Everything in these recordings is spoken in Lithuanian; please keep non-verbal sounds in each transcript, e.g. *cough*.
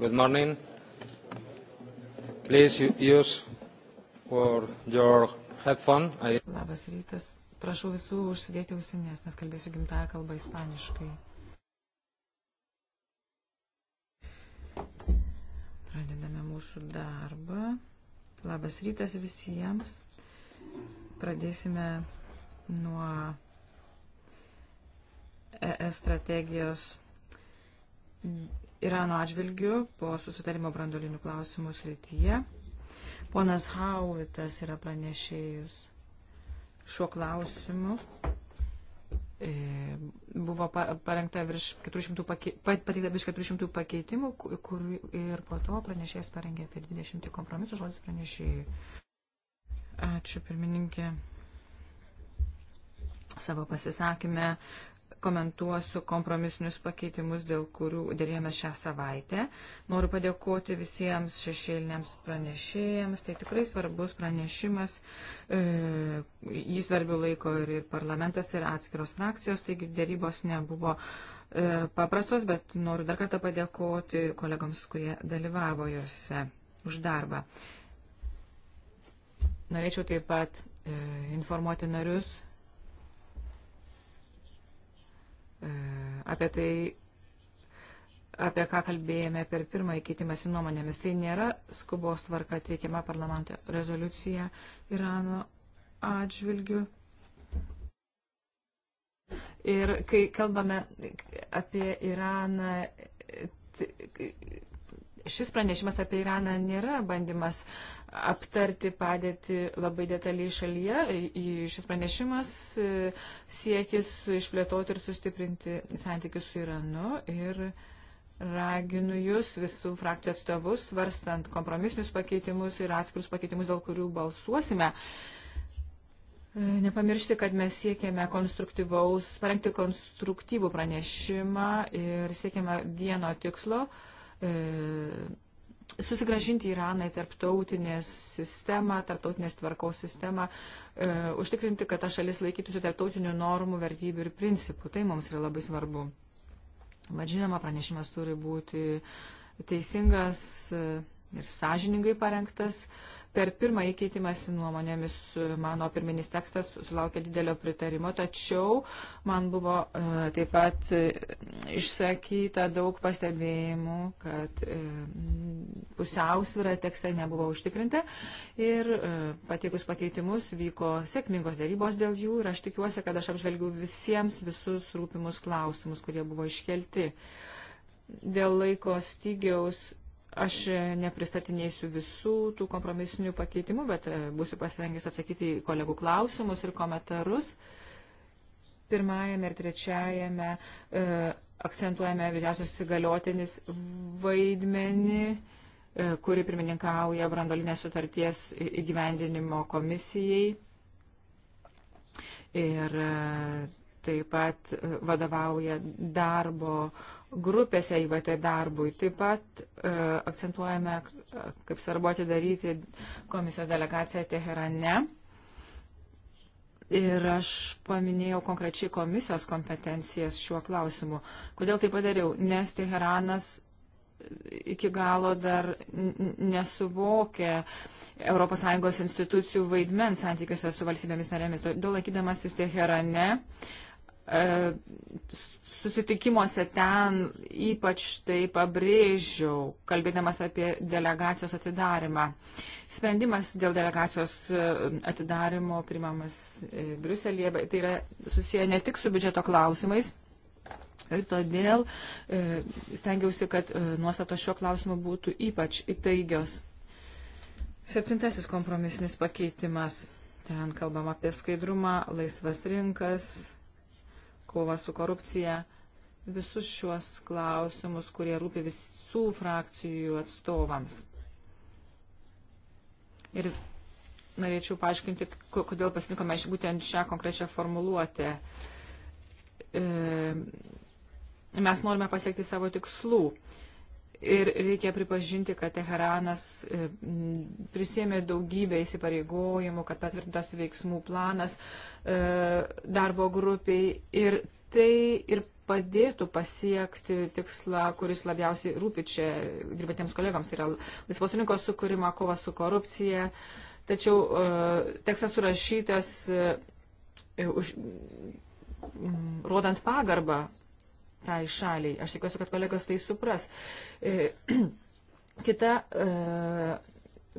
Good morning. Please use for your headphone. I... Labas rytas. Prašau visų užsidėti ausinės, nes kalbėsiu gimtają kalbą ispaniškai. Pradedame mūsų darbą. Labas rytas visiems. Pradėsime nuo ES strategijos Irano atžvilgių po susitarimo brandolinių klausimų srityje. Ponas Hauvitas yra pranešėjus šiuo klausimu. E, buvo parengta virš 400, pake, pateikta virš 400 pakeitimų kur, ir po to pranešėjas parengė apie 20 kompromisų žodis pranešėjai. Ačiū pirmininkė. Savo pasisakymę komentuosiu kompromisinius pakeitimus, dėl kurių dėlėjome šią savaitę. Noriu padėkoti visiems šešėliniams pranešėjams. Tai tikrai svarbus pranešimas. E, jį svarbių laiko ir, ir parlamentas, ir atskiros frakcijos, taigi dėrybos nebuvo e, paprastos, bet noriu dar kartą padėkoti kolegams, kurie dalyvavo juose už darbą. Norėčiau taip pat e, informuoti narius apie tai, apie ką kalbėjome per pirmąjį keitimąsi nuomonėmis. Tai nėra skubos tvarka teikiama parlamento rezoliucija Irano atžvilgių. Ir kai kalbame apie Iraną, šis pranešimas apie Iraną nėra bandymas aptarti padėti labai detaliai šalyje. Šis pranešimas e, siekis išplėtoti ir sustiprinti santykius su Iranu ir raginu jūs visų frakcijų atstovus, svarstant kompromisinius pakeitimus ir atskirus pakeitimus, dėl kurių balsuosime. E, nepamiršti, kad mes siekiame konstruktyvaus, parengti konstruktyvų pranešimą ir siekiame vieno tikslo E, susigražinti Iraną į tarptautinės sistemą, tarptautinės tvarkos sistemą, e, užtikrinti, kad ta šalis laikytųsi tarptautinių normų, vertybių ir principų. Tai mums yra labai svarbu. Bet žinoma, pranešimas turi būti teisingas e, ir sąžiningai parengtas. E, Per pirmąjį keitimąsi nuomonėmis e, mano pirminis tekstas sulaukė didelio pritarimo, tačiau man buvo e, taip pat e, išsakyta daug pastebėjimų, kad pusiausvyrą tekste nebuvo užtikrinta ir pateikus pakeitimus vyko sėkmingos dėrybos dėl jų ir aš tikiuosi, kad aš apžvelgiu visiems visus rūpimus klausimus, kurie buvo iškelti dėl laiko stygiaus Aš e, nepristatinėsiu visų tų kompromisinių pakeitimų, bet e, būsiu pasirengęs atsakyti į kolegų klausimus ir komentarus. Pirmajame ir trečiajame e, akcentuojame vyriausios įgaliotinis vaidmenį, e, kuri pirmininkauja brandolinės sutarties įgyvendinimo komisijai. Ir e, taip pat e, vadovauja darbo grupėse įvatė darbui. Taip pat e, akcentuojame, e, kaip svarbu atidaryti komisijos delegaciją Teherane. Ir aš paminėjau konkrečiai komisijos kompetencijas šiuo klausimu. Kodėl tai padariau? Nes Teheranas iki galo dar nesuvokia ES institucijų vaidmens santykiuose su valstybėmis narėmis. Todėl laikydamasis Teherane, E, susitikimuose ten ypač tai pabrėžiau, kalbėdamas apie delegacijos atidarimą. Sprendimas dėl delegacijos e, atidarimo primamas e, Briuselėje, tai yra susiję ne tik su biudžeto klausimais. Ir todėl e, stengiausi, kad e, nuostatos šiuo klausimu būtų ypač įtaigios. Septintasis kompromisinis pakeitimas. Ten kalbama apie skaidrumą, laisvas rinkas, kova su korupcija, visus šiuos klausimus, kurie rūpi visų frakcijų atstovams. Ir norėčiau paaiškinti, kodėl pasirinkome būtent šią konkrečią formuluotę. E, mes norime pasiekti savo tikslų. Ir reikia pripažinti, kad Teheranas e, prisėmė daugybę įsipareigojimų, kad patvirtintas veiksmų planas e, darbo grupiai ir tai ir padėtų pasiekti tikslą, kuris labiausiai rūpi čia dirbatiems kolegams, tai yra laisvos rinkos sukūrimą, kova su korupcija. Tačiau e, tekstas surašytas, už, rodant pagarbą tai šaliai. Aš tikiuosi, kad kolegos tai supras. E, *clears throat* kita e,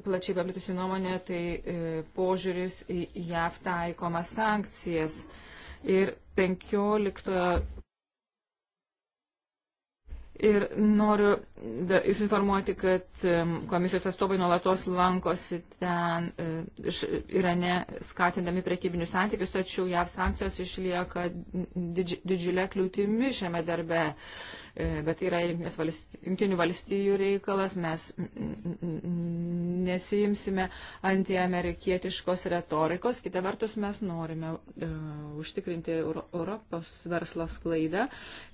plačiai paplitusi nuomonė, tai e, požiūris į JAV taikomas sankcijas. Ir 15 Ir noriu jūs informuoti, kad komisijos atstovai nuolatos lankosi ten e, Irane skatindami prekybinius santykius, tačiau JAV sankcijos išlieka didž, didžiulė kliūtimi šiame darbe. E, bet tai yra jungtinių valstijų reikalas, mes nesijimsime antiamerikietiškos retorikos, kita vertus mes norime uh, užtikrinti Europos verslo sklaidą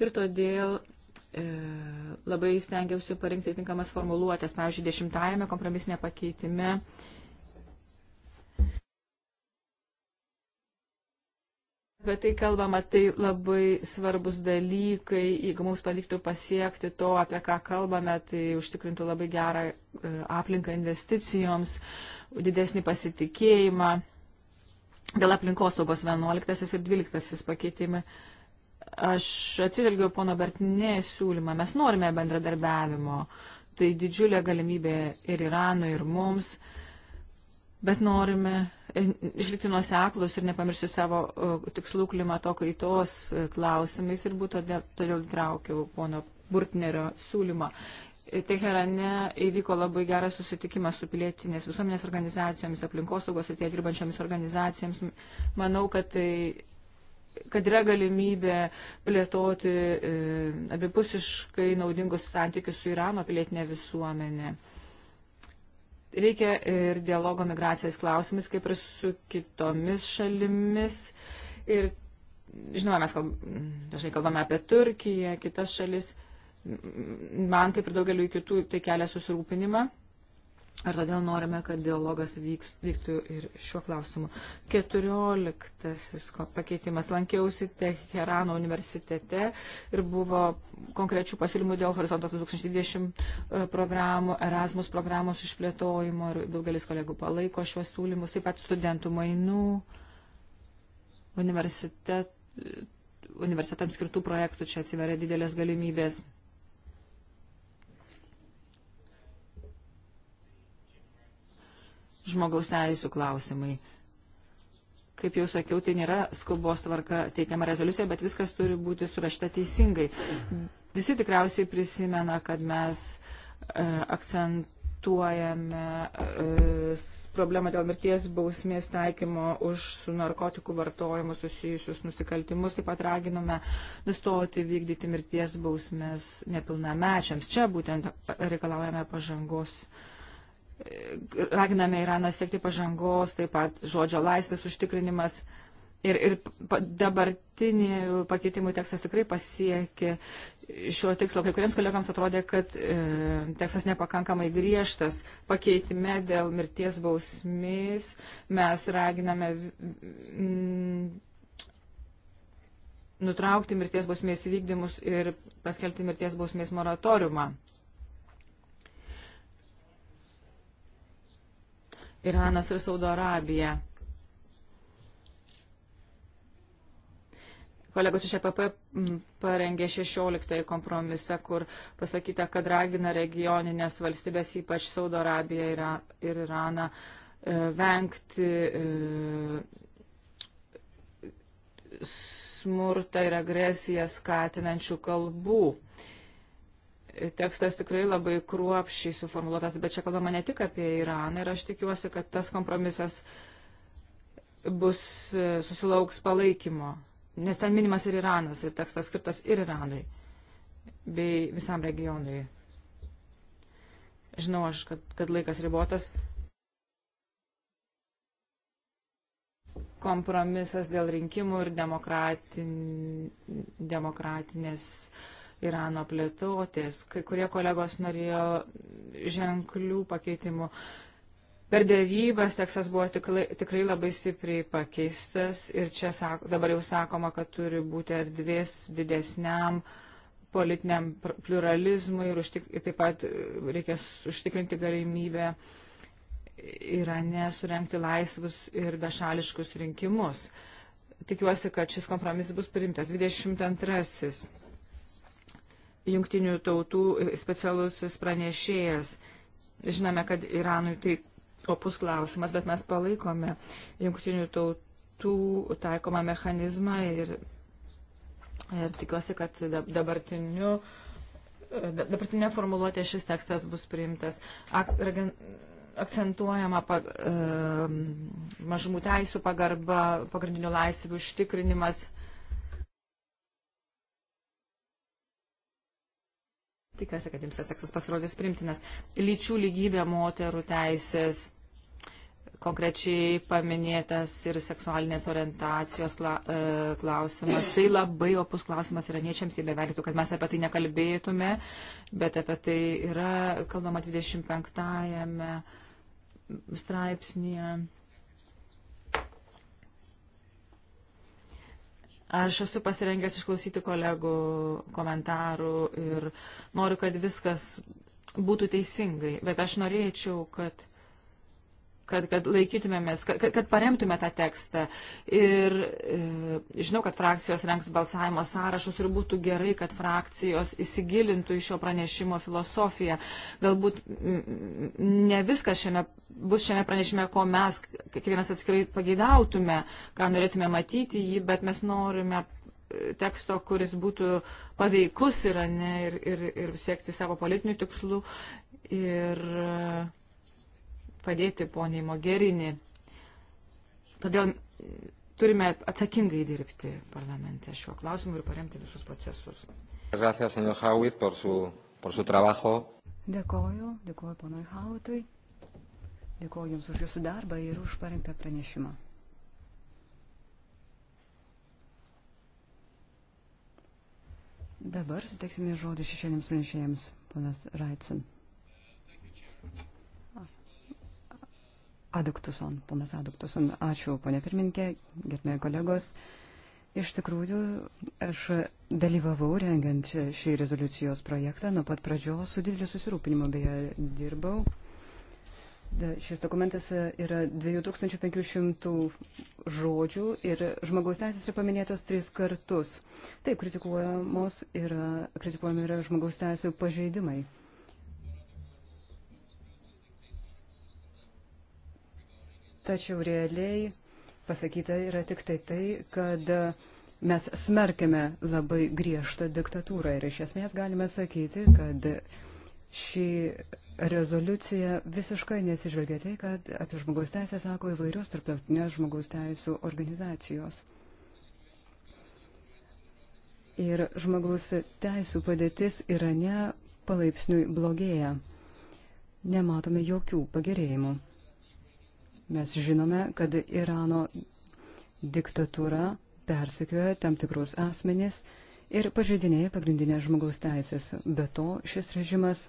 ir todėl E, labai stengiausi parinkti tinkamas formuluotės. Pavyzdžiui, dešimtajame kompromisinė pakeitime. Apie tai kalbama, tai labai svarbus dalykai, jeigu mums pavyktų pasiekti to, apie ką kalbame, tai užtikrintų labai gerą e, aplinką investicijoms, didesnį pasitikėjimą. Dėl aplinkosaugos 11 ir 12 pakeitimai Aš atsivelgiau pono Bertinė siūlymą. Mes norime bendradarbiavimo. Tai didžiulė galimybė ir Iranui, ir mums. Bet norime e, išlikti nuoseklus ir nepamiršti savo e, tikslų klimato kaitos e, klausimais ir būtų todėl, todėl traukiau pono Burtnerio siūlymą. Teherane įvyko labai geras susitikimas su pilietinės visuomenės organizacijomis, aplinkosaugos ir tie dirbančiomis organizacijomis. Manau, kad tai kad yra galimybė plėtoti e, abipusiškai naudingus santykius su Irano pilietinė visuomenė. Reikia ir dialogo migracijos klausimais, kaip ir su kitomis šalimis. Ir, žinoma, mes kalb, dažnai kalbame apie Turkiją, kitas šalis. Man, kaip ir daugeliu kitų, tai kelia susirūpinimą. Ar todėl norime, kad dialogas vyks, vyktų ir šiuo klausimu. Keturioliktasis pakeitimas. Lankiausi Teherano universitete ir buvo konkrečių pasiūlymų dėl Horizontas 2020 e, programų, Erasmus programos išplėtojimo ir daugelis kolegų palaiko šiuos siūlymus, taip pat studentų mainų, universitet, e, universitetams skirtų projektų čia atsiveria didelės galimybės. žmogaus teisų klausimai. Kaip jau sakiau, tai nėra skubos tvarka teikiama rezoliucija, bet viskas turi būti surašta teisingai. Visi tikriausiai prisimena, kad mes e, akcentuojame e, problemą dėl mirties bausmės taikymo už su narkotikų vartojimu susijusius nusikaltimus. Taip pat raginome nustoti vykdyti mirties bausmės nepilnamečiams. Čia būtent reikalaujame pažangos. E, raginame Iraną siekti pažangos, taip pat žodžio laisvės užtikrinimas. Ir, ir dabartinį pakeitimų tekstas tikrai pasiekė šio tikslo. Kai kuriems kolegams atrodė, kad e, tekstas nepakankamai griežtas. Pakeitime dėl mirties bausmės mes raginame mm, nutraukti mirties bausmės vykdymus ir paskelbti mirties bausmės moratoriumą. Iranas ir Saudo Arabija. Kolegos iš EPP mm, parengė 16 kompromisą, kur pasakyta, kad ragina regioninės valstybės, ypač Saudo Arabiją ir Iraną, e, vengti e, smurtą ir agresiją skatinančių kalbų tekstas tikrai labai kruopšiai suformuoluotas, bet čia kalbama ne tik apie Iraną ir aš tikiuosi, kad tas kompromisas bus e, susilauks palaikymo, nes ten minimas ir Iranas, ir tekstas skirtas ir Iranui, bei visam regionui. Žinau aš, kad, kad laikas ribotas. Kompromisas dėl rinkimų ir demokratin, demokratinės uh, Irano plėtotės. Kai kurie kolegos norėjo ženklių pakeitimų. Per dėrybas tekstas buvo tikrai, tikrai labai stipriai pakeistas ir čia sak, dabar jau sakoma, kad turi būti erdvės didesniam politiniam pluralizmui ir užtik, taip pat reikės užtikrinti galimybę Irane surenkti laisvus ir bešališkus rinkimus. Tikiuosi, kad šis kompromisas bus priimtas. 22 jungtinių tautų specialusis pranešėjas. Žinome, kad Iranui tai opus klausimas, bet mes palaikome jungtinių tautų taikomą mechanizmą ir, ir tikiuosi, kad dabartiniu. Dabartinė formuluotė šis tekstas bus priimtas. Ak, ragen, akcentuojama pag, e, mažumų teisų pagarba, pagrindinių laisvių užtikrinimas, Tikiuosi, kad jums tas tekstas pasirodys primtinas. Lyčių lygybė, moterų teisės, konkrečiai paminėtas ir seksualinės orientacijos e, klausimas. Tai labai opus klausimas iraniečiams, jie beveiktų, kad mes apie tai nekalbėtume, bet apie tai yra kalbama 25-ame straipsnėje. Aš esu pasirengęs išklausyti kolegų komentarų ir noriu, kad viskas būtų teisingai, bet aš norėčiau, kad kad, kad laikytumėmės, kad, kad paremtume tą tekstą. Ir e, žinau, kad frakcijos renks balsavimo sąrašus ir būtų gerai, kad frakcijos įsigilintų į šio pranešimo filosofiją. Galbūt ne viskas šiame, bus šiame pranešime, ko mes kiekvienas atskirai pageidautume, ką norėtume matyti jį, bet mes norime teksto, kuris būtų paveikus ir, ne, ir, ir, ir siekti savo politinių tikslų. Ir, e, padėti poniai Mogerini. Todėl turime atsakingai dirbti parlamente šiuo klausimu ir paremti visus procesus. Gracias, señor Howitt, por su, por su trabajo. Dėkoju, dėkoju ponui Hauitui, dėkoju Jums už Jūsų darbą ir už parengtą pranešimą. Dabar suteiksime žodį šešėlėms pranešėjams, ponas Raitsen. Aduktuson, ponas Aduktuson. Ačiū, ponė pirmininkė, gerbėjai kolegos. Iš tikrųjų, aš dalyvavau rengiant šį rezoliucijos projektą nuo pat pradžios su dideliu susirūpinimu, beje, dirbau. Šis dokumentas yra 2500 žodžių ir žmogaus teisės yra paminėtos tris kartus. Taip, kritikuojamos yra, kritikuojami yra žmogaus teisų pažeidimai. Tačiau realiai pasakyta yra tik tai tai, kad mes smerkime labai griežtą diktatūrą ir iš esmės galime sakyti, kad ši rezoliucija visiškai nesižvelgia tai, kad apie žmogaus teisę sako įvairios tarptautinės žmogaus teisų organizacijos. Ir žmogaus teisų padėtis Irane palaipsniui blogėja. Nematome jokių pagerėjimų. Mes žinome, kad Irano diktatūra persikioja tam tikrus asmenys ir pažeidinėja pagrindinės žmogaus teisės. Be to, šis režimas,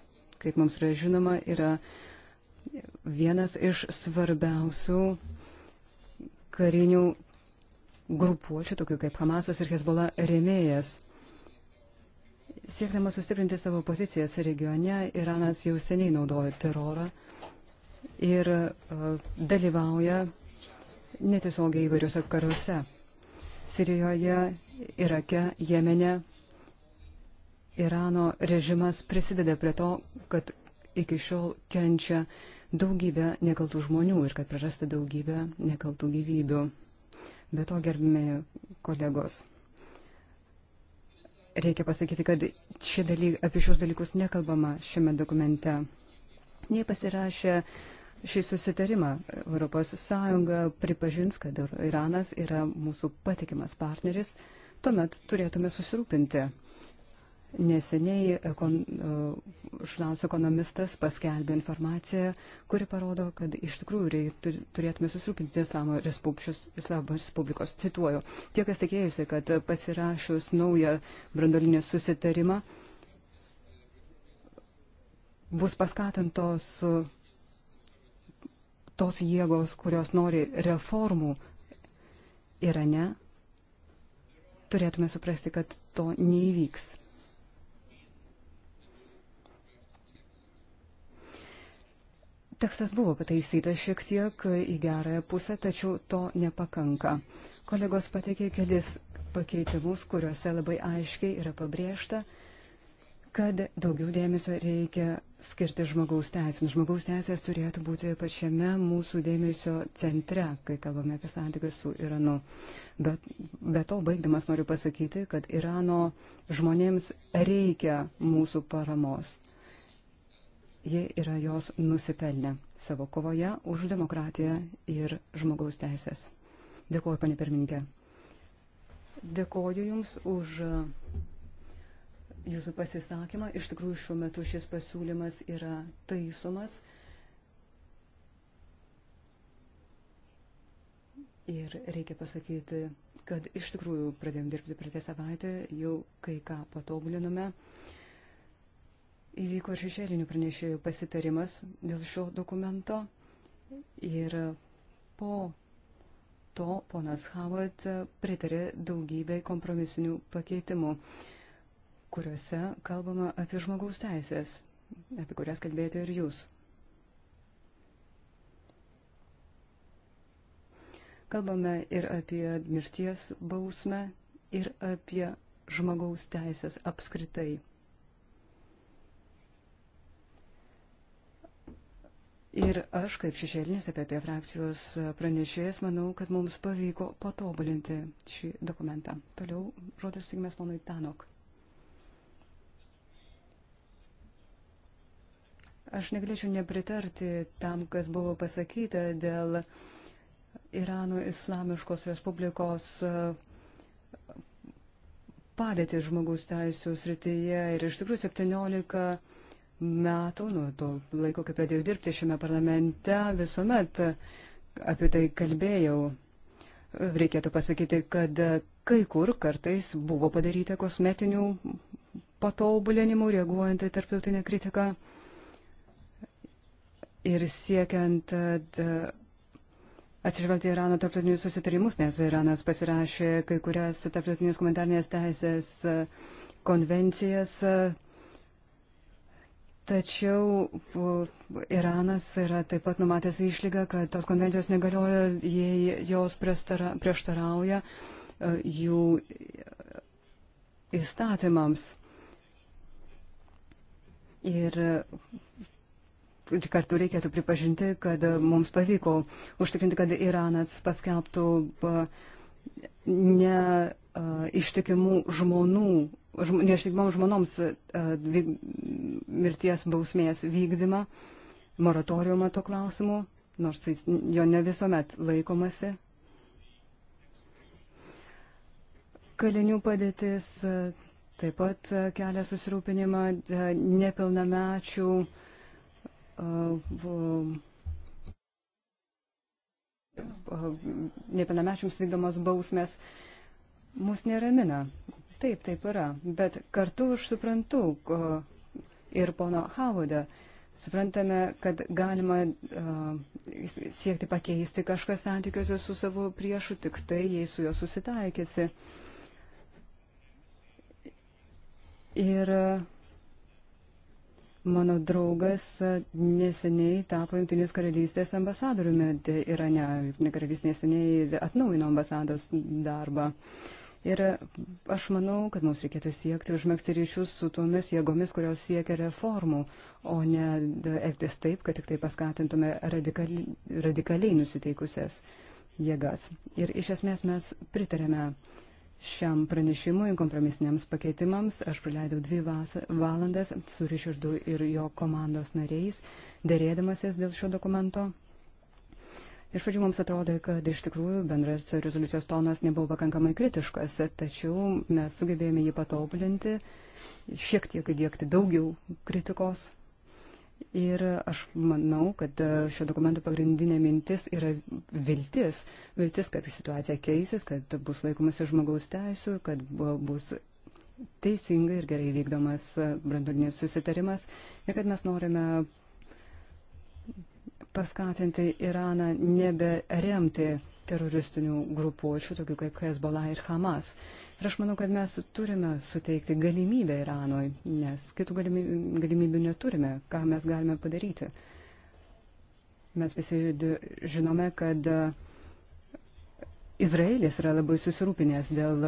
kaip mums yra žinoma, yra vienas iš svarbiausių karinių grupuočių, tokių kaip Hamasas ir Hezbollah, remėjas. Siekdamas sustiprinti savo pozicijas regione, Iranas jau seniai naudoja terorą ir dalyvauja netiesiogiai įvairiuose karuose. Sirijoje, Irake, Jemene Irano režimas prisideda prie to, kad iki šiol kenčia daugybė nekaltų žmonių ir kad prarasta daugybė nekaltų gyvybių. Be to, gerbimi kolegos, reikia pasakyti, kad dalyk, apie šios dalykus nekalbama šiame dokumente nei pasirašė šį susitarimą. ES pripažins, kad Iranas yra mūsų patikimas partneris, tuomet turėtume susirūpinti. Neseniai ekon, e, šlaus ekonomistas paskelbė informaciją, kuri parodo, kad iš tikrųjų reikia, turėtume susirūpinti Islamo Respublikos. Cituoju, tie, kas tikėjusi, kad pasirašus naują brandolinį susitarimą, uh, bus paskatintos e, tos jėgos, kurios nori reformų Irane, turėtume suprasti, kad to neįvyks. Tekstas buvo pataisytas šiek tiek į gerąją pusę, tačiau to nepakanka. Kolegos pateikė kelis pakeitimus, kuriuose labai aiškiai yra pabrėžta, kad daugiau dėmesio reikia skirti žmogaus teisėms. Žmogaus teisės turėtų būti pačiame mūsų dėmesio centre, kai kalbame apie santykius su Iranu. Bet be to, baigdamas noriu pasakyti, kad Irano žmonėms reikia mūsų paramos. Jie yra jos nusipelnę savo kovoje už demokratiją ir žmogaus teisės. Dėkuoju, panė pirmininkė. Dėkuoju Jums už jūsų pasisakymą. Iš tikrųjų, šiuo metu šis pasiūlymas yra taisomas. Ir reikia pasakyti, kad iš tikrųjų pradėjom dirbti praeitą savaitę, jau kai ką patobulinome. Įvyko ir šešėlinių pranešėjų pasitarimas dėl šio dokumento. Ir po to ponas Howard pritarė daugybei kompromisinių pakeitimų kuriuose kalbama apie žmogaus teisės, apie kurias kalbėjote ir jūs. Kalbame ir apie mirties bausmę, ir apie žmogaus teisės apskritai. Ir aš, kaip šešėlinis apie, apie frakcijos pranešėjas, manau, kad mums pavyko patobulinti šį dokumentą. Toliau, žodis tikimės ponui Tanok. Aš negalėčiau nepritarti tam, kas buvo pasakyta dėl Irano Islamiškos Respublikos e, padėtį žmogaus teisų srityje. Ir iš tikrųjų 17 metų, nuo to laiko, kai pradėjau dirbti šiame parlamente, visuomet apie tai kalbėjau. Reikėtų pasakyti, kad kai kur kartais buvo padaryta kosmetinių patobulinimų, reaguojant į tarptautinę kritiką ir siekiant e, atsižvelgti Irano tarptautinius susitarimus, nes Iranas pasirašė kai kurias tarptautinės komentarnės teisės e, konvencijas. Tačiau e, Iranas yra taip pat numatęs išlygą, kad tos konvencijos negalioja, jei jos prieštarauja jų įstatymams. Ir kartu reikėtų pripažinti, kad e, mums pavyko užtikrinti, kad Iranas paskelbtų e, neištikimų e, žmonų, žm, neištikimom žmonoms vyk, mirties bausmės vykdymą, moratoriumą to klausimu, nors jis, jo ne visuomet laikomasi. Kalinių padėtis taip pat kelia susirūpinimą nepilnamečių uh, nepilnamečiams vykdomos bausmės mus neramina. Taip, taip yra. Bet kartu aš suprantu ir pono Havodą. Suprantame, kad galima uh, siekti pakeisti kažką santykiuose su savo priešu, tik tai jei su juo susitaikysi. Ir uh, Mano draugas e, neseniai tapo Junktinės karalystės ambasadoriumi Irane. Tai Junktinė karalystė neseniai atnaujino ambasados darbą. Ir aš manau, kad mums reikėtų siekti užmėgti ryšius su tomis jėgomis, kurios siekia reformų, o ne elgtis taip, kad tik tai paskatintume radikali, radikaliai nusiteikusias jėgas. Ir iš esmės mes pritarėme uh, šiam pranešimui, kompromisiniams pakeitimams. Aš praleidau dvi valandas su Rišardu ir jo komandos nariais, dėrėdamasis dėl šio dokumento. Iš pradžių mums atrodė, kad iš tikrųjų bendras rezoliucijos tonas nebuvo pakankamai kritiškas, tačiau mes sugebėjome jį patobulinti, šiek tiek įdėkti daugiau kritikos. Ir aš manau, kad e, šio dokumento pagrindinė mintis yra viltis. Viltis, kad situacija keisis, kad bus laikomasi žmogaus teisų, kad bus teisingai ir gerai vykdomas e, brandulinis susitarimas ir kad mes norime paskatinti Iraną neberemti teroristinių grupuočių, tokių kaip Hezbollah ir Hamas. Ir aš manau, kad mes turime suteikti galimybę Iranui, nes kitų galimybių neturime, ką mes galime padaryti. Mes visi žinome, kad Izraelis yra labai susirūpinęs dėl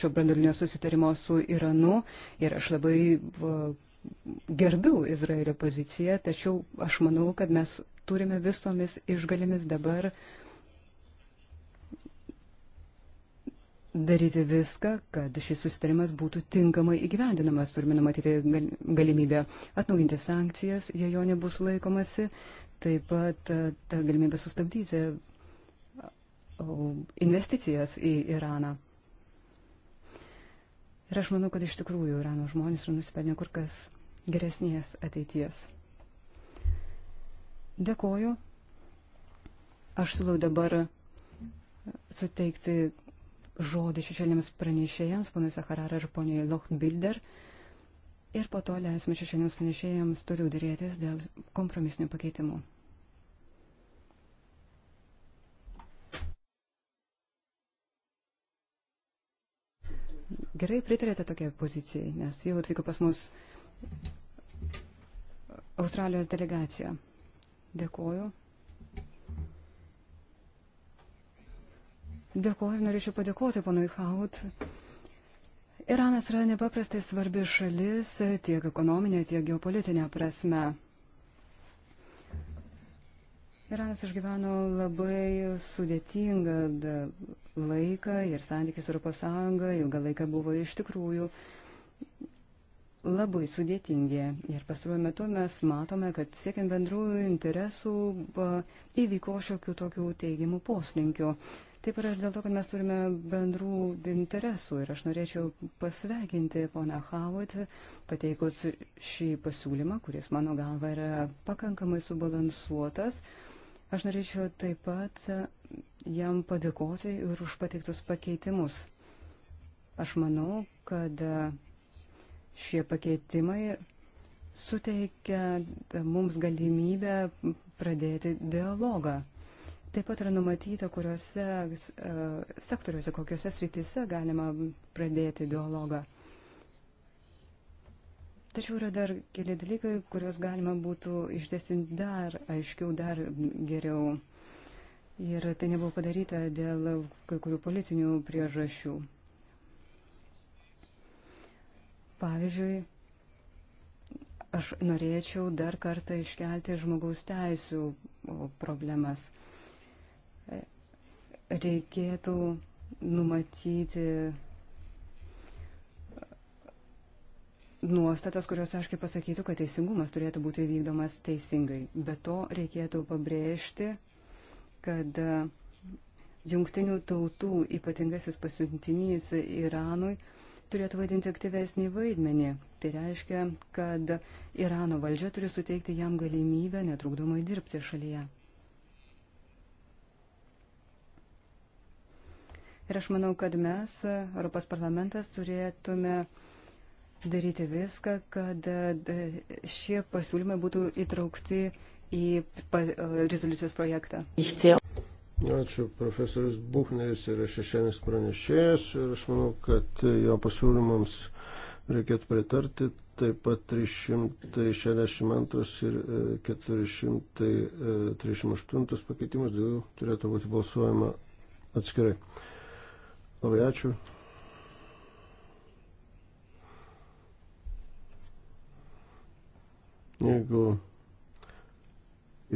šio branduolinio susitarimo su Iranu ir aš labai gerbiu Izraelio poziciją, tačiau aš manau, kad mes turime visomis išgalimis dabar uh, daryti viską, kad šis susitarimas būtų tinkamai įgyvendinamas. Turime numatyti galimybę atnaujinti sankcijas, jei jo nebus laikomasi, taip pat e, tą galimybę sustabdyti e, investicijas į Iraną. Ir aš manau, kad iš tikrųjų Irano žmonės yra nusipelnę kur kas geresnės ateities. Dėkoju. Aš siūlau dabar suteikti žodį šešėlėms pranešėjams, ponui Saharar ir poniai Lochbilder. Ir po to leisime šešėlėms pranešėjams toliau dėrėtis dėl kompromisinių pakeitimų. Gerai pritarėte tokiai pozicijai, nes jau atvyko pas mus Australijos delegacija. Dėkoju. Dėkuoju, norėčiau padėkoti panui Haut. Iranas yra nepaprastai svarbi šalis tiek ekonominė, tiek geopolitinė prasme. Iranas išgyveno labai sudėtingą laiką ir santykis Europos Sąjunga ilgą laiką buvo iš tikrųjų labai sudėtingi. Ir pastaruoju metu mes matome, kad siekiant bendrųjų interesų įvyko šiokių tokių teigiamų poslinkių. Taip yra ir dėl to, kad mes turime bendrų interesų ir aš norėčiau pasveikinti poną Howard, pateikus šį pasiūlymą, kuris mano galva yra pakankamai subalansuotas. Aš norėčiau taip pat jam padėkoti ir už pateiktus pakeitimus. Aš manau, kad šie pakeitimai suteikia mums galimybę pradėti dialogą. Taip pat yra numatyta, kuriuose e, sektoriuose, kokiuose srityse galima pradėti dialogą. Tačiau yra dar keli dalykai, kuriuos galima būtų išdėstinti dar aiškiau, dar geriau. Ir tai nebuvo padaryta dėl kai kurių politinių priežasčių. Pavyzdžiui, aš norėčiau dar kartą iškelti žmogaus teisų problemas reikėtų numatyti nuostatas, kurios aiškiai pasakytų, kad teisingumas turėtų būti vykdomas teisingai. Be to reikėtų pabrėžti, kad jungtinių tautų ypatingasis pasiuntinys Iranui turėtų vaidinti aktyvesnį vaidmenį. Tai reiškia, kad Irano valdžia turi suteikti jam galimybę netrukdomai dirbti šalyje. Ir aš manau, kad mes, Europos parlamentas, turėtume daryti viską, kad e, šie pasiūlymai būtų įtraukti į e, rezoliucijos projektą. Ačiū, profesorius Buchneris yra šešienis pranešėjas ir aš manau, kad jo pasiūlymams reikėtų pritarti. Taip pat 362 ir 438 e, pakeitimus dėl jų turėtų būti balsuojama atskirai. Labai ačiū. Jeigu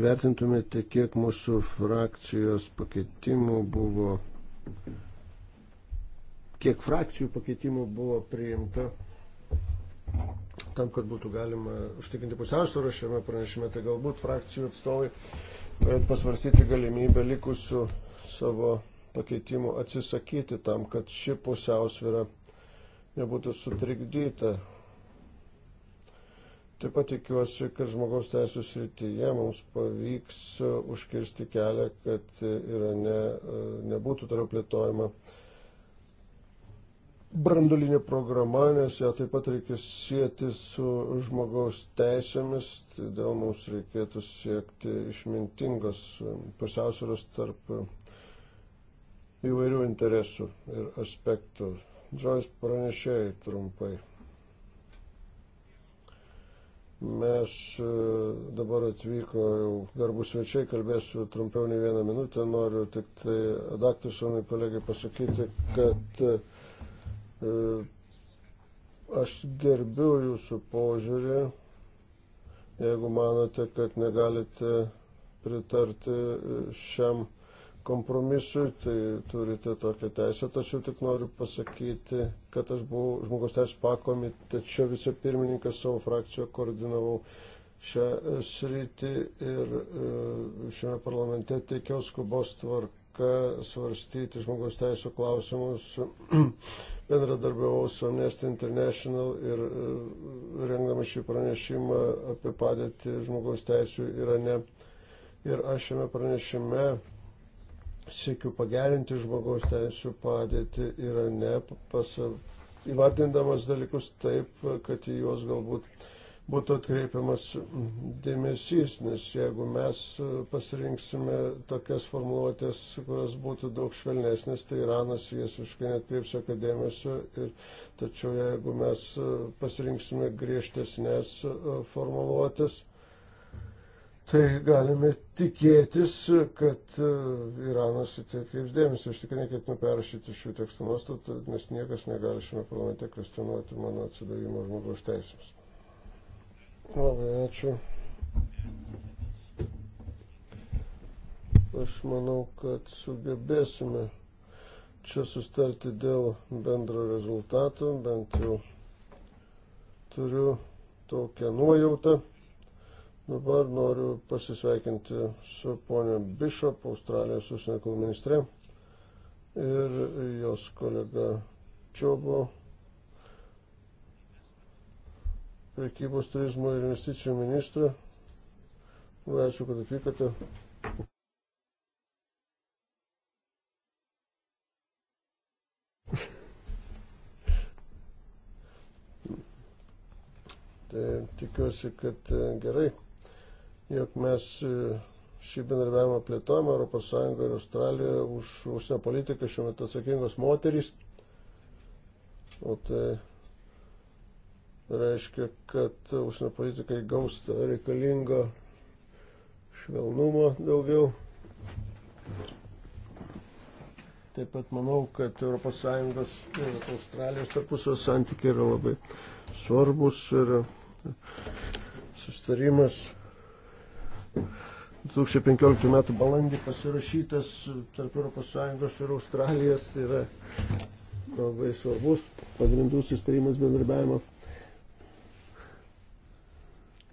įvertintumėte, kiek mūsų frakcijos pakeitimų buvo, kiek frakcijų pakeitimų buvo priimta tam, kad būtų galima užtikrinti pusiausvyrą šiame pranešime, tai galbūt frakcijų atstovai pasvarstyti galimybę likusių savo pakeitimų atsisakyti tam, kad ši pusiausvėra nebūtų sutrikdyta. Taip pat tikiuosi, kad žmogaus teisų srityje mums pavyks užkirsti kelią, kad Irane nebūtų toliau plėtojama brandulinė programa, nes ją taip pat reikia sieti su žmogaus teisėmis, todėl mums reikėtų siekti išmintingos pusiausvėros tarp įvairių interesų ir aspektų. Džojas pranešėjai trumpai. Mes e, dabar atvyko jau garbus svečiai, kalbėsiu trumpiau nei vieną minutę, noriu tik tai adaktusonai kolegai pasakyti, kad e, aš gerbiu jūsų požiūrį, jeigu manote, kad negalite pritarti e, šiam kompromisui, tai turite tokią teisę, tačiau tik noriu pasakyti, kad aš buvau žmogaus teisų pakomitečio vicepirmininkas, savo frakciją koordinavau šią sritį ir e, šiame parlamente teikiau skubos tvarką svarstyti žmogaus teisų klausimus, *clears throat* bendradarbiavau su Amnesty International ir e, rengdama šį pranešimą apie padėtį žmogaus teisų Irane. Ir aš šiame pranešime siekiu pagerinti žmogaus teisų padėtį yra ne pasa, įvardindamas dalykus taip, kad į juos galbūt būtų atkreipiamas dėmesys, nes jeigu mes pasirinksime tokias formuluotės, kurios būtų daug švelnesnės, tai Iranas jas visiškai netkreips jokio dėmesio. Ir, tačiau jeigu mes pasirinksime griežtesnės formuluotės, tai galime tikėtis, kad e, Iranas į tai atkreips dėmesį. Aš tikrai neketinu perrašyti šių tekstų nuostatų, nes niekas negali šiame parlamente kvestionuoti mano atsidavimo žmogaus teisėms. Labai ačiū. Aš manau, kad sugebėsime čia sustarti dėl bendro rezultato, bent jau turiu tokią nuojautą. Dabar noriu pasisveikinti su ponio Bishop, Australijos užsienio reikalų ministre ir jos kolega Čiobo, prekybos turizmo ir investicijų ministrė. Labai ačiū, kad atvykote. Tai tikiuosi, kad e, gerai jog mes e, šį bendradarbiavimą plėtojame Europos Sąjungoje ir Australijoje už užsienio politiką šiuo metu atsakingos moterys. O tai reiškia, kad užsienio politikai gaus reikalingo švelnumo daugiau. Taip pat manau, kad ES ir Australijos tarpusio santykiai yra labai svarbus ir sustarimas 2015 m. balandį pasirašytas tarp ES ir Australijos yra labai svarbus pagrindų sustarimas bendarbiavimo.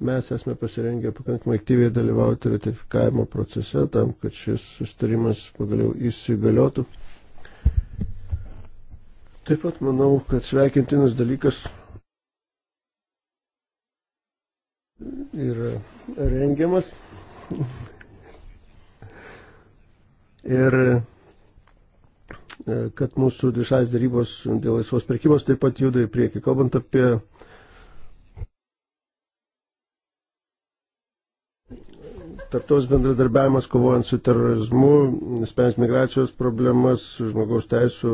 Mes esame pasirengę pakankamai aktyviai dalyvauti ratifikavimo procese tam, kad šis sustarimas pagaliau įsigaliotų. Taip pat manau, kad sveikintinas dalykas yra rengiamas ir e, kad mūsų dvišalės darybos dėl laisvos prekybos taip pat juda į priekį. Kalbant apie tarptaus bendradarbiavimas kovojant su terorizmu, sprendžiant migracijos problemas, žmogaus teisų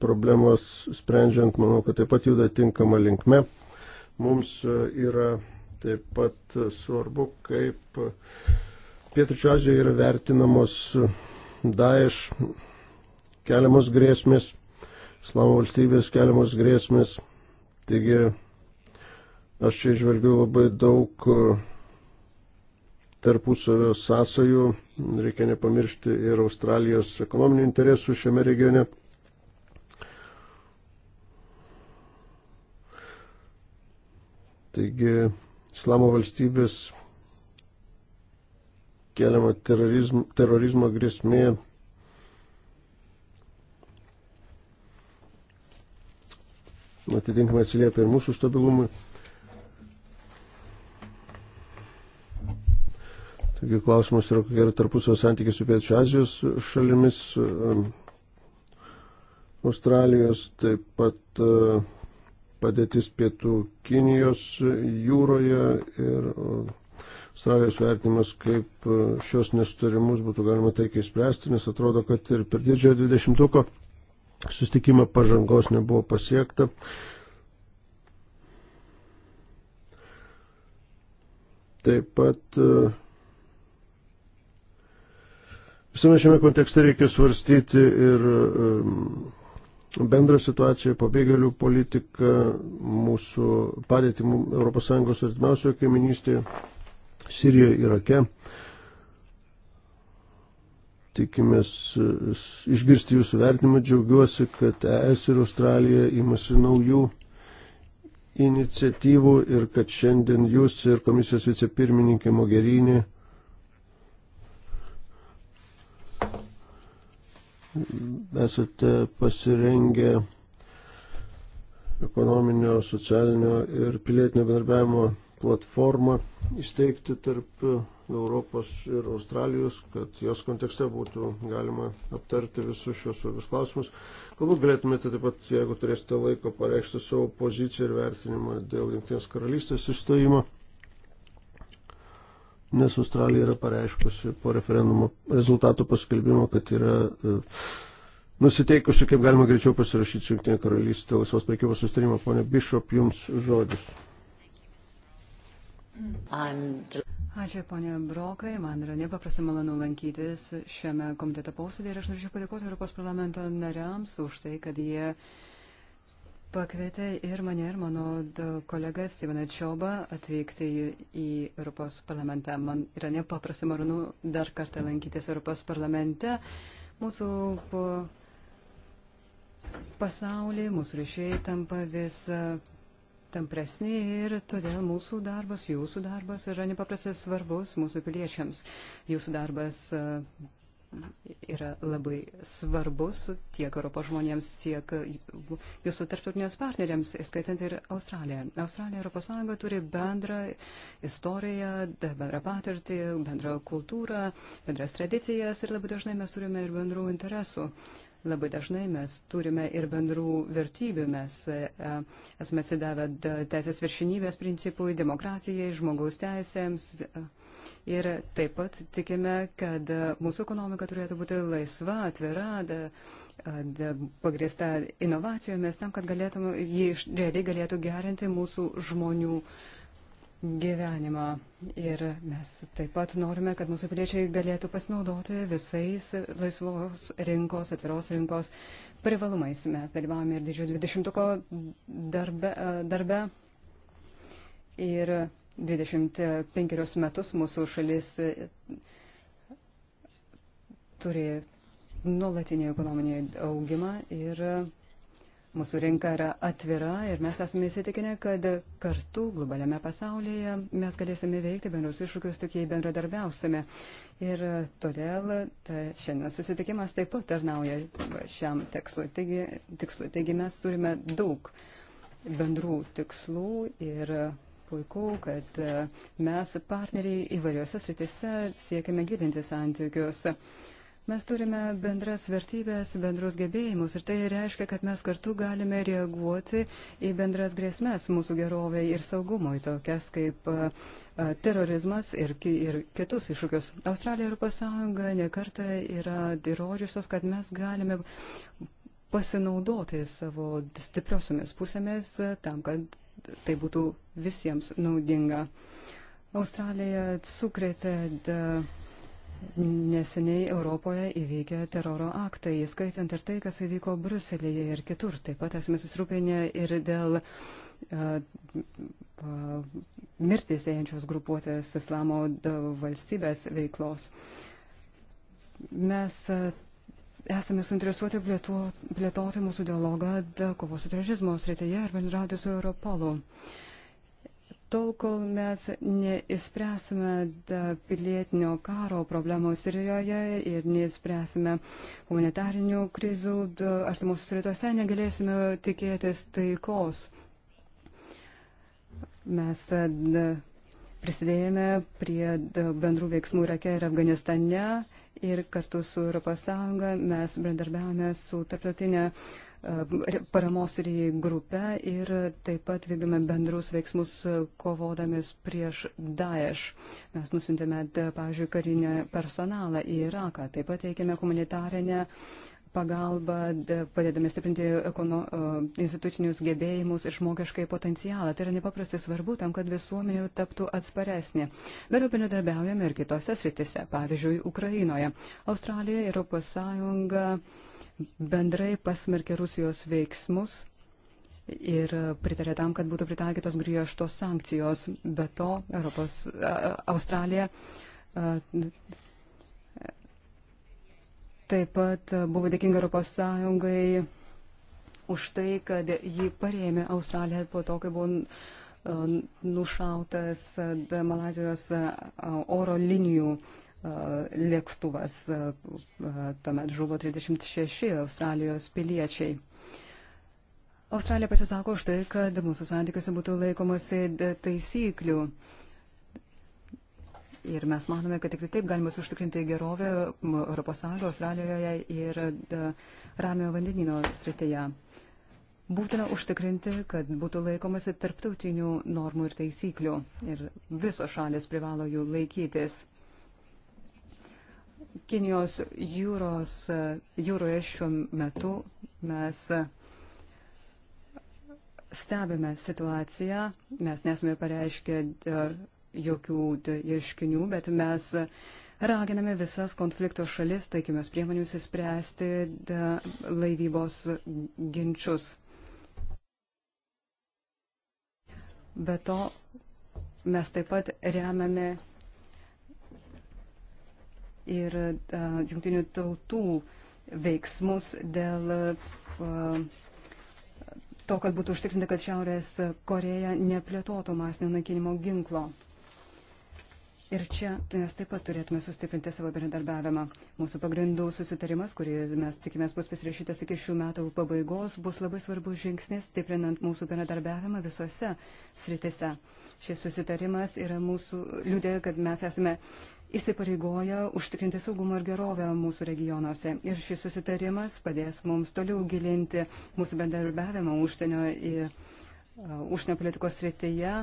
problemas, sprendžiant, manau, kad taip pat juda tinkama linkme. Mums e, yra Taip pat svarbu, kaip Pietričio Azijoje yra vertinamos Daesh keliamos grėsmės, Islamo valstybės keliamos grėsmės. Taigi aš čia išvelgiu labai daug tarpusavio sąsajų, reikia nepamiršti ir Australijos ekonominių interesų šiame regione. Taigi islamo valstybės keliama terorizmo, terorizmo grėsmė atitinkamai atsiliepia ir mūsų stabilumui. Taigi klausimas yra, kokie yra tarpusio santykiai su Pietų Azijos šalimis, um, Australijos, taip pat uh, padėtis pietų Kinijos jūroje ir Australijos vertinimas, kaip e, šios nesutarimus būtų galima taikiai spręsti, nes atrodo, kad ir per didžiojo dvidešimtuko sustikimą pažangos nebuvo pasiekta. Taip pat e, visame šiame kontekste reikia svarstyti ir e, bendrą situaciją, pabėgėlių politiką, mūsų padėtį ES artimiausioje kaiminystėje, Sirijoje, Irake. Tikimės išgirsti jūsų vertinimą, džiaugiuosi, kad ES ir Australija imasi naujų iniciatyvų ir kad šiandien jūs ir komisijos vicepirmininkė Mogerinė esate pasirengę ekonominio, socialinio ir pilietinio bendarbiavimo platformą įsteigti tarp Europos ir Australijos, kad jos kontekste būtų galima aptarti visus šios svarbius klausimus. Galbūt galėtumėte taip pat, jeigu turėsite laiko, pareikšti savo poziciją ir vertinimą dėl Junktinės karalystės įstojimo nes Australija yra pareiškusi po referendumo rezultatų paskelbimo, kad yra e, nusiteikusi, kaip galima greičiau pasirašyti su Junktinė karalystė laisvos prekybos sustarimą. Pone Bishop, jums žodis. Ačiū, ponė Brokai. Man yra nepaprastai malonu lankytis šiame komiteto posėdėje ir aš norėčiau padėkoti Europos parlamento nariams už tai, kad jie uh, pakvietė ir mane, ir mano kolegą Steveną Čiobą atvykti į Europos parlamentą. Man yra nepaprastai maronu dar kartą lankytis Europos parlamente. Mūsų pasaulį, mūsų ryšiai tampa vis e, tampresni ir todėl mūsų darbas, jūsų darbas yra nepaprastai svarbus mūsų piliečiams. Jūsų darbas e, yra labai svarbus tiek Europos žmonėms, tiek jūsų tarptautinės partneriams, skaitant ir Australiją. Australija ir Europos Sąjunga turi bendrą istoriją, bendrą patirtį, bendrą kultūrą, bendras tradicijas ir labai dažnai mes turime ir bendrų interesų. Labai dažnai mes turime ir bendrų vertybių, mes e, esame atsidavę teisės viršinybės principui, demokratijai, žmogaus teisėms. A, Ir taip pat tikime, kad mūsų ekonomika turėtų būti laisva, atvira, da, da, pagrįsta inovacijomis, tam, kad galėtume, jie realiai galėtų gerinti mūsų žmonių gyvenimą. Ir mes taip pat norime, kad mūsų piliečiai galėtų pasinaudoti visais laisvos rinkos, atviros rinkos privalumais. Mes dalyvavome ir didžiojo dvidešimtuko darbe. darbe. Ir 25 metus mūsų šalis e, turi nuolatinį ekonominį augimą ir e, mūsų rinka yra atvira ir mes esame įsitikinę, kad kartu globaliame pasaulyje mes galėsime veikti bendrus iššūkius, tik jei bendradarbiausime. Ir e, todėl ta, šiandien susitikimas taip pat tarnauja šiam tikslui. Taigi, tikslui. Taigi mes turime daug bendrų tikslų ir puiku, kad e, mes partneriai įvairiose sritise siekiame gilinti santykius. Mes turime bendras vertybės, bendrus gebėjimus ir tai reiškia, kad mes kartu galime reaguoti į bendras grėsmės mūsų geroviai ir saugumui, tokias kaip a, e, a, e, terorizmas ir, ir kitus iššūkius. Australija ir pasąjunga nekarta yra įrodžiusios, kad mes galime pasinaudoti savo stipriosiomis pusėmis tam, kad tai būtų visiems naudinga. Australija sukrėtė neseniai Europoje įvykę teroro aktai, įskaitant ir tai, kas įvyko Bruselėje ir kitur. Taip pat esame susirūpinę ir dėl mirtis ejančios grupuotės islamo valstybės veiklos. Mes esame suinteresuoti plėto, plėtoti mūsų dialogą kovos su terorizmo srityje ir bendrauti su Europolu. Tol, kol mes neįspręsime pilietinio karo problemų Sirijoje ir neįspręsime humanitarinių krizų artimuosius rytuose, negalėsime tikėtis taikos. Mes prisidėjome prie bendrų veiksmų Irake ir Afganistane ir kartu su ES mes bendarbiavome su tarptautinė e, paramos ir grupę ir taip pat vykdome bendrus veiksmus e, kovodamis prieš Daesh. Mes nusintėme, pavyzdžiui, karinę personalą į Iraką, taip pat teikėme humanitarinę uh, pagalba, padedame stiprinti ekono, institucinius gebėjimus ir žmogiškai potencialą. Tai yra nepaprastai svarbu tam, kad visuomenė taptų atsparesnė. Bet jau bendradarbiaujame ir kitose sritise, pavyzdžiui, Ukrainoje. Australija, Europos Sąjunga bendrai pasmerkė Rusijos veiksmus ir pritarė tam, kad būtų pritaikytos griežtos sankcijos. Be to, Europos, Australija Taip pat buvo dėkinga Europos Sąjungai už tai, kad jį parėmė Australija po to, kai buvo e, nušautas e, Malazijos e, oro linijų lėktuvas. Tuomet žuvo 36 Australijos piliečiai. Australija pasisako už tai, kad mūsų santykiuose būtų laikomasi taisyklių. Ir mes manome, kad tik tai taip galima užtikrinti gerovę ES, Australijoje ir e, Ramiojo vandenino srityje. Būtina užtikrinti, kad būtų laikomasi tarptautinių normų ir taisyklių ir visos šalės privalo jų laikytis. Kinijos jūros, e, jūroje šiuo metu mes stebime situaciją, mes nesame pareiškę e, jokių tai, ieškinių, bet mes raginame visas konflikto šalis taikymės priemonių įspręsti laivybos ginčius. Be to, mes taip pat remiame ir uh, jungtinių tautų veiksmus dėl uh, to, kad būtų užtikrinta, kad Šiaurės Koreja neplėtotų masinio naikinimo ginklo. Ir čia mes taip pat turėtume sustiprinti savo bendradarbiavimą. Mūsų pagrindų susitarimas, kurį mes tikimės bus pasirašytas iki šių metų pabaigos, bus labai svarbus žingsnis stiprinant mūsų bendradarbiavimą visose sritise. Šis susitarimas yra mūsų liūdė, kad mes esame įsipareigoję užtikrinti saugumą ir gerovę mūsų regionuose. Ir šis susitarimas padės mums toliau gilinti mūsų bendradarbiavimą užsienio, uh, užsienio politikos srityje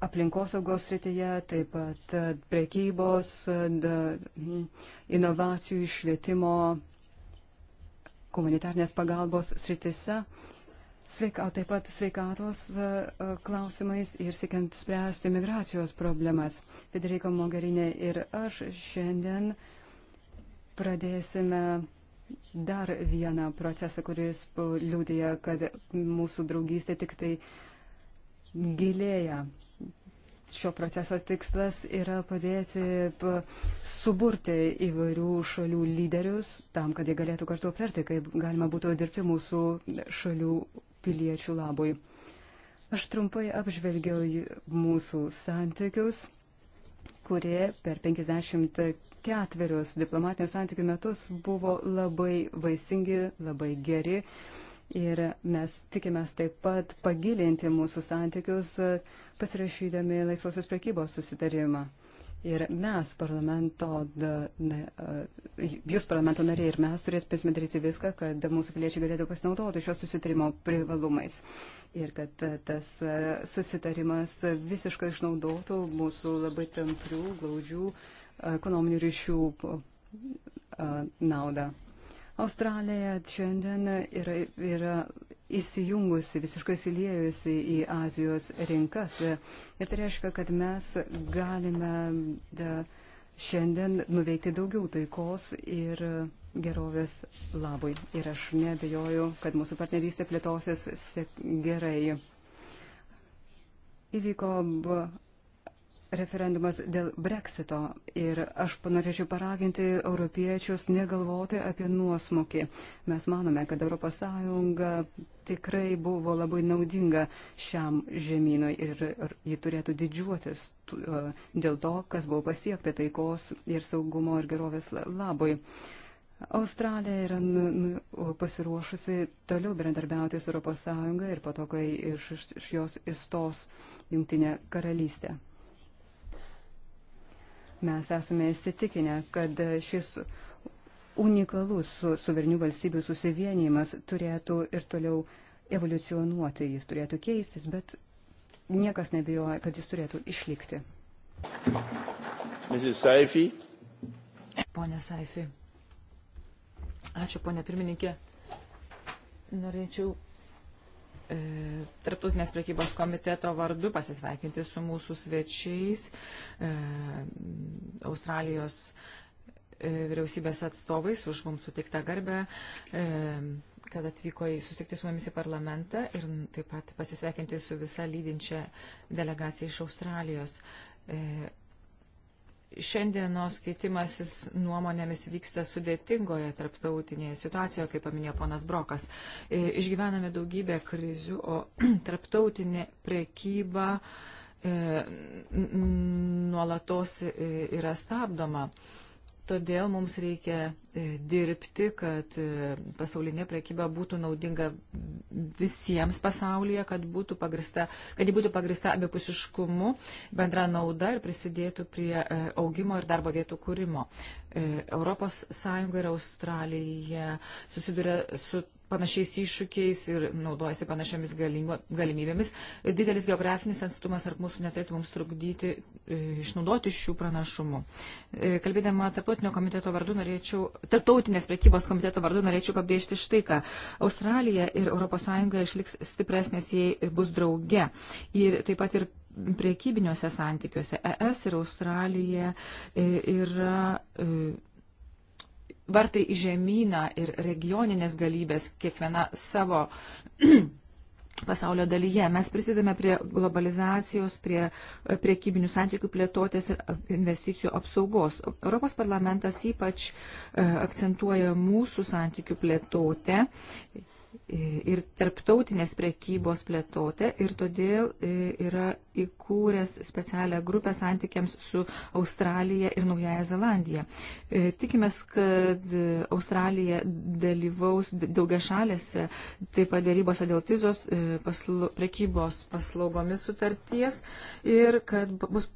aplinkosaugos srityje, taip pat e, prekybos, e, inovacijų, švietimo, humanitarnės pagalbos srityse. Sveika, taip pat sveikatos e, klausimais ir siekiant spręsti migracijos problemas. Federiko Mogarinė ir aš šiandien pradėsime dar vieną procesą, kuris liūdėja, kad mūsų draugystė tik tai gilėja šio proceso tikslas yra padėti suburti įvairių šalių lyderius tam, kad jie galėtų kartu aptarti, kaip galima būtų dirbti mūsų šalių piliečių labui. Aš trumpai apžvelgiau mūsų santykius, kurie per 54 diplomatinių santykių metus buvo labai vaisingi, labai geri. Ir mes tikimės taip pat pagilinti mūsų santykius pasirašydami laisvosios prekybos susitarimą. Ir mes, parlamento, jūs parlamento nariai ir mes turėsime daryti viską, kad mūsų piliečiai galėtų pasinaudoti šios susitarimo privalumais. Ir kad tas susitarimas visiškai išnaudotų mūsų labai tamprių, glaudžių ekonominių ryšių naudą. Australija šiandien yra, yra įsijungusi, visiškai įsiliejusi į Azijos rinkas. Ir tai reiškia, kad mes galime da, šiandien nuveikti daugiau taikos ir gerovės labui. Ir aš nebejoju, kad mūsų partnerystė plėtosis gerai. Įvyko referendumas dėl breksito ir aš norėčiau paraginti europiečius negalvoti apie nuosmukį. Mes manome, kad ES tikrai buvo labai naudinga šiam žemynui ir ji turėtų didžiuotis e, dėl to, kas buvo pasiekta taikos ir saugumo ir gerovės labui. Australija yra nu, nu, pasiruošusi toliau bendradarbiauti su ES ir po to, kai iš, iš jos įstos Junktinė karalystė. Mes esame įsitikinę, kad šis unikalus suverinių valstybių susivienimas turėtų ir toliau evoliucionuoti, jis turėtų keistis, bet niekas nebijoja, kad jis turėtų išlikti. Saifi. Pone Saifi. Ačiū, ponė pirmininkė. Norėčiau E, Tarptautinės priekybos komiteto vardu pasisveikinti su mūsų svečiais, e, Australijos e, vyriausybės atstovais už mums sutiktą garbę, kad atvyko į susitikti su mumis į parlamentą ir taip pat pasisveikinti su visa lydinčia delegacija iš Australijos. Šiandienos keitimasis nuomonėmis vyksta sudėtingoje tarptautinėje situacijoje, kaip paminėjo ponas Brokas. E, išgyvename daugybę krizių, o *clears throat* tarptautinė prekyba e, nuolatos e, yra stabdoma. Todėl mums reikia e, dirbti, kad e, pasaulinė prekyba būtų naudinga visiems pasaulyje, kad, būtų pagrista, kad ji būtų pagrista abipusiškumu, bendra nauda ir prisidėtų prie e, augimo ir darbo vietų kūrimo. ES ir Australija susiduria su panašiais iššūkiais ir naudojasi panašiamis galimybėmis. Didelis geografinis atstumas ar mūsų neturėtų mums trukdyti e, išnaudoti šių pranašumų. E, kalbėdama tarptautinio komiteto vardu norėčiau, tarptautinės priekybos komiteto vardu norėčiau pabrėžti štai ką. Australija ir ES išliks stipresnės, jei bus drauge. Ir taip pat ir priekybiniuose santykiuose. ES ir Australija e, yra. yra vartai į žemyną ir regioninės galybės kiekviena savo *clears throat* pasaulio dalyje. Mes prisidame prie globalizacijos, prie e, priekybinių santykių plėtotės ir investicijų apsaugos. Europos parlamentas ypač e, akcentuoja mūsų santykių plėtotę ir tarptautinės prekybos plėtotė ir todėl e, yra įkūręs specialią grupę santykiams su Australija ir Naujaja Zelandija. E, tikimės, kad Australija dalyvaus daugia šalėse, taip pat dėrybose dėl tizos e, paslu, prekybos paslaugomis sutarties ir kad bus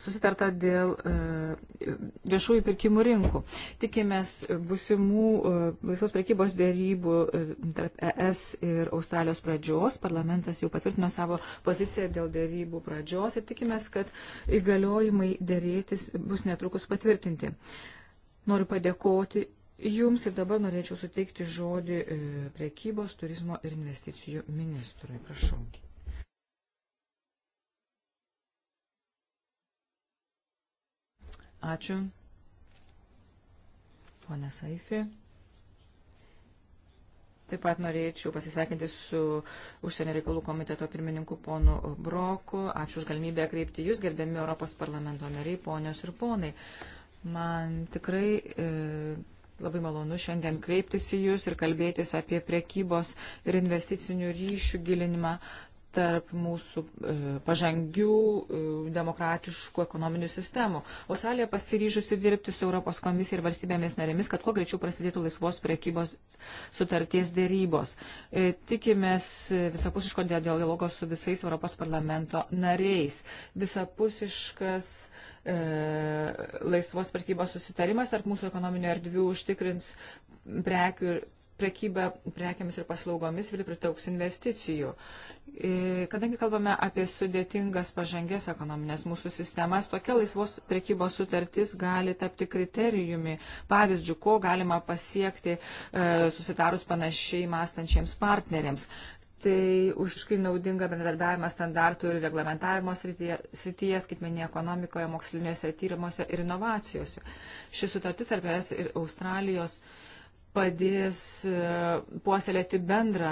susitarta dėl e, viešųjų pirkimų rinkų. Tikimės busimų e, laisvos prekybos dėrybų e, tarp ES ir Australijos pradžios. Parlamentas jau patvirtino savo poziciją dėl dėrybų pradžios ir tikimės, kad įgaliojimai dėrėtis bus netrukus patvirtinti. Noriu padėkoti Jums ir dabar norėčiau suteikti žodį prekybos, turizmo ir investicijų ministrui. Prašau. Ačiū. Pone Saifi. Taip pat norėčiau pasisveikinti su užsienio reikalų komiteto pirmininku ponu Broku. Ačiū už galimybę kreipti jūs, gerbiami Europos parlamento nariai, ponios ir ponai. Man tikrai e, labai malonu šiandien kreiptis į jūs ir kalbėtis apie prekybos ir investicinių ryšių gilinimą tarp mūsų e, pažangių e, demokratiškų ekonominių sistemų. Australija pasiryžusi dirbti su Europos komisija ir valstybėmis narėmis, kad kuo greičiau prasidėtų laisvos priekybos sutarties dėrybos. E, tikimės visapusiško dialogo su visais Europos parlamento nariais. Visapusiškas e, laisvos priekybos susitarimas tarp mūsų ekonominių erdvių užtikrins prekių ir prekyba prekiamis ir paslaugomis vėl pritauks investicijų. E, kadangi kalbame apie sudėtingas pažangės ekonominės mūsų sistemas, tokia laisvos prekybos sutartis gali tapti kriterijumi, pavyzdžių, ko galima pasiekti e, susitarus panašiai mąstančiems partneriams tai užkai naudinga bendradarbiavimą standartų ir reglamentavimo srityje, srityje skaitmeninėje ekonomikoje, moksliniuose tyrimuose ir inovacijose. Šis sutartis tarp ES ir Australijos uh, padės e, puoselėti bendrą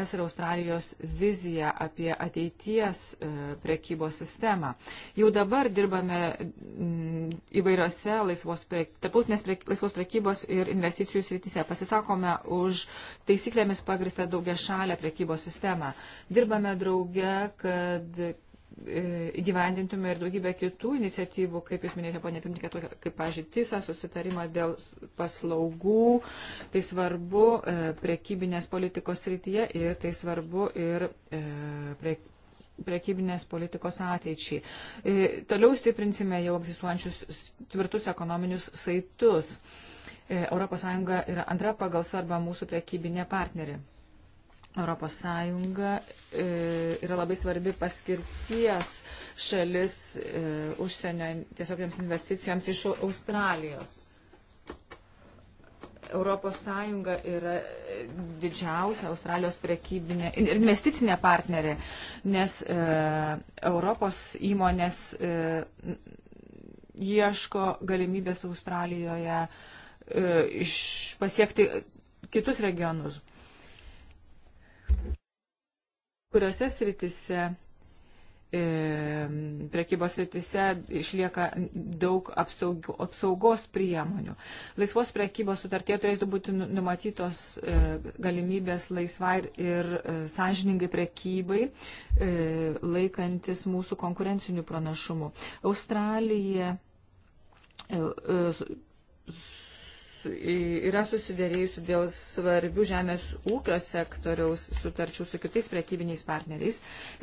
ES ir Australijos viziją apie ateities e, prekybos sistemą. Jau dabar dirbame mm, įvairiose laisvos, tarptautinės laisvos prekybos ir investicijų srityse. Pasisakome už taisyklėmis pagristą daugia šalę prekybos sistemą. Dirbame drauge, kad E, įgyvendintume ir daugybę kitų iniciatyvų, kaip jūs minėjote, ponė Pimtikė, tokia kaip, pažiūrėjau, TISA, susitarimas dėl paslaugų, tai svarbu e, prekybinės politikos srityje ir tai svarbu ir e, prie, prekybinės politikos ateičiai. E, toliau stiprinsime jau egzistuojančius tvirtus ekonominius saitus. ES yra antra pagal svarbą mūsų prekybinė partnerė. Europos Sąjunga e, yra labai svarbi paskirties šalis e, užsienio tiesiogiams investicijoms iš Australijos. Europos Sąjunga yra e, didžiausia Australijos prekybinė ir investicinė partnerė, nes e, Europos įmonės e, ieško galimybės Australijoje e, iš, pasiekti kitus regionus. E, kuriuose sritise, e, prekybos sritise išlieka daug apsaug, apsaugos priemonių. Laisvos prekybos sutartie turėtų būti nu, numatytos e, galimybės laisvai ir, ir e, sąžiningai prekybai, e, laikantis mūsų konkurencinių pranašumų. Australija. E, e, su, yra susidėrėjusi dėl svarbių žemės ūkio sektoriaus sutarčių su kitais prekybiniais partneriais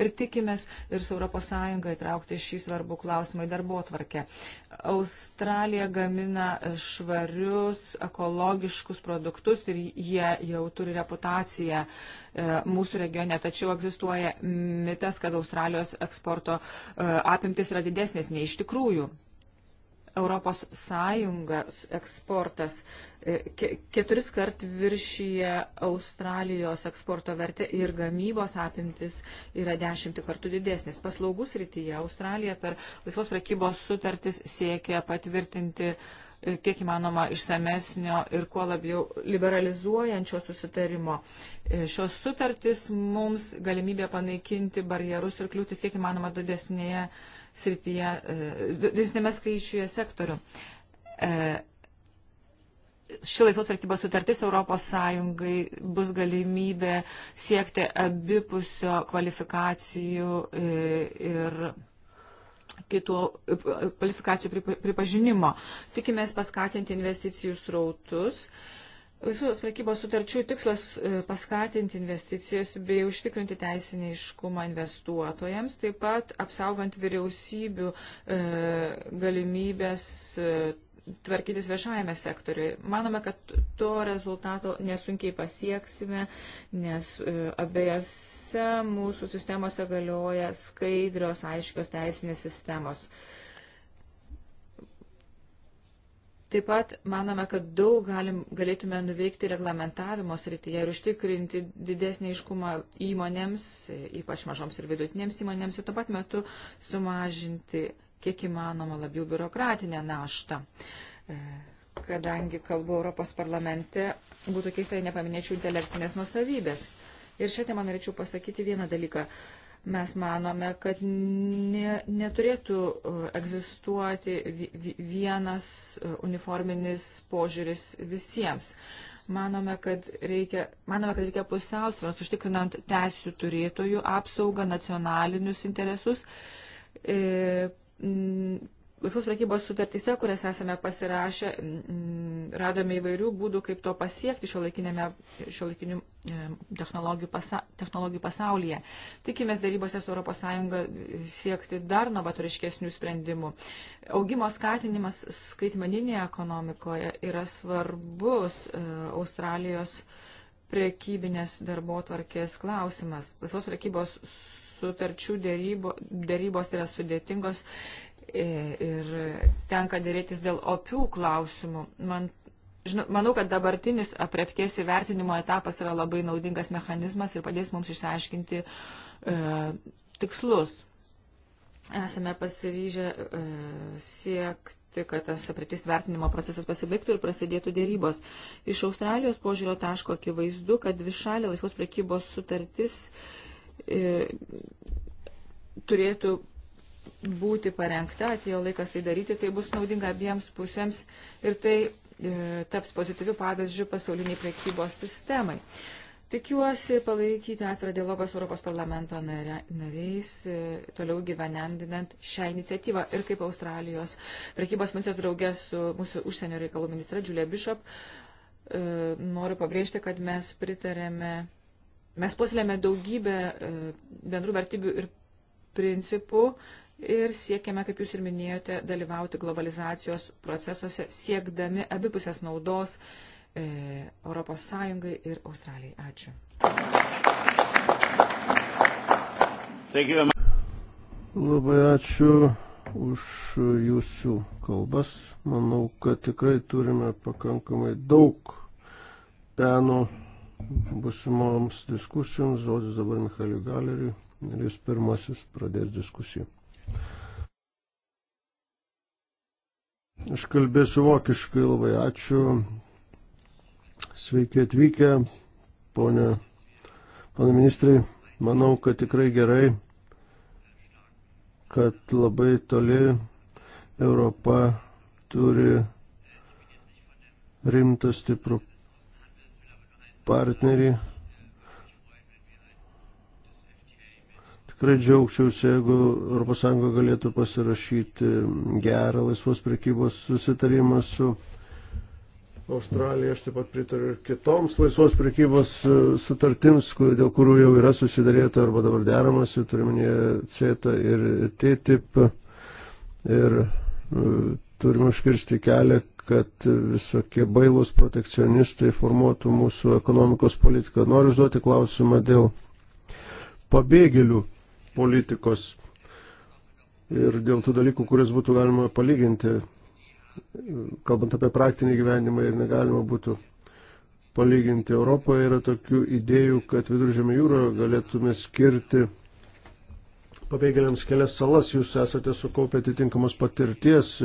ir tikimės ir su ES įtraukti šį svarbų klausimą į darbo tvarkę. Australija gamina švarius, ekologiškus produktus ir jie jau turi reputaciją e, mūsų regione, tačiau egzistuoja mitas, kad Australijos eksporto e, apimtis yra didesnės nei iš tikrųjų. Europos Sąjungos eksportas e, keturis kart viršyje Australijos eksporto vertę ir gamybos apimtis yra dešimti kartų didesnis. Paslaugų srityje Australija per laisvos prekybos sutartis siekia patvirtinti e, kiek įmanoma išsamesnio ir kuo labiau liberalizuojančio susitarimo. E, šios sutartys mums galimybė panaikinti barjerus ir kliūtis kiek įmanoma didesnėje uh, srityje, e, didesnėme skaičiuje sektorių. E, ši laisvos prekybos sutartis ES bus galimybė siekti abipusio kvalifikacijų e, ir kitų kvalifikacijų pripažinimo. Tikimės paskatinti investicijų srautus Laisvos prekybos sutarčių tikslas e, paskatinti investicijas bei užtikrinti teisinį iškumą investuotojams, taip pat apsaugant vyriausybių e, galimybės e, tvarkytis viešajame sektoriuje. Manome, kad to rezultato nesunkiai pasieksime, nes e, abiejose mūsų sistemose galioja skaidrios, aiškios teisinės sistemos. E, Taip pat manome, kad daug galim, galėtume nuveikti reglamentavimo srityje ir užtikrinti didesnį iškumą įmonėms, ypač mažoms ir vidutinėms įmonėms, ir tuo pat metu sumažinti kiek įmanoma labiau biurokratinę naštą. E, kadangi kalbu Europos parlamente, būtų keista, jei nepaminėčiau intelektinės nusavybės. Ir šią temą norėčiau pasakyti vieną dalyką. Mes manome, kad ne, neturėtų e, egzistuoti vienas e, uniforminis požiūris visiems. Manome, kad reikia, manome, kad reikia pusiausvėros užtikrinant teisų turėtojų apsaugą, nacionalinius interesus, e, laisvos prekybos sutartyse, kurias esame pasirašę, radome įvairių būdų, kaip to pasiekti šio, šio laikinių e, technologijų, pasa, technologijų pasaulyje. Tikimės darybose su ES e, siekti dar novatoriškesnių sprendimų. Augimo skatinimas skaitmeninėje ekonomikoje yra svarbus e, Australijos prekybinės darbo tvarkės klausimas. Laisvos prekybos sutarčių dėrybo, dėrybos yra sudėtingos E, ir tenka dėrėtis dėl opių klausimų. Man, žinu, manau, kad dabartinis aprepties įvertinimo etapas yra labai naudingas mechanizmas ir padės mums išsiaiškinti e, tikslus. Esame pasiryžę e, siekti, kad tas aprepties vertinimo procesas pasibaigtų ir prasidėtų dėrybos. Iš Australijos požiūrio taško akivaizdu, kad višalė laisvos prekybos sutartis e, turėtų būti parengta, atėjo laikas tai daryti, tai bus naudinga abiems pusėms ir tai e, taps pozityvių pavyzdžių pasauliniai prekybos sistemai. Tikiuosi palaikyti atvirą dialogą su Europos parlamento nariais, e, toliau gyvenendinant šią iniciatyvą ir kaip Australijos prekybos ministras draugės su mūsų užsienio reikalų ministra Džiulė Bishop. E, noriu pabrėžti, kad mes pritarėme, mes puslėme daugybę e, bendrų vertybių ir principų, ir siekiame, kaip jūs ir minėjote, dalyvauti globalizacijos procesuose, siekdami abipusės naudos e, ES ir Australijai. Ačiū. Labai ačiū už jūsų kalbas. Manau, kad tikrai turime pakankamai daug peno busimoms diskusijoms. Žodis dabar Michaeliu Galeriui ir jis pirmasis pradės diskusiją. Aš kalbėsiu vokiškai labai. Ačiū. Sveiki atvykę, ponė, ponė ministrai. Manau, kad tikrai gerai, kad labai toli Europa turi rimtą stiprų partnerį Tikrai džiaugčiausi, jeigu ES galėtų pasirašyti gerą laisvos prekybos susitarimą su Australija. Aš taip pat pritariu ir kitoms laisvos prekybos e, sutartims, kur, dėl kurių jau yra susidarėta arba dabar deramasi, turiminėje CETA ir TTIP. Ir e, turime užkirsti kelią, kad visokie bailūs protekcionistai formuotų mūsų ekonomikos politiką. Noriu užduoti klausimą dėl pabėgėlių politikos ir dėl tų dalykų, kurias būtų galima palyginti, kalbant apie praktinį gyvenimą ir negalima būtų palyginti. Europoje yra tokių idėjų, kad viduržėmio jūroje galėtume skirti pabėgėliams kelias salas, jūs esate sukaupę atitinkamos patirties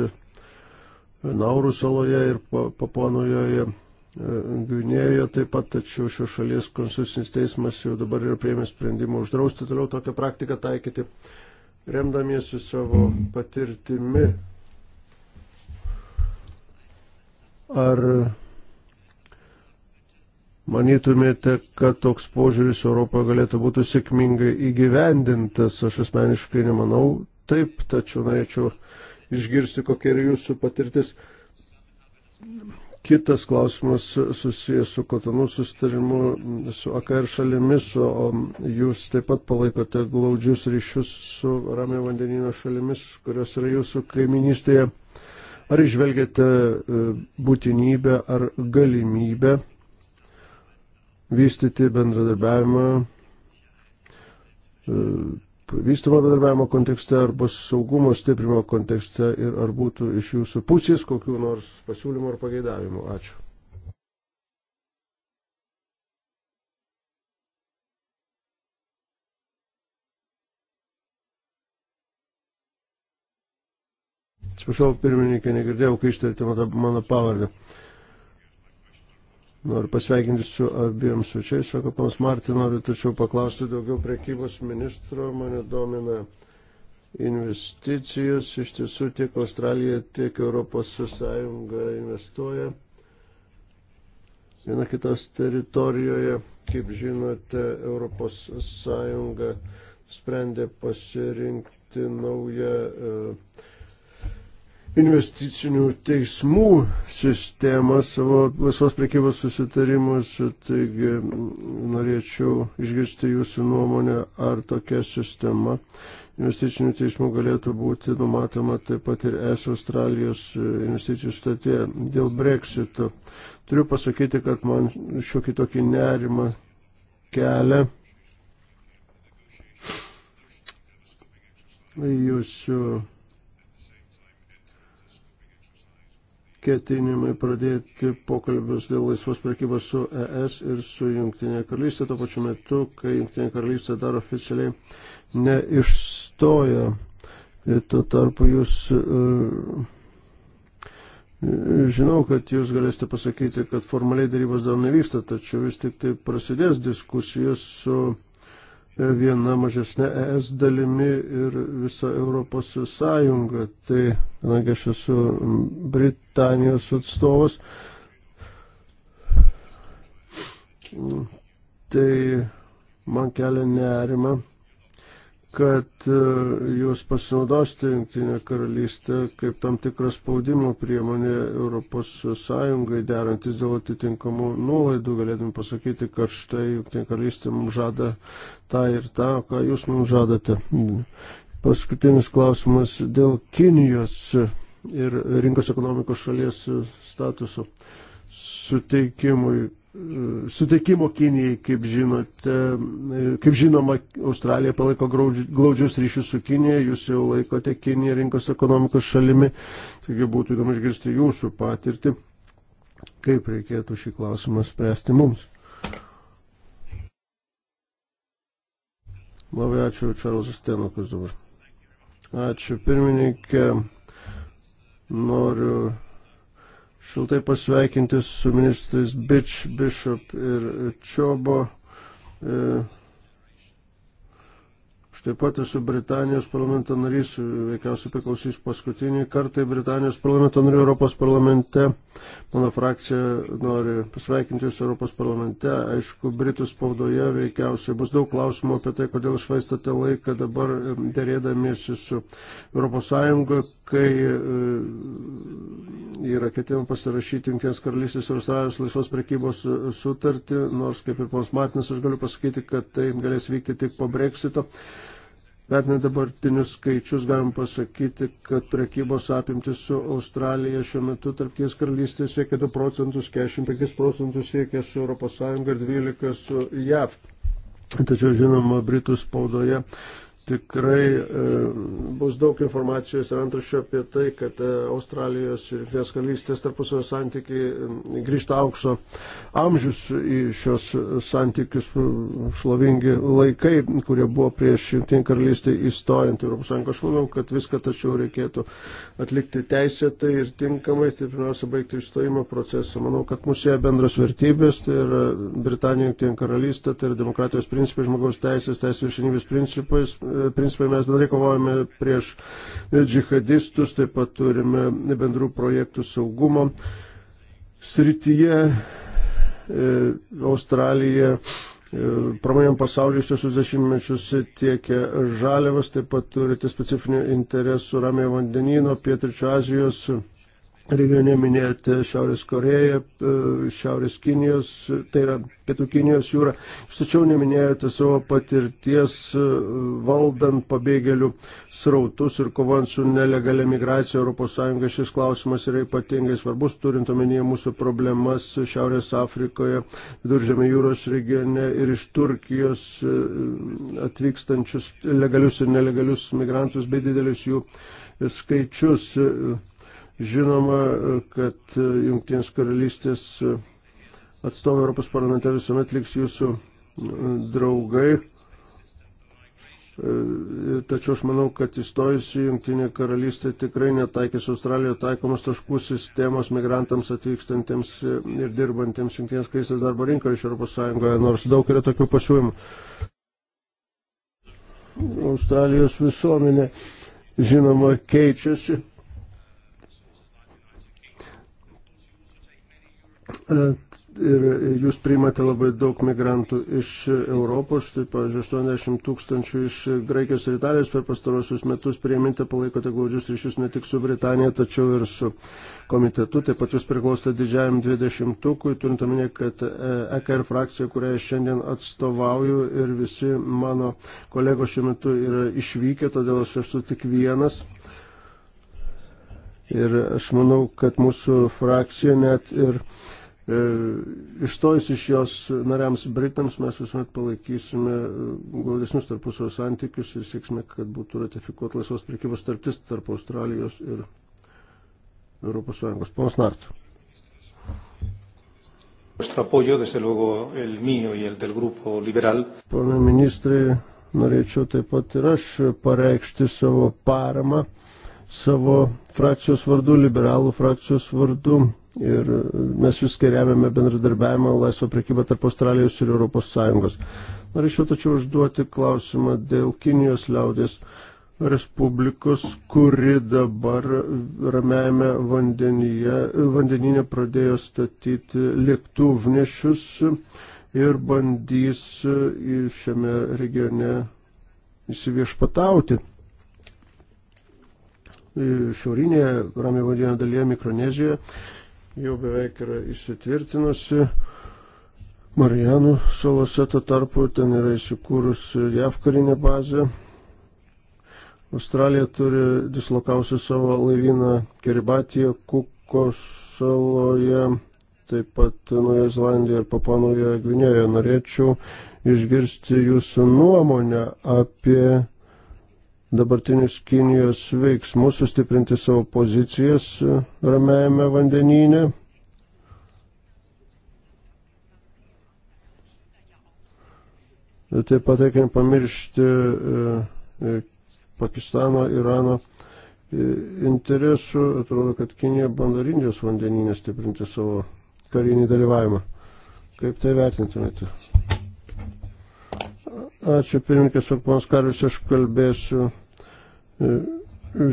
Naurų saloje ir Papuanojoje. Pa Gvinėjoje taip pat, tačiau šios šalies konstitucinis teismas jau dabar yra prieimęs sprendimą uždrausti toliau tokią praktiką taikyti, remdamiesi savo patirtimi. Ar manytumėte, kad toks požiūris Europoje galėtų būti sėkmingai įgyvendintas? Aš asmeniškai nemanau taip, tačiau norėčiau išgirsti, kokia yra jūsų patirtis. Kitas klausimas susijęs su kotonų sustarimu, su AKR šalimis, o jūs taip pat palaikote glaudžius ryšius su Ramio vandenino šalimis, kurios yra jūsų kaiminystėje. Ar išvelgiate e, būtinybę ar galimybę vystyti bendradarbiavimą e, vystymo bedarbiavimo kontekste arba saugumo stiprimo kontekste ir ar būtų iš jūsų pusės kokių nors pasiūlymų ar pageidavimų. Ačiū. Atsiprašau, pirmininkė, negirdėjau, kai ištarėte mano pavardę. Noriu pasveikinti su abiem svečiais, sako panas Martin, noriu tačiau paklausti daugiau prekybos ministro, mane domina investicijos, iš tiesų tiek Australija, tiek Europos Sąjunga investuoja viena kitos teritorijoje, kaip žinote, Europos Sąjunga sprendė pasirinkti naują e, investicinių teismų sistemą savo laisvos prekybos susitarimuose, taigi norėčiau išgirsti jūsų nuomonę, ar tokia sistema investicinių teismų galėtų būti numatoma taip pat ir es Australijos investicijų statė dėl breksito. Turiu pasakyti, kad man šiokį tokį nerimą kelia. Jūsų ketinimai pradėti pokalbius dėl laisvos prekybos su ES ir su Junktinė karalystė, tuo pačiu metu, kai Junktinė karalystė dar oficialiai neišstoja. Ir tuo tarpu jūs, e, žinau, kad jūs galėsite pasakyti, kad formaliai darybos dar nevyksta, tačiau vis tik tai prasidės diskusijos su viena mažesnė ES dalimi ir visa Europos sąjunga. Tai, kadangi aš esu Britanijos atstovas, tai man kelia nerima kad e, jūs pasinaudosite Junktinę karalystę kaip tam tikras spaudimo priemonė Europos Sąjungai derantis dėl atitinkamų nuolaidų. Galėtum pasakyti, kad štai Junktinė karalystė mums žada tą ir tą, ką jūs mums žadate. Paskutinis klausimas dėl Kinijos ir rinkos ekonomikos šalies statuso suteikimui suteikimo Kinijai, kaip, žinote, kaip žinoma, Australija palaiko glaudžius ryšius su Kinija, jūs jau laikote Kiniją rinkos ekonomikos šalimi, taigi būtų įdomu išgirsti jūsų patirtį, kaip reikėtų šį klausimą spręsti mums. Labai ačiū, Čarlzas Tenokas dabar. Ačiū, pirmininkė. Noriu šiltai pasveikinti su ministrais Bič, Bishop ir Čiobo. E, Aš taip pat esu Britanijos parlamento narys, veikiausiai priklausys paskutinį kartą Britanijos parlamento narių Europos parlamente. Mano frakcija nori pasveikinti jūs Europos parlamente. Aišku, Britų spaudoje veikiausiai bus daug klausimų apie tai, kodėl švaistate laiką dabar dėrėdamiesi su Europos Sąjunga, kai e, yra ketinama pasirašyti Junktinės karalystės ir Australijos laisvos prekybos sutartį, nors kaip ir pons Martinas aš galiu pasakyti, kad tai galės vykti tik po Brexito. Vertinant dabartinius skaičius, galim pasakyti, kad prekybos apimtis su Australija šiuo metu tarpties karalystės siekia 2 procentus, 45 procentus siekia su ES ir 12 su JAV. Tačiau, žinoma, Britų spaudoje tikrai e, bus daug informacijos ir antraščių apie tai, kad e, Australijos ir Jungtinės karalystės tarpusavio santykiai e, grįžta aukso amžius į šios santykius šlovingi laikai, kurie buvo prieš Jungtinę karalystę įstojant Europos Sąjungą. Aš manau, kad viską tačiau reikėtų atlikti teisėtai ir tinkamai, tai pirmiausia baigti išstojimo procesą. Manau, kad mūsų jie bendros vertybės, tai yra Britanija, Jungtinė karalystė, tai yra demokratijos principai, žmogaus teisės, teisės viršinybės principais principai mes bendrai kovojame prieš džihadistus, taip pat turime bendrų projektų saugumo srityje. E, Australija e, pramajam pasauliu šešus dešimtmečius tiekia žaliavas, taip pat turite specifinių interesų Ramėjo vandenino, Pietričio Azijos regione minėjote Šiaurės Koreją, e, Šiaurės Kinijos, tai yra Pietų Kinijos jūra. Jūs tačiau neminėjote savo patirties e, valdant pabėgėlių srautus ir kovant su nelegalia migracija ES. Šis klausimas yra ypatingai svarbus, turint omenyje mūsų problemas Šiaurės Afrikoje, Viduržėmė jūros regione ir iš Turkijos e, atvykstančius legalius ir nelegalius migrantus bei didelius jų skaičius Žinoma, kad e, Junktinės karalystės e, atstovai Europos parlamente visuomet liks jūsų e, draugai. Tačiau aš manau, kad įstojusi Junktinė karalystė tikrai netaikys Australijoje taikomos taškų sistemos migrantams atvykstantiems ir dirbantiems Junktinės karalystės darbo rinkoje iš ES, nors daug yra tokių pasiūlymų. Australijos visuomenė, žinoma, keičiasi Ir jūs priimate labai daug migrantų iš Europos, tai pavyzdžiui, 80 tūkstančių iš Graikijos ir Italijos per pastarosius metus priiminte palaikote glaudžius ryšius ne tik su Britanija, tačiau ir su komitetu. Taip pat jūs priklausote didžiajam 20-ukui, turint omenyje, kad EKR e frakcija, kuriai šiandien atstovauju ir visi mano kolegos šiuo metu yra išvykę, todėl aš esu tik vienas. Ir aš manau, kad mūsų frakcija net ir E, ištojus iš jos nariams Britams mes visuomet palaikysime e, glaudesnius tarpusavio santykius ir sieksime, kad būtų ratifikuot laisvos prekybos tarptis tarp Australijos ir Europos Sąjungos. Ponas Nart. Pone ministrai, norėčiau taip pat ir aš pareikšti savo paramą savo frakcijos vardu, liberalų frakcijos vardu Ir mes viską remiame bendradarbiavimą laisvą prekybą tarp Australijos ir ES. Norėčiau tačiau užduoti klausimą dėl Kinijos liaudės Respublikos, kuri dabar ramiajame vandenyje pradėjo statyti lėktuvnešius ir bandys šiame regione įsiviešpatauti. Šiaurinėje ramio vandenio dalyje Mikronezijoje jau beveik yra įsitvirtinusi. Marijanų salose tuo tarpu ten yra įsikūrusi JAV karinė bazė. Australija turi dislokavusi savo laivyną Kiribatiją, Kuko saloje, taip pat Nuojo Zelandijoje ir Papanoje Gvinėjoje. Norėčiau išgirsti jūsų nuomonę apie dabartinius Kinijos veiksmus, sustiprinti savo pozicijas e, ramėjame vandenyne. Taip pat reikia pamiršti e, e, Pakistano, Irano interesų. Atrodo, kad Kinija bando Indijos vandeninę stiprinti savo karinį dalyvavimą. Kaip tai vertintumėte? Ačiū pirmininkė Surpons Karis, aš kalbėsiu E,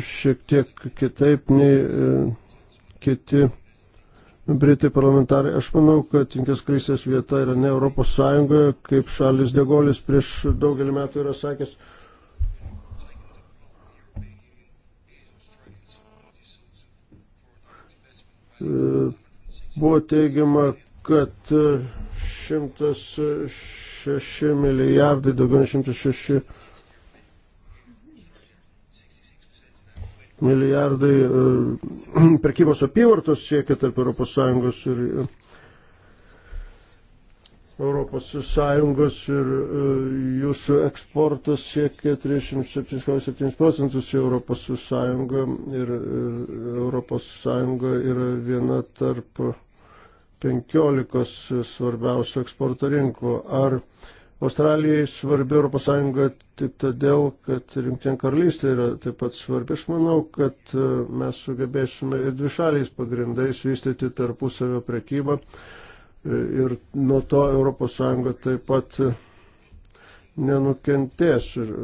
šiek tiek kitaip nei e, kiti Britai parlamentarai. Aš manau, kad Junkės krysės vieta yra ne Europos Sąjungoje, kaip šalis Degolis prieš daugelį metų yra sakęs. E, buvo teigiama, kad 106 milijardai, daugiau nei 106 milijardai milijardai e, *clears throat* prekybos apyvartos siekia tarp ES ir ES ir e, jūsų eksportas siekia 37,7 procentus į ES ir ES yra viena tarp 15 svarbiausių eksporto rinkų. Ar Australijai svarbi ES tik todėl, kad Junktinė karalystė yra taip pat svarbi. Aš manau, kad e, mes sugebėsime ir dvišaliais pagrindais vystyti tarpusavio prekybą e, ir nuo to ES taip pat e, nenukentės. Ir,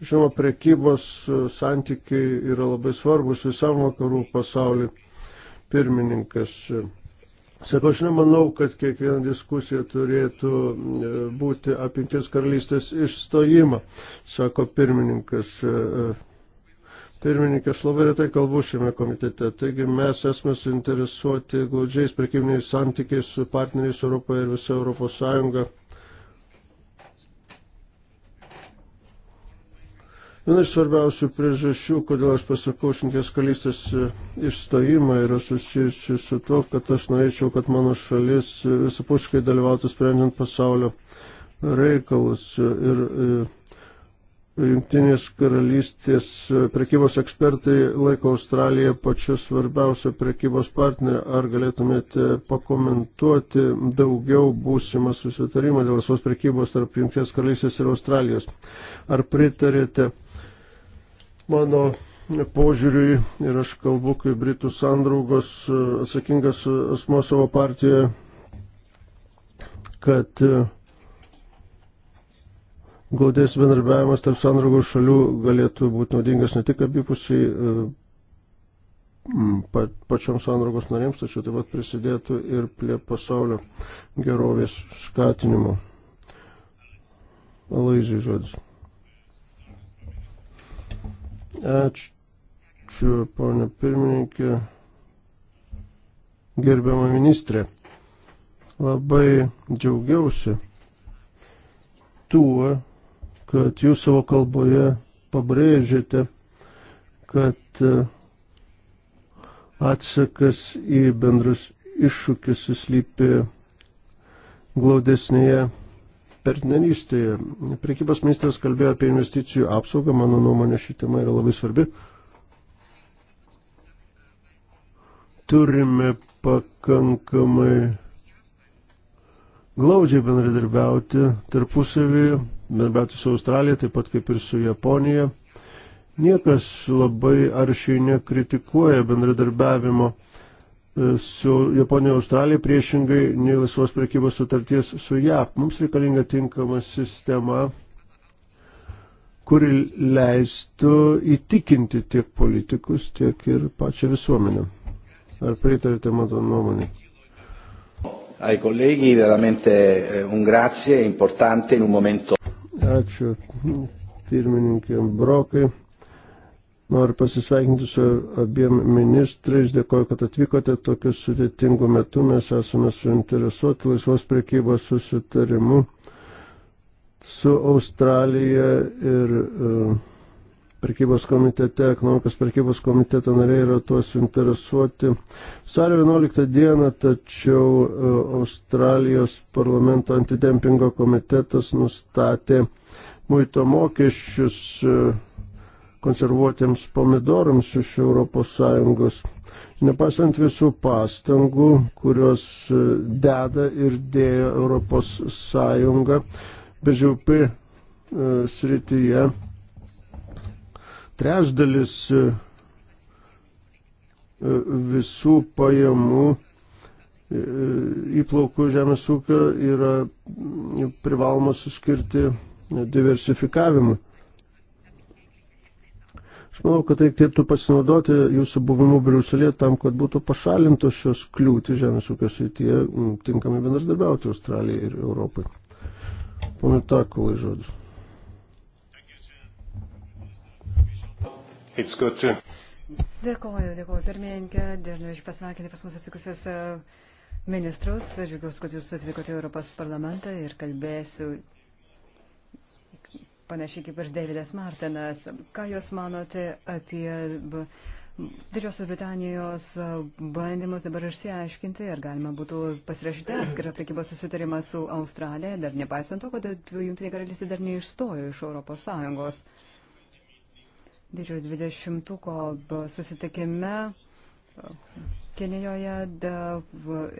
žinoma, prekybos santykiai yra labai svarbus visam vakarų pasauliu. Pirmininkas Sako, aš nemanau, kad kiekviena diskusija turėtų e, būti apie Junktinės karalystės išstojimą, sako pirmininkas. E, e, pirmininkas labai retai kalbu šiame komitete, taigi mes esame suinteresuoti glaudžiais prekybiniais santykiais su partneriais Europoje ir visa Europos Sąjunga Viena iš svarbiausių priežasčių, kodėl aš pasakau šinkės kalystės e, išstojimą, yra susijusi su to, kad aš norėčiau, kad mano šalis e, visapuškai dalyvautų sprendžiant pasaulio reikalus. Ir, ir e, Junktinės karalystės prekybos ekspertai laiko Australiją pačiu svarbiausiu prekybos partneriu. Ar galėtumėte pakomentuoti daugiau būsimą susitarimą dėl visos prekybos tarp Junktinės karalystės ir Australijos? Ar pritarėte? mano požiūriui ir aš kalbu kaip Britų sandraugos e, atsakingas asmo savo partijoje, kad e, glaudės bendarbiavimas tarp sandraugos šalių galėtų būti naudingas ne tik abipusiai e, pa, pačioms sandraugos narėms, tačiau taip pat prisidėtų ir prie pasaulio gerovės skatinimo. Alaizijų žodis. Ačiū, ponė pirmininkė, gerbiama ministrė. Labai džiaugiausi tuo, kad jūs savo kalboje pabrėžėte, kad e, atsakas į bendrus iššūkius suslypė glaudesnėje partnerystėje. Prekybos ministras kalbėjo apie investicijų apsaugą, mano nuomonė ši tema yra labai svarbi. Turime pakankamai glaudžiai bendradarbiauti tarpusavį, bendradarbiauti su Australija, taip pat kaip ir su Japonija. Niekas labai aršiai nekritikuoja bendradarbiavimo su Japonija Australija priešingai nei laisvos prekybos sutarties su JAV. Mums reikalinga tinkama sistema, kuri leistų įtikinti tiek politikus, tiek ir pačią visuomenę. Ar pritarite mano nuomonį? Ai kolegi, veramente eh, un grazie, importante in un momento. Ačiū pirmininkė Brokai. Noriu pasisveikinti su abiem ministrais, dėkoju, kad atvykote tokiu sudėtingu metu, mes esame suinteresuoti laisvos priekybos susitarimu su Australija ir uh, prekybos komitete, ekonomikos prekybos komiteto nariai yra tuo suinteresuoti. Sario 11 dieną, tačiau uh, Australijos parlamento antidempingo komitetas nustatė muito mokesčius. Uh, konservuotiems pomidorams iš ES. Nepasant visų pastangų, kurios e, deda ir dėjo ES, bežiaupi srityje trečdalis e, e, visų pajamų įplaukų žemės ūkio yra privaloma suskirti diversifikavimui. Aš manau, kad reikėtų pasinaudoti jūsų buvimu Briuselėje tam, kad būtų pašalintos šios kliūtis žemės ūkio srityje tinkamai bendradarbiauti Australijai ir Europai. Pone Takulai žodis. Dėkoju, dėkoju pirmininkė, dar norėčiau pasveikinti pas mus atvykusios e, ministrus, džiugiuosi, kad jūs atvykote į Europos parlamentą ir kalbėsiu panašiai kaip ir Davidas Martinas. Ką Jūs manote apie Didžiosios Britanijos bandymus dabar išsiaiškinti, ar galima būtų pasirašyti atskirą prekybos susitarimą su Australija, dar nepaisant to, kad Junktinė karalystė dar neišstojo iš Europos Sąjungos. Didžiojo dvidešimtuko susitikime Kenijoje da,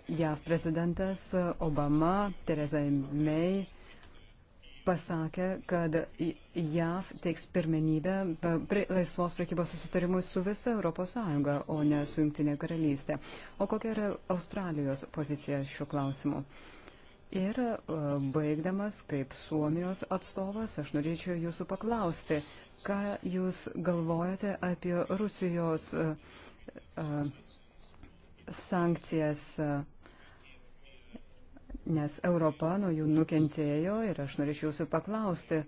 JAV prezidentas Obama, Tereza May pasakė, kad JAV teiks pirmenybę prie laisvos prekybos susitarimui su visa ES, o ne su Junktinė karalystė. O kokia yra Australijos pozicija šiuo klausimu? Ir e, baigdamas, kaip Suomijos atstovas, aš norėčiau jūsų paklausti, ką jūs galvojate apie Rusijos e, e, sankcijas nes Europa nuo jų nukentėjo ir aš norėčiau jūsų paklausti,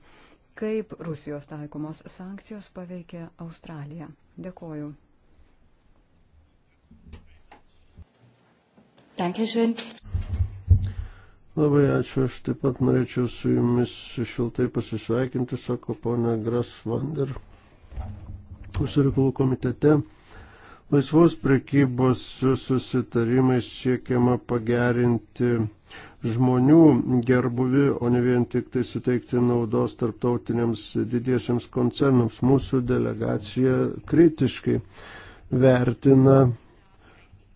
kaip Rusijos taikomos sankcijos paveikė Australiją. Dėkoju. Dankeschön. Labai ačiū, aš taip pat norėčiau su jumis šiltai pasisveikinti, sako ponia Gras Vander, užsireikalų komitete. Laisvos prekybos susitarimais siekiama pagerinti žmonių gerbuvi, o ne vien tik tai suteikti naudos tarptautiniams didiesiams koncernams. Mūsų delegacija kritiškai vertina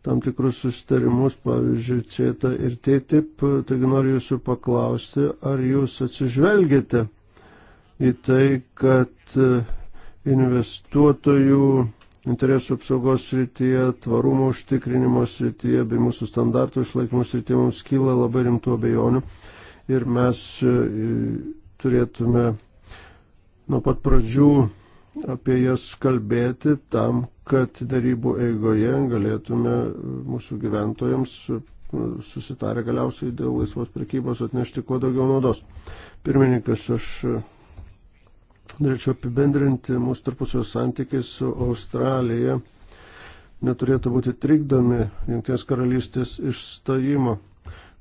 tam tikrus sustarimus, pavyzdžiui, CETA ir TTIP, taigi noriu jūsų paklausti, ar jūs atsižvelgiate į tai, kad investuotojų interesų apsaugos srityje, tvarumo užtikrinimo srityje bei mūsų standartų išlaikymo srityje mums kyla labai rimtų abejonių ir mes e, turėtume nuo pat pradžių apie jas kalbėti tam, kad darybų eigoje galėtume mūsų gyventojams e, susitarę galiausiai dėl laisvos prekybos atnešti kuo daugiau naudos. Pirmininkas, aš norėčiau apibendrinti mūsų tarpusio santykiai su Australija neturėtų būti trikdomi Junktinės karalystės išstojimo.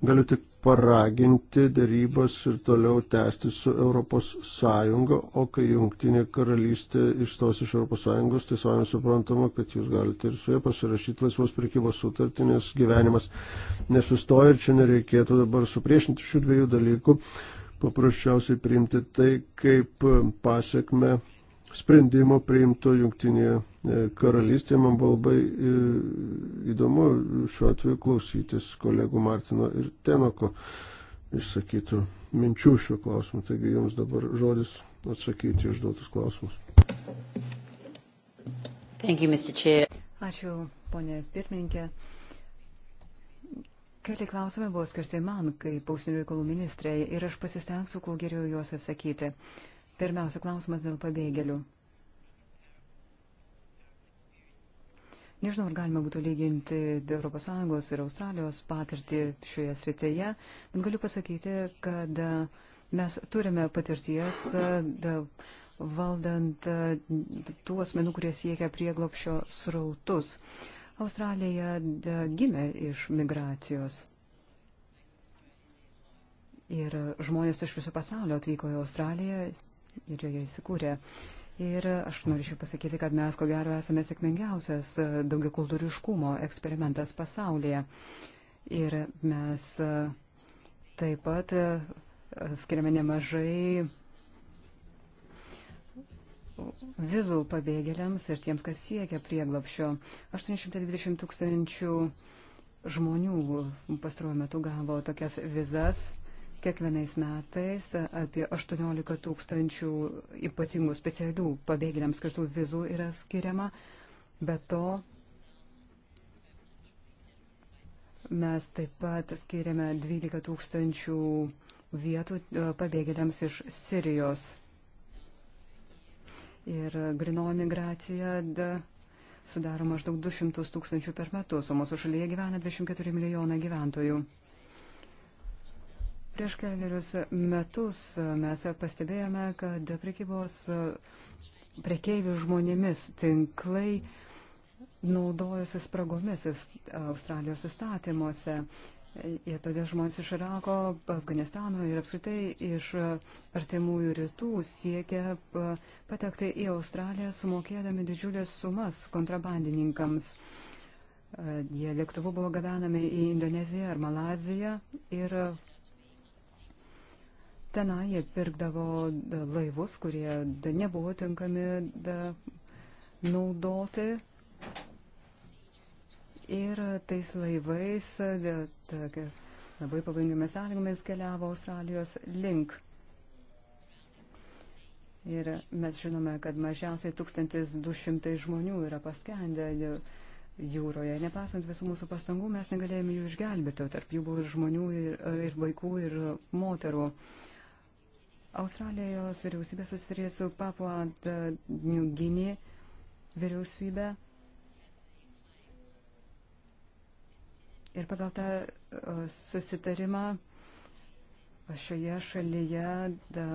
Galiu tik paraginti dėrybas ir toliau tęsti su Europos Sąjunga, o kai Junktinė karalystė išstos iš Europos Sąjungos, tai savame suprantama, kad jūs galite ir su jie pasirašyti laisvos prekybos sutartį, nes gyvenimas nesustoja ir čia nereikėtų dabar supriešinti šių dviejų dalykų paprasčiausiai priimti tai kaip pasiekme sprendimo priimto jungtinėje e, karalystėje. Man buvo labai e, įdomu šiuo atveju klausytis kolegų Martino ir Tenoko išsakytų minčių šiuo klausimu. Taigi jums dabar žodis atsakyti užduotus klausimus. Thank you, Mr. Chair. Ačiū, ponė pirmininkė. Keli klausimai buvo skirti man, kaip užsienio reikalų ministrai, ir aš pasistengsiu, kuo geriau juos atsakyti. Pirmiausia klausimas dėl pabėgėlių. Nežinau, ar galima būtų lyginti ES ir Australijos patirtį šioje srityje, bet galiu pasakyti, kad e, mes turime patirties e, valdant e, tų asmenų, kurie siekia prieglopšio srautus. Australija gimė iš migracijos. Ir žmonės iš viso pasaulio atvyko į Australiją ir joje įsikūrė. Ir aš norėčiau pasakyti, kad mes ko gero esame sėkmingiausias e, daugiakultūriškumo eksperimentas pasaulyje. Ir mes e, taip pat e, skiriame nemažai vizų pabėgėliams ir tiems, kas siekia prieglopšio. 820 tūkstančių žmonių pastaruoju metu gavo tokias vizas. Kiekvienais metais apie 18 tūkstančių ypatingų specialių pabėgėliams skirtų vizų yra skiriama. Be to, mes taip pat skiriame 12 tūkstančių vietų e, pabėgėliams iš Sirijos ir grinoji migracija sudaro maždaug 200 tūkstančių per metus, o mūsų šalyje gyvena 24 milijonai gyventojų. Prieš keliarius metus mes pastebėjome, kad prekybos prekeivių žmonėmis tinklai naudojasi spragomis Australijos įstatymuose Ir todėl žmonės iš Irako, Afganistano ir apskritai iš artimųjų rytų siekia e, patekti į Australiją sumokėdami didžiulės sumas kontrabandininkams. E, jie lėktuvu buvo gabenami į Indoneziją ar Malaziją ir tenai jie pirkdavo e, laivus, kurie nebuvo tinkami naudoti Ir tais laivais tokia, labai pavojingomis sąlygomis keliavo Australijos link. Ir mes žinome, kad mažiausiai 1200 žmonių yra paskendę jūroje. Nepasant visų mūsų pastangų, mes negalėjome jų išgelbėti. Tarp jų buvo ir žmonių, ir, ir vaikų, ir moterų. Australijos vyriausybė susirė su Papua New Guinea vyriausybė Ir pagal tą susitarimą šioje šalyje da,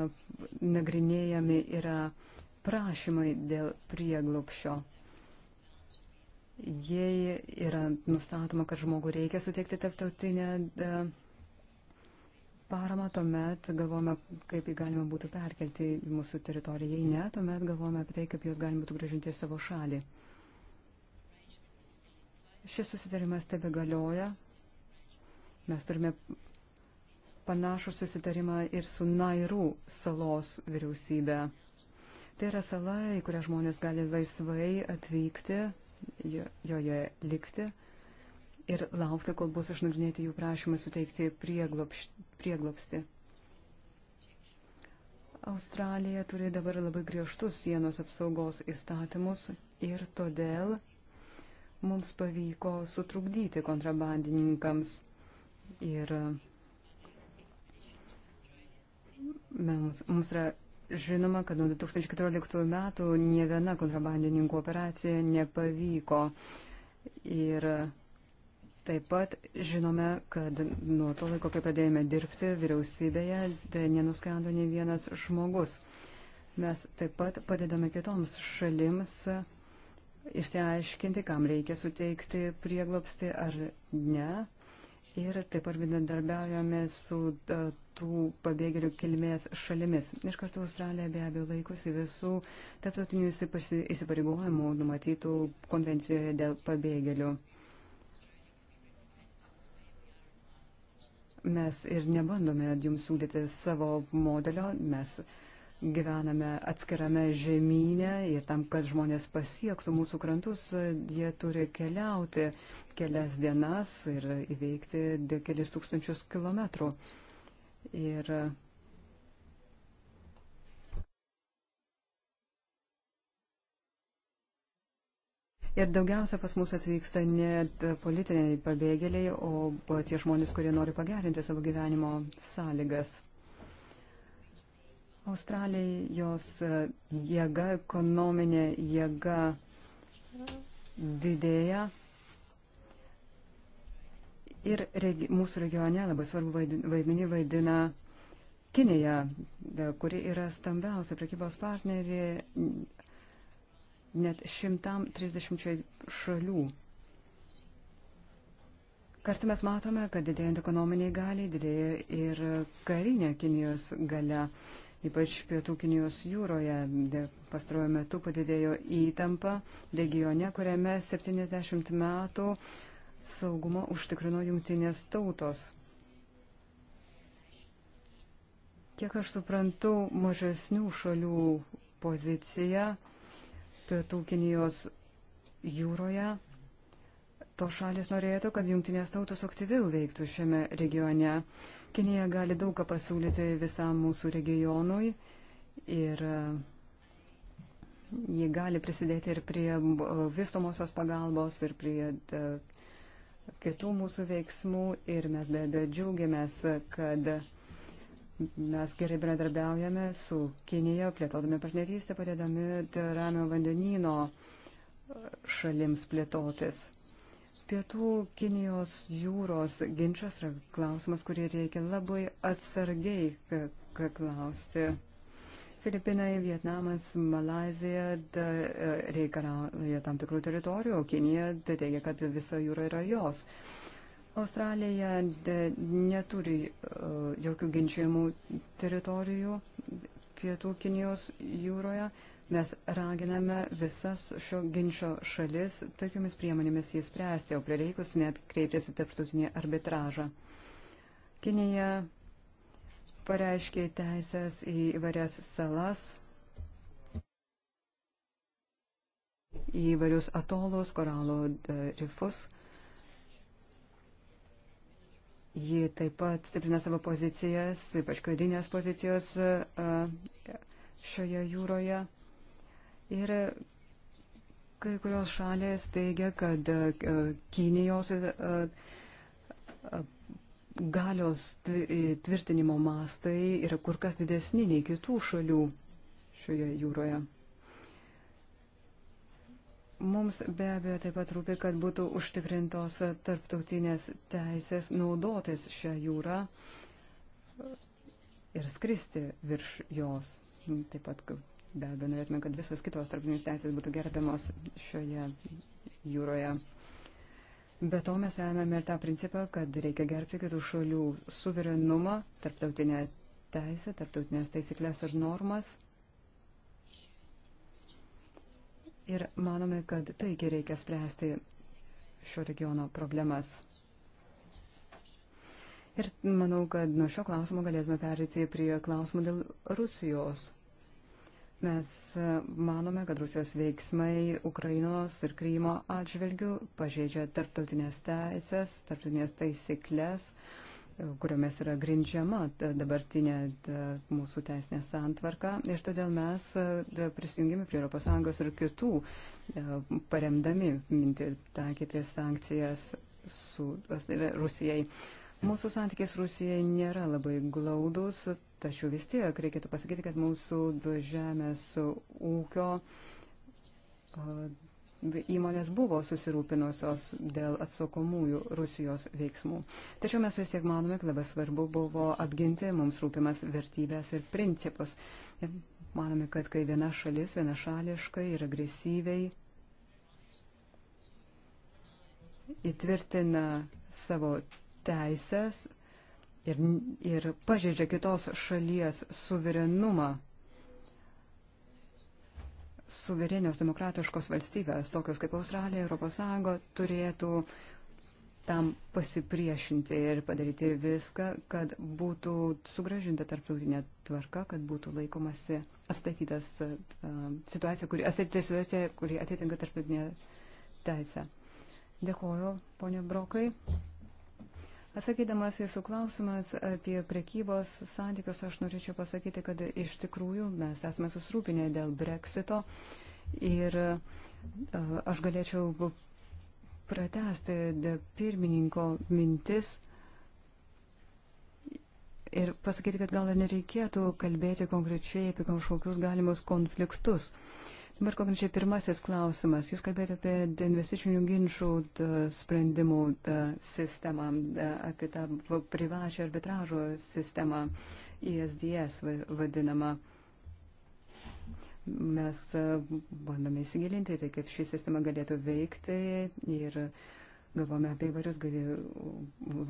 nagrinėjami yra prašymai dėl prieglopšio. Jei yra nustatoma, kad žmogų reikia suteikti tarptautinę da, paramą, tuomet galvome, kaip jį galima būtų perkelti į mūsų teritoriją. Jei ne, tuomet galvome apie tai, kaip juos galima būtų gražinti į savo šalį. Šis susitarimas tebe galioja. Mes turime panašų susitarimą ir su Nairų salos vyriausybė. Tai yra sala, į kurią žmonės gali laisvai atvykti, joje likti ir laukti, kol bus išnagrinėti jų prašymai suteikti prieglopsti. Australija turi dabar labai griežtus sienos apsaugos įstatymus ir todėl mums pavyko sutrukdyti kontrabandininkams ir mums, mums yra Žinoma, kad nuo 2014 metų ne viena kontrabandininkų operacija nepavyko. Ir taip pat žinome, kad nuo to laiko, kai pradėjome dirbti vyriausybėje, tai nenuskendo ne vienas žmogus. Mes taip pat padedame kitoms šalims išsiaiškinti, kam reikia suteikti prieglopsti ar ne. Ir taip pat bendradarbiaujame su e, tų pabėgėlių kilmės šalimis. Iš karto Australija be abejo laikosi visų tarptautinių įsipareigojimų numatytų konvencijoje dėl pabėgėlių. Mes ir nebandome jums siūlyti savo modelio, mes uh, gyvename atskirame žemynė ir tam, kad žmonės pasiektų mūsų krantus, jie turi keliauti kelias dienas ir įveikti kelis tūkstančius kilometrų. Ir Ir daugiausia pas mus atvyksta ne politiniai pabėgėliai, o tie žmonės, kurie nori pagerinti savo gyvenimo sąlygas. Australijos e, jėga, ekonominė jėga didėja. Ir regi, mūsų regione labai svarbu vaidmenį vaidina Kinėja, e, kuri yra stambiausia prekybos partnerė net 130 šalių. Kartu mes matome, kad didėjant ekonominiai galiai didėja ir karinė Kinijos gale ypač pietų Kinijos jūroje. Pastaruoju metu padidėjo įtampa regione, kuriame 70 metų saugumą užtikrino jungtinės tautos. Kiek aš suprantu, mažesnių šalių pozicija pietų Kinijos jūroje. To šalis norėtų, kad jungtinės tautos aktyviau veiktų šiame regione. Kinija gali daug ką pasiūlyti visam mūsų regionui ir e, jie gali prisidėti ir prie e, vystomosios pagalbos, ir prie e, kitų mūsų veiksmų. Ir mes be abejo džiaugiamės, kad mes gerai bendradarbiaujame su Kinija, plėtodami partnerystę, padėdami Ramio vandenyno šalims plėtotis. Pietų Kinijos jūros ginčas yra klausimas, kurį reikia labai atsargiai klausti. Filipinai, Vietnamas, Malazija e, reikalauja tam tikrų teritorijų, o Kinija teigia, kad visa jūra yra jos. Australija neturi e, jokių ginčiamų teritorijų pietų Kinijos jūroje. Mes raginame visas šio ginčio šalis tokiomis priemonėmis jį spręsti, o prireikus net kreiptis į tarptautinį arbitražą. Kinija pareiškė teisės į įvairias salas, į įvairius atolus, koralo e, rifus. Ji taip pat stiprina savo pozicijas, ypač karinės pozicijos e, šioje jūroje. Ir kai kurios šalės teigia, kad e, Kinijos e, e, galios tvirtinimo mastai yra kur kas didesni nei kitų šalių šioje jūroje. Mums be abejo taip pat rūpi, kad būtų užtikrintos tarptautinės teisės naudotis šią jūrą ir skristi virš jos. Taip pat Be abejo, norėtume, kad visos kitos tarptautinės teisės būtų gerbiamos šioje jūroje. Be to mes remiame ir tą principą, kad reikia gerbti kitų šalių suverenumą, tarptautinę teisę, tarptautinės taisyklės ir normas. Ir manome, kad taigi reikia spręsti šio regiono problemas. Ir manau, kad nuo šio klausimo galėtume perėti prie klausimų dėl Rusijos. Mes e, manome, kad Rusijos veiksmai Ukrainos ir Krymo atžvilgių pažeidžia tarptautinės teisės, tarptautinės taisyklės, e, kuriomis yra grindžiama dabartinė mūsų teisinė santvarka. Ir todėl mes e, prisijungėme prie ES ir kitų, paremdami minti taikyti sankcijas su Rusijai. Mūsų santykis Rusija nėra labai glaudus, tačiau vis tiek reikėtų pasakyti, kad mūsų žemės ūkio e, įmonės buvo susirūpinusios dėl atsakomųjų Rusijos veiksmų. Tačiau mes vis tiek manome, kad labai svarbu buvo apginti mums rūpimas vertybės ir principus. Manome, kad kai viena šalis vienašališkai ir agresyviai įtvirtina savo teisės ir, ir pažeidžia kitos šalies suverenumą. Suverenios demokratiškos valstybės, tokios kaip Australija, Europos Sąjunga, turėtų tam pasipriešinti ir padaryti viską, kad būtų sugražinta tarptautinė tvarka, kad būtų laikomasi atstatytas uh, situacija, kuri, atstatyta situacija, kuri atitinka tarptautinė teisė. Dėkoju, ponė Brokai. Atsakydamas jūsų klausimas apie prekybos santykius, aš norėčiau pasakyti, kad iš tikrųjų mes esame susirūpinę dėl breksito ir e, aš galėčiau pratesti pirmininko mintis ir pasakyti, kad gal ir nereikėtų kalbėti konkrečiai apie kažkokius galimus konfliktus. Uh, Dabar konkrečiai pirmasis klausimas. Jūs kalbėjote apie investicinių ginčių sprendimų sistemą, e, apie tą privačią arbitražo sistemą, ISDS vadinamą. Mes e, bandome įsigilinti, tai kaip ši sistema galėtų veikti ir galvome apie įvairius gali,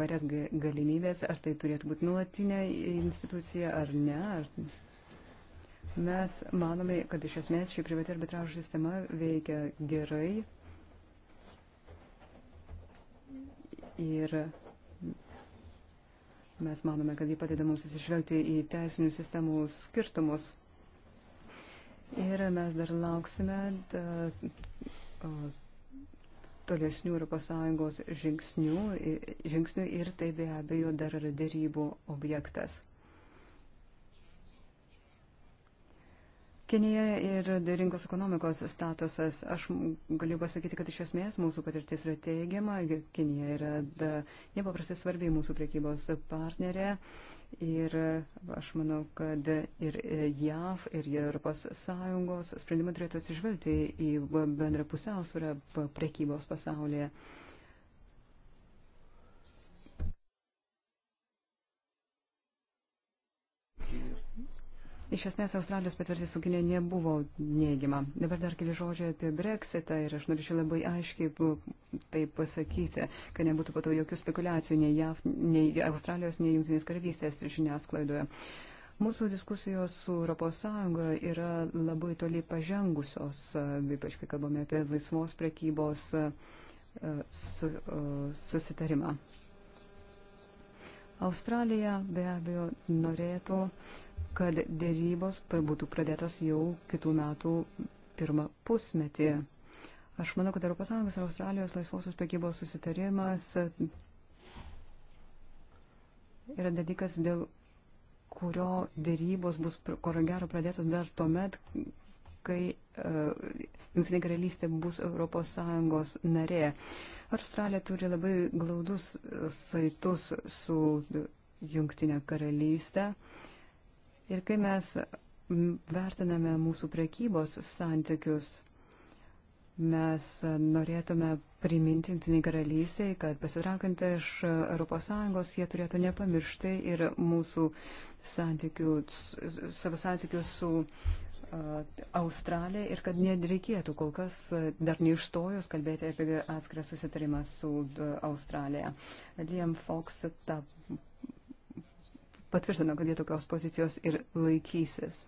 varias galimybės, ar tai turėtų būti nuolatinė institucija ar ne. Ar Mes manome, kad iš esmės ši privati arbitražo sistema veikia gerai ir mes manome, kad jį padeda mums atsižvelgti į teisinių sistemų skirtumus. Ir mes dar lauksime tolesnių ES žingsnių, žingsnių ir tai be abejo dar yra dėrybų objektas. Kinijoje ir rinkos ekonomikos statusas, aš galiu pasakyti, kad iš esmės mūsų patirtis yra teigiama, Kinija yra da, nepaprastai svarbi mūsų priekybos partnerė ir aš manau, kad ir JAV, ir ES sprendimai turėtų atsižvelgti į bendrą pusiausvyrą priekybos pasaulyje. Uh, Iš esmės, Australijos patirtis su Kinė nebuvo neigiama. Dabar dar keli žodžiai apie Brexitą ir aš norėčiau labai aiškiai tai pasakyti, kad nebūtų pato jokių spekulacijų nei JAV, nei Australijos, nei Junktinės karalystės žiniasklaidoje. Mūsų diskusijos su ES yra labai toliai pažengusios, ypač kai kalbame apie laisvos prekybos e, su, e, susitarimą. Australija be abejo norėtų uh, kad dėrybos būtų pradėtas jau kitų metų pirmą pusmetį. Aš manau, kad ES ir Australijos laisvosios prekybos susitarimas yra dalykas, dėl kurio dėrybos bus, kur gero pradėtos dar tuomet, kai e, Junktinė uh, karalystė bus ES narė. Australija turi labai glaudus e, saitus su Junktinė karalystė. Uh, Ir kai mes vertiname mūsų prekybos santykius, mes norėtume priminti Junktiniai karalystiai, kad pasitraukant iš ES jie turėtų nepamiršti ir mūsų santykių, savo santykių su uh, Australija ir kad nereikėtų kol kas dar neištojus kalbėti apie atskirą susitarimą su uh, Australija. Liam Fox tą patvirtino, kad jie tokios pozicijos ir laikysis.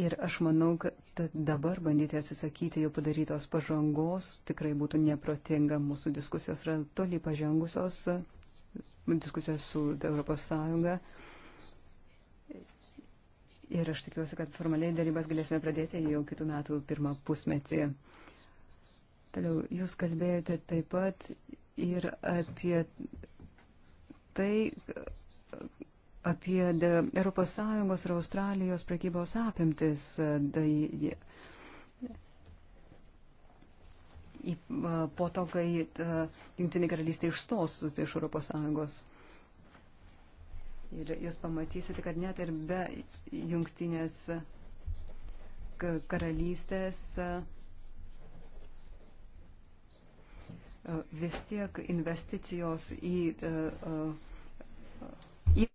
Ir aš manau, kad dabar bandyti atsisakyti jau padarytos pažangos tikrai būtų neprotinga. Mūsų diskusijos yra toli pažengusios, diskusijos su ES. Ir aš tikiuosi, kad formaliai darybas galėsime pradėti jau kitų metų pirmą pusmetį. Toliau, jūs kalbėjote taip pat ir apie tai, apie ES ir Australijos prekybos apimtis. Tai, po to, kai Junktinė karalystė išstos iš ES. Ir jūs pamatysite, kad net ir be Junktinės karalystės. A, E, vis tiek investicijos į. E, e, į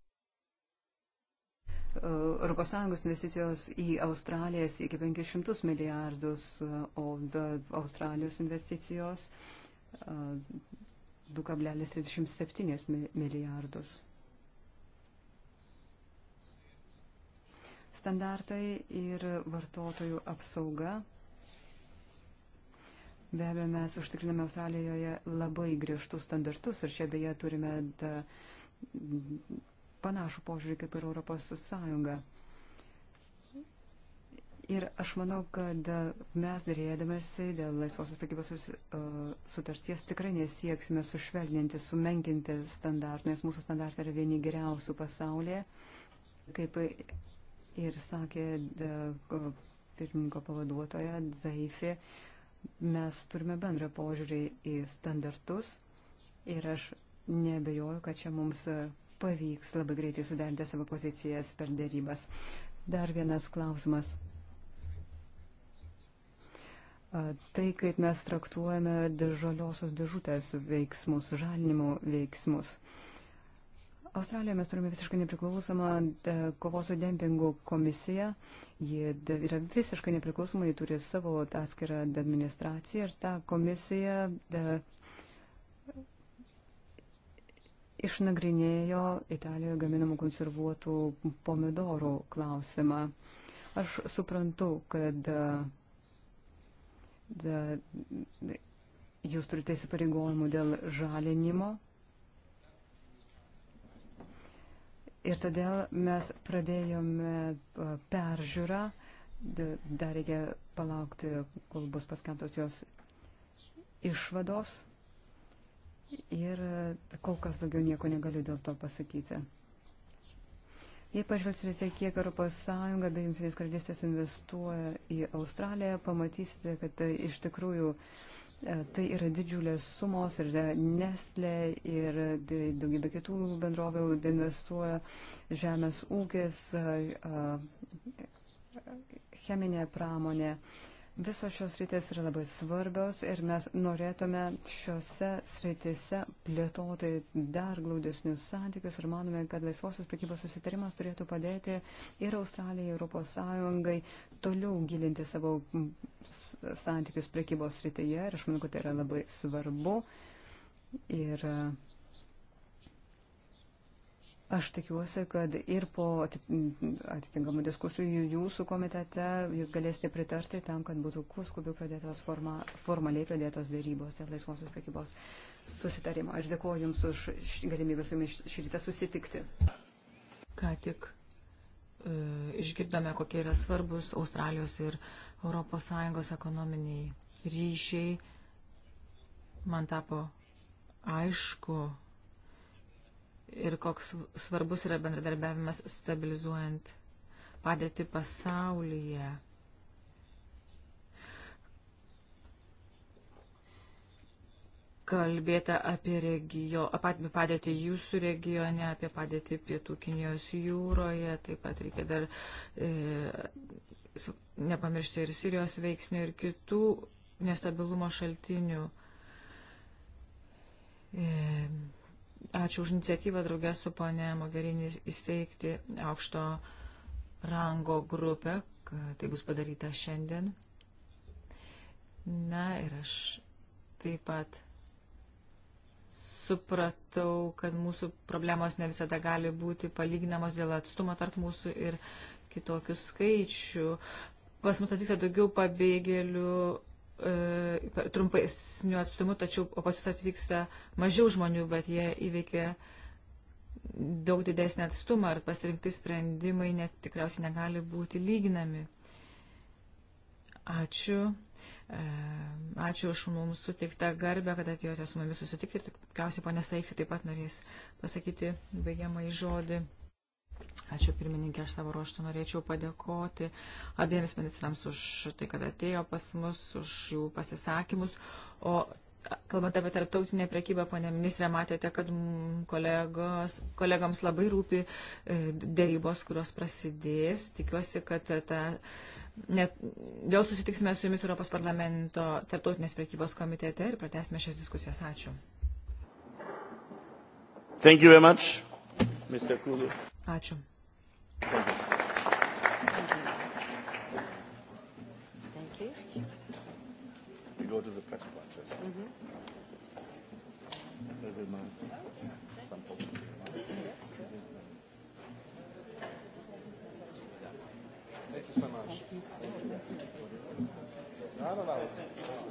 Europos Sąjungos investicijos į Australiją siekia 500 milijardus, o Australijos investicijos 2,37 milijardus. Standartai ir vartotojų apsauga Be abejo, mes užtikriname Australijoje labai griežtus standartus ir čia beje turime da, panašų požiūrį kaip ir Europos Sąjunga. Ir aš manau, kad mes dėrėdamėsi dėl laisvosios prekybos sutarties tikrai nesieksime sušvelninti, sumenkinti standartų, nes mūsų standartai yra vieni geriausių pasaulyje. Kaip ir sakė pirmininko pavaduotoja Zaifi, uh, Mes turime bendrą požiūrį į standartus ir aš nebejoju, kad čia mums pavyks labai greitai suderinti savo pozicijas per dėrybas. Dar vienas klausimas. Tai, kaip mes traktuojame žaliosios dėžutės veiksmus, žalinimo veiksmus. Uh, Australijoje mes turime visiškai nepriklausomą e, kovos su dempingu komisiją. Ji yra visiškai nepriklausoma, ji turi savo atskirą administraciją ir ta komisija da, e, išnagrinėjo Italijoje gaminamų konservuotų pomidorų klausimą. Aš suprantu, kad da, e, da, jūs turite įsipareigojimų dėl žalinimo Ir todėl mes pradėjome peržiūrą, dar reikia palaukti, kol bus paskelbtos jos išvados. Ir kol kas daugiau nieko negaliu dėl to pasakyti. Jei pažvelgsite, kiek ES bei Junktinės karalystės investuoja į Australiją, pamatysite, kad tai iš tikrųjų uh, E, tai yra didžiulės sumos ir Nestle ir daugybė kitų bendrovių investuoja žemės ūkis, e, e, cheminė pramonė. Visos šios rytis yra labai svarbios ir mes norėtume šiuose sritise plėtoti dar glaudesnius santykius ir manome, kad laisvosios prekybos susitarimas turėtų padėti ir Australijai, Europos Sąjungai toliau gilinti savo santykius prekybos srityje ir aš manau, kad tai yra labai svarbu. Ir uh, Aš tikiuosi, kad ir po atitinkamų diskusijų jūsų komitete jūs galėsite pritarti tam, kad būtų kuo skubiau pradėtos forma, formaliai pradėtos darybos dėl laisvosios prekybos susitarimo. Aš dėkuoju Jums už galimybę su Jumis šį rytą susitikti. Ką tik e, išgirdome, kokie yra svarbus Australijos ir ES ekonominiai ryšiai. Man tapo aišku ir koks svarbus yra bendradarbiavimas stabilizuojant padėti pasaulyje. Kalbėta apie, regio, apie padėtį jūsų regione, apie padėtį pietų Kinijos jūroje, taip pat reikia dar e, nepamiršti ir Sirijos veiksnių ir kitų nestabilumo šaltinių. E, Ačiū už iniciatyvą draugę su ponė Mogherini įsteigti aukšto rango grupę. Tai bus padaryta šiandien. Na ir aš taip pat supratau, kad mūsų problemos ne visada gali būti palyginamos dėl atstumo tarp mūsų ir kitokių skaičių. Pas mus atvyksta daugiau pabėgėlių E, trumpaisniu atstumu, tačiau pas jūs atvyksta mažiau žmonių, bet jie įveikia daug didesnį atstumą ir pasirinkti sprendimai net tikriausiai negali būti lyginami. Ačiū. E, ačiū už mums sutiktą garbę, kad atėjote su mumis susitikti. Tikriausiai ponė Saifi taip pat norės pasakyti baigiamąjį žodį. Ačiū pirmininkė, aš savo ruoštų norėčiau padėkoti abiems ministrams už tai, kad atėjo pas mus, už jų pasisakymus. O kalbant apie tarptautinę prekybą, ponė ministrė, matėte, kad kolegos, kolegams labai rūpi e, dėrybos, kurios prasidės. Tikiuosi, kad ta, net, vėl susitiksime su jumis Europos parlamento tarptautinės prekybos komitete ir pratesime šias diskusijas. Ačiū. Thank you very much, Mr. Kulu. Ačiū. Thank you. Thank you. We go to the press conference. Mm-hmm. Thank you so much. Thank you. Thank you. I don't know.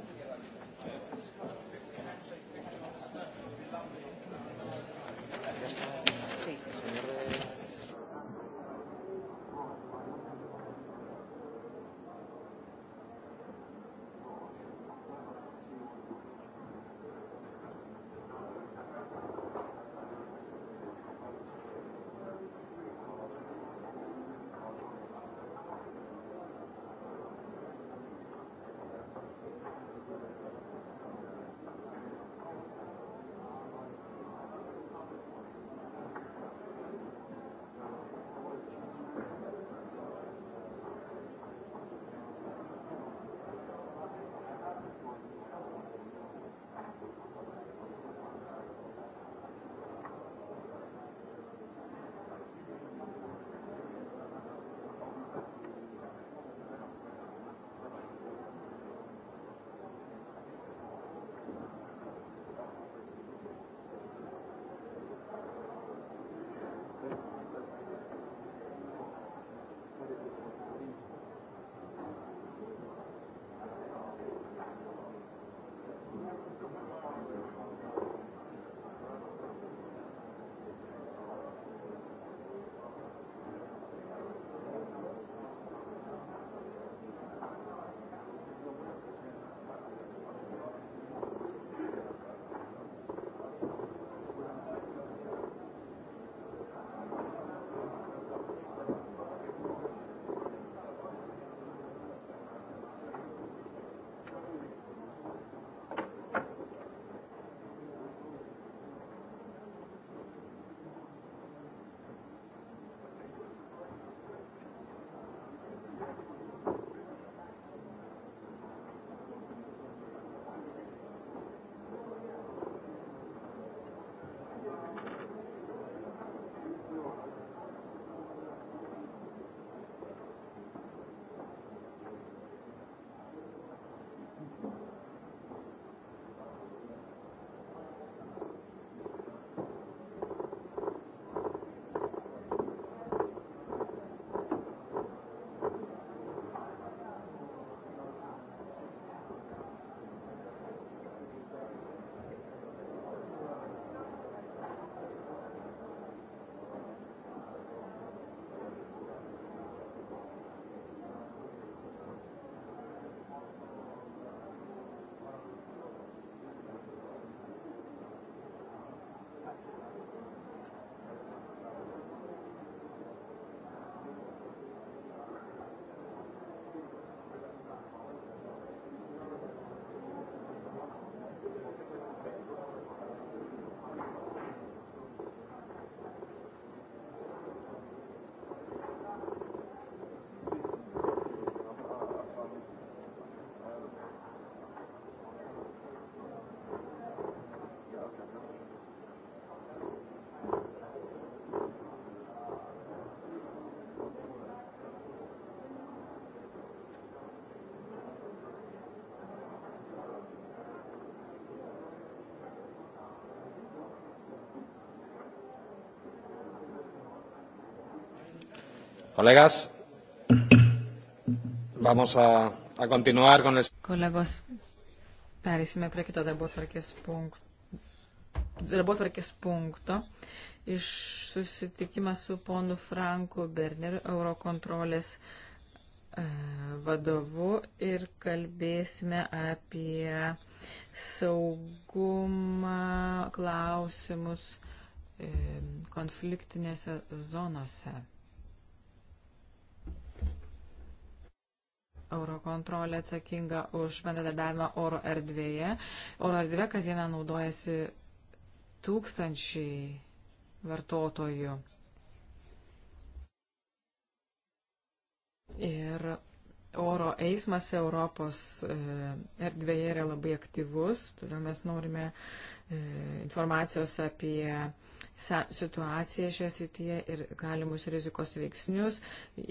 Colegas, vamos a, a continuar con el... Kolegos, perėsime prie kito darbotvarkės punkto. Darbotvarkės punkto iš susitikimą su ponu Franku Berneriu Eurokontrolės e, vadovu ir kalbėsime apie saugumą klausimus e, konfliktinėse zonose. Eurokontrolė atsakinga už bendradarbiavimą oro erdvėje. Oro erdvė kasdieną naudojasi tūkstančiai vartotojų. Ir oro eismas Europos e, erdvėje yra labai aktyvus, todėl mes norime E, informacijos apie situaciją šioje srityje ir galimus rizikos veiksnius.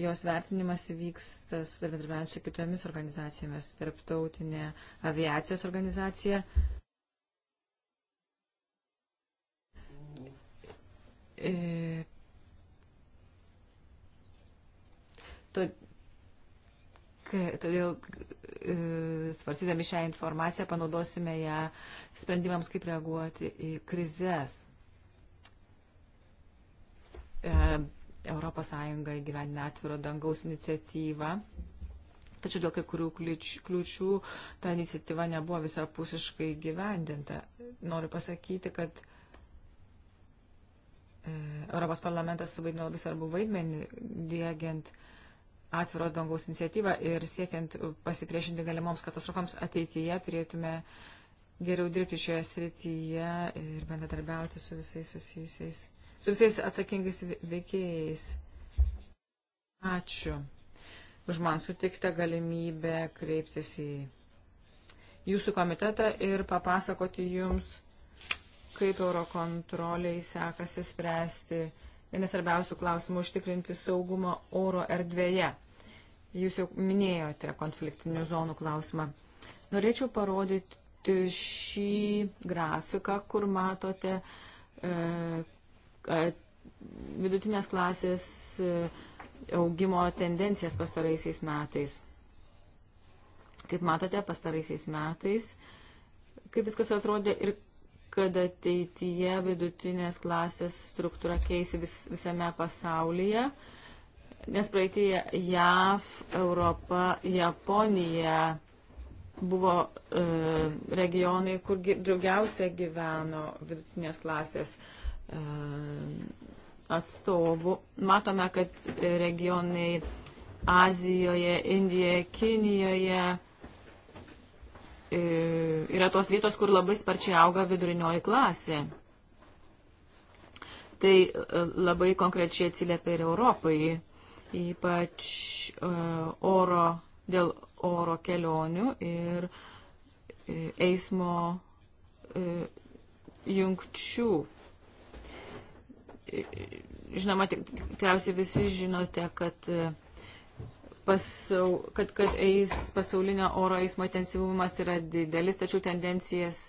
Jos vertinimas vyksta bendradarbiaujant su kitomis organizacijomis, tarptautinė aviacijos organizacija. E, to, Todėl e, svarsydami šią informaciją panaudosime ją sprendimams, kaip reaguoti į krizės. ES įgyvendina atviro dangaus iniciatyvą. Tačiau dėl kai kurių kliučių ta iniciatyva nebuvo visapusiškai gyvendinta. Noriu pasakyti, kad e, Europos parlamentas suvaidino labai svarbu vaidmenį dėgiant uh, atviro dangaus iniciatyvą ir siekiant pasipriešinti galimoms katastrofams ateityje turėtume geriau dirbti šioje srityje ir bendradarbiauti su visais susijusiais, su visais atsakingais veikėjais. Ačiū už man sutiktą galimybę kreiptis į jūsų komitetą ir papasakoti jums, kaip eurokontroliai sekasi spręsti vienas svarbiausių klausimų užtikrinti saugumą oro erdvėje. Jūs jau minėjote konfliktinių zonų klausimą. Norėčiau parodyti šį grafiką, kur matote e, vidutinės klasės e, augimo tendencijas pastaraisiais metais. Kaip matote, pastaraisiais metais, kaip viskas atrodė ir kad ateityje vidutinės klasės struktūra keisi vis, visame pasaulyje. E, nes praeitėje JAV, Europa, Japonija buvo e, regionai, kur daugiausia gyveno vidutinės klasės e, atstovų. Matome, kad regionai Azijoje, Indijoje, Kinijoje e, yra tos vietos, kur labai sparčiai auga vidurinioji klasė. Tai e, labai konkrečiai atsiliepia ir Europai ypač e, oro, dėl oro kelionių ir e, eismo e, jungčių. Žinoma, tikriausiai visi žinote, kad, pasau, kad, kad eis, pasaulinio oro eismo intensyvumas yra didelis, tačiau tendencijas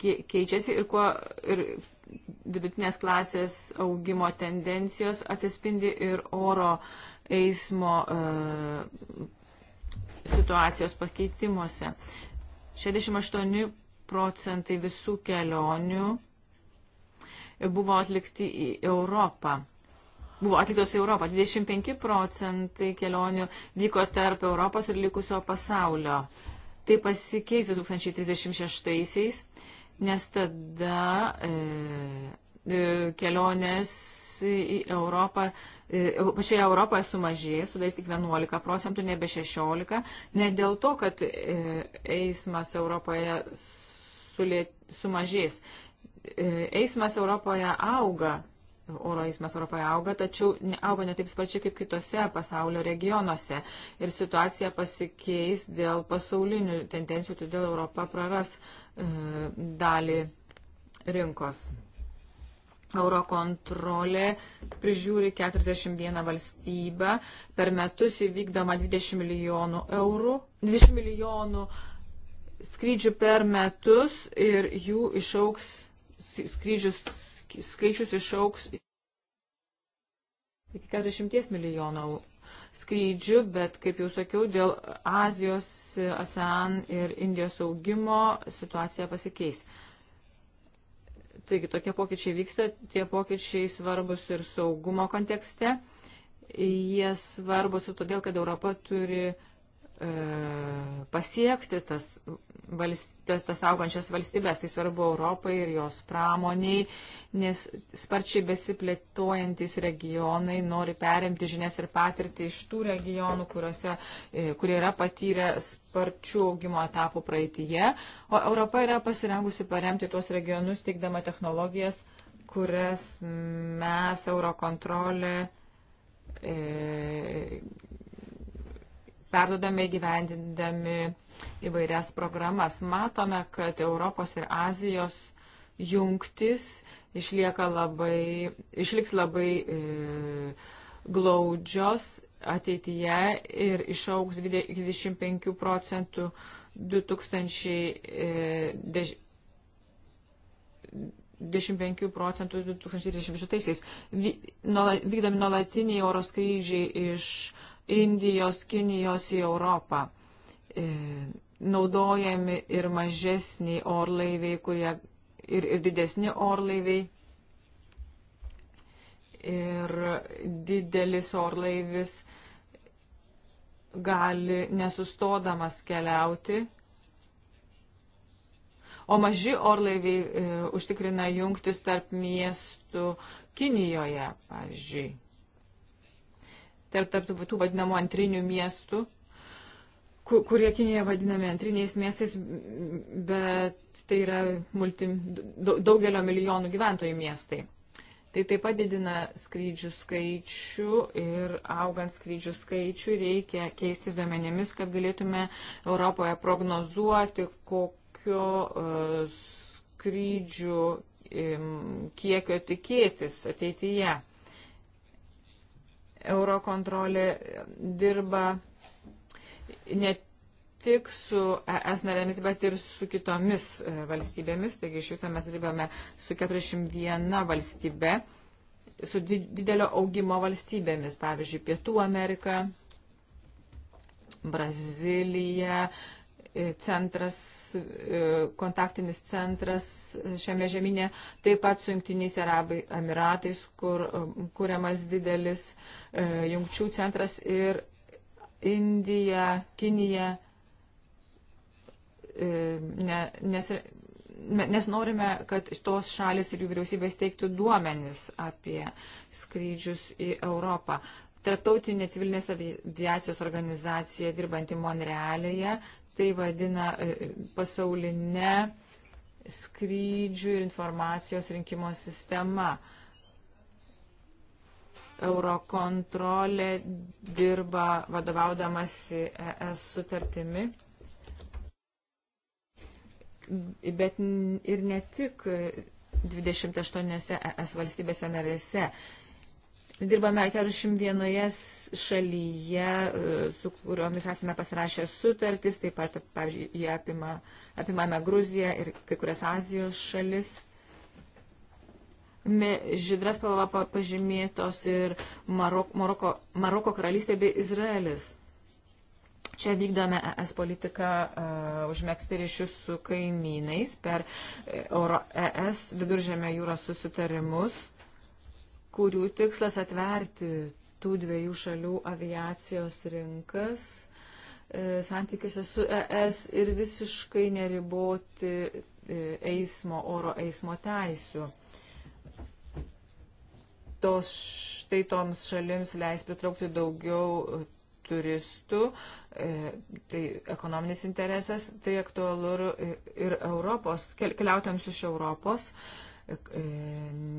keičiasi ir, kuo, ir vidutinės klasės augimo tendencijos atsispindi ir oro eismo e, situacijos pakeitimuose. 68 procentai visų kelionių buvo atlikti į Europą. Buvo atliktos į Europą. 25 procentai kelionių vyko tarp Europos ir likusio pasaulio. Tai pasikeis 2036-aisiais nes tada e, e, kelionės į Europą, e, pačioje Europoje sumažės, sudarys tik 11 procentų, nebe 16, ne dėl to, kad e, eismas Europoje sulėt, sumažės. E, eismas Europoje auga oro eismas Europoje auga, tačiau auga ne taip sparčiai kaip kitose pasaulio regionuose. Ir situacija pasikeis dėl pasaulinių tendencijų, todėl Europa praras e, dalį rinkos. Eurokontrolė prižiūri 41 valstybę, per metus įvykdoma 20 milijonų eurų, 20 milijonų skrydžių per metus ir jų išauks skrydžius skaičius išauks iki 40 milijonų skrydžių, bet, kaip jau sakiau, dėl Azijos, ASEAN ir Indijos augimo situacija pasikeis. Taigi tokie pokyčiai vyksta, tie pokyčiai svarbus ir saugumo kontekste. Jie svarbus ir todėl, kad Europa turi uh, E, pasiekti tas, valstės, tas augančias valstybės. Tai svarbu Europai ir jos pramoniai, nes sparčiai besiplėtojantis regionai nori perimti žinias ir patirtį iš tų regionų, kuriuose, e, kurie yra patyrę sparčių augimo etapų praeitįje. O Europa yra pasirengusi paremti tuos regionus, teikdama technologijas, kurias mes Eurokontrolė. E, perdodame gyvendindami įvairias programas. Matome, kad Europos ir Azijos jungtis išlieka labai, išliks labai e, glaudžios ateityje ir išaugs 25 procentų 25 procentų 2026-aisiais. Vykdomi nuolatiniai oro skrydžiai iš Indijos, Kinijos į Europą. E, naudojami ir mažesni orlaiviai, kurie ir, ir didesni orlaiviai. Ir didelis orlaivis gali nesustodamas keliauti. O maži orlaiviai e, užtikrina jungtis tarp miestų Kinijoje, pavyzdžiui tarp, tarp tų vadinamų antrinių miestų, kurie Kinėje vadinami antriniais miestais, bet tai yra multi, daugelio milijonų gyventojų miestai. Tai taip pat didina skrydžių skaičių ir augant skrydžių skaičių reikia keistis duomenėmis, kad galėtume Europoje prognozuoti, kokio e, skrydžių kiekio tikėtis ateityje. Eurokontrolė dirba ne tik su ES narėmis, bet ir su kitomis e, valstybėmis. Taigi iš viso mes dirbame su 401 valstybe, su didelio augimo valstybėmis, pavyzdžiui, Pietų Amerika, Brazilija, E, centras, e, kontaktinis centras šiame žemynė, taip pat su Junktiniais Arabai Emiratais, kur e, kuriamas didelis jungčių centras ir Indija, Kinija, ne, nes, nes norime, kad tos šalis ir jų vyriausybės teiktų duomenis apie skrydžius į Europą. Tarptautinė civilinės aviacijos organizacija dirbanti Monrealėje tai vadina e, pasaulinė skrydžių ir informacijos rinkimo sistema. Eurokontrolė dirba vadovaudamasi ES sutartimi, bet ir ne tik 28 ES valstybėse narėse. Dirbame 41 šalyje, e, su kuriomis esame pasirašę sutartis, taip pat, pavyzdžiui, jie apima, apimame Gruziją ir kai kurias Azijos šalis. Žydras spalva pažymėtos ir Maroko, Maroko, Maroko karalystė bei Izraelis. Čia vykdome ES politiką uh, užmėgsti ryšius su kaimynais per e, Euro ES viduržėmio jūros susitarimus. Uh, kurių tikslas atverti tų dviejų šalių aviacijos rinkas e, santykiuose su ES ir visiškai neriboti e, eismo, oro eismo teisių. Tos štai toms šalims leis pritraukti daugiau turistų, e, tai ekonominis interesas, tai aktualu ir, ir Europos, keliautams iš Europos. E, E,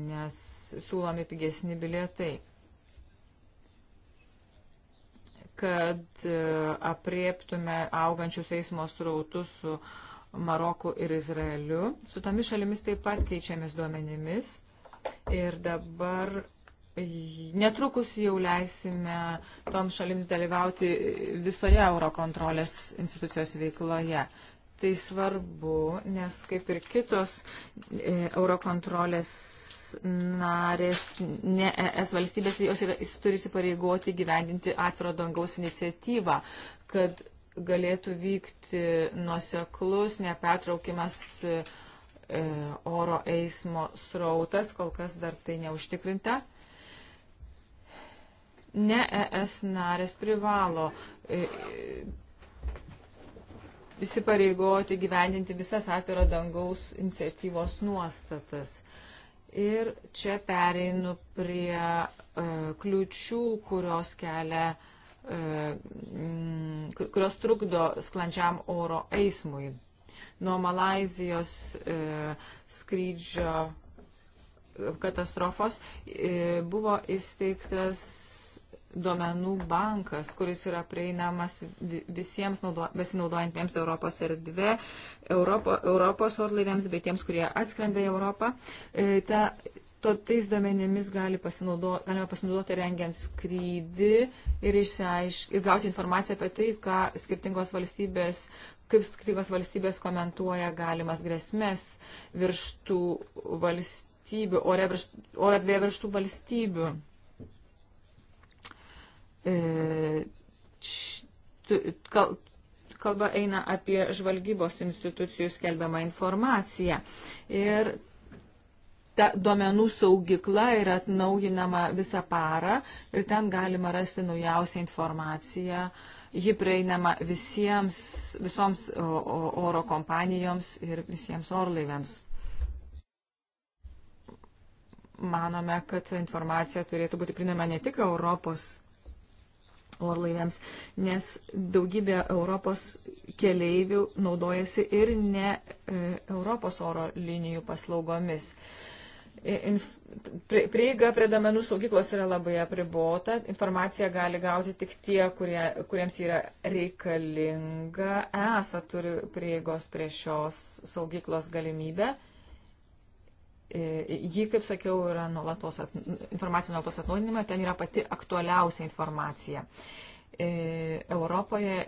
nes siūlomi pigesni bilietai. Kad e, apriektume augančius eismo srautus su Maroku ir Izraeliu, su tomis šalimis taip pat keičiamės duomenimis ir dabar netrukus jau leisime tom šalims dalyvauti visoje Eurokontrolės institucijos veikloje. Tai svarbu, nes kaip ir kitos e, Eurokontrolės narės, ne ES valstybės, jos yra, jis turi įsipareigoti gyvendinti atviro dangaus iniciatyvą, kad galėtų vykti nuoseklus, nepertraukimas e, oro eismo srautas, kol kas dar tai neužtikrinta. Ne ES narės privalo e, visi pareigoti gyvendinti visas atviro dangaus iniciatyvos nuostatas. Ir čia pereinu prie e, kliučių, kurios kelia e, kurios trukdo sklandžiam oro eismui. Nuo Malazijos e, skrydžio e, katastrofos e, buvo įsteigtas duomenų bankas, kuris yra prieinamas visiems naudo, besinaudojantiems Europos erdvė, Europo, Europos orlaiviams bei tiems, kurie atskrenda į Europą. E, ta, to, tais duomenimis gali pasinaudo, galima pasinaudoti rengiant skrydį ir, išsiaiš, ir gauti informaciją apie tai, ką skirtingos valstybės kaip skirtingos valstybės komentuoja galimas grėsmės virš tų valstybių, ore, virš, ore dvie virš tų valstybių. E, kalba eina apie žvalgybos institucijų skelbiamą informaciją. Ir ta duomenų saugikla yra atnaujinama visą parą ir ten galima rasti naujausią informaciją. Ji prieinama visiems, visoms oro kompanijoms ir visiems orlaiviams. Manome, kad informacija turėtų būti prieinama ne tik Europos orlaiviams, nes daugybė Europos keleivių naudojasi ir ne e, Europos oro linijų paslaugomis. E, prieiga prie domenų saugyklos yra labai apribota, informaciją gali gauti tik tie, kurie, kuriems yra reikalinga. ESA turi prieigos prie šios saugyklos galimybę Ji, kaip sakiau, yra nuolatos at, informacija nuolatos atnaujinima, ten yra pati aktualiausia informacija. Europoje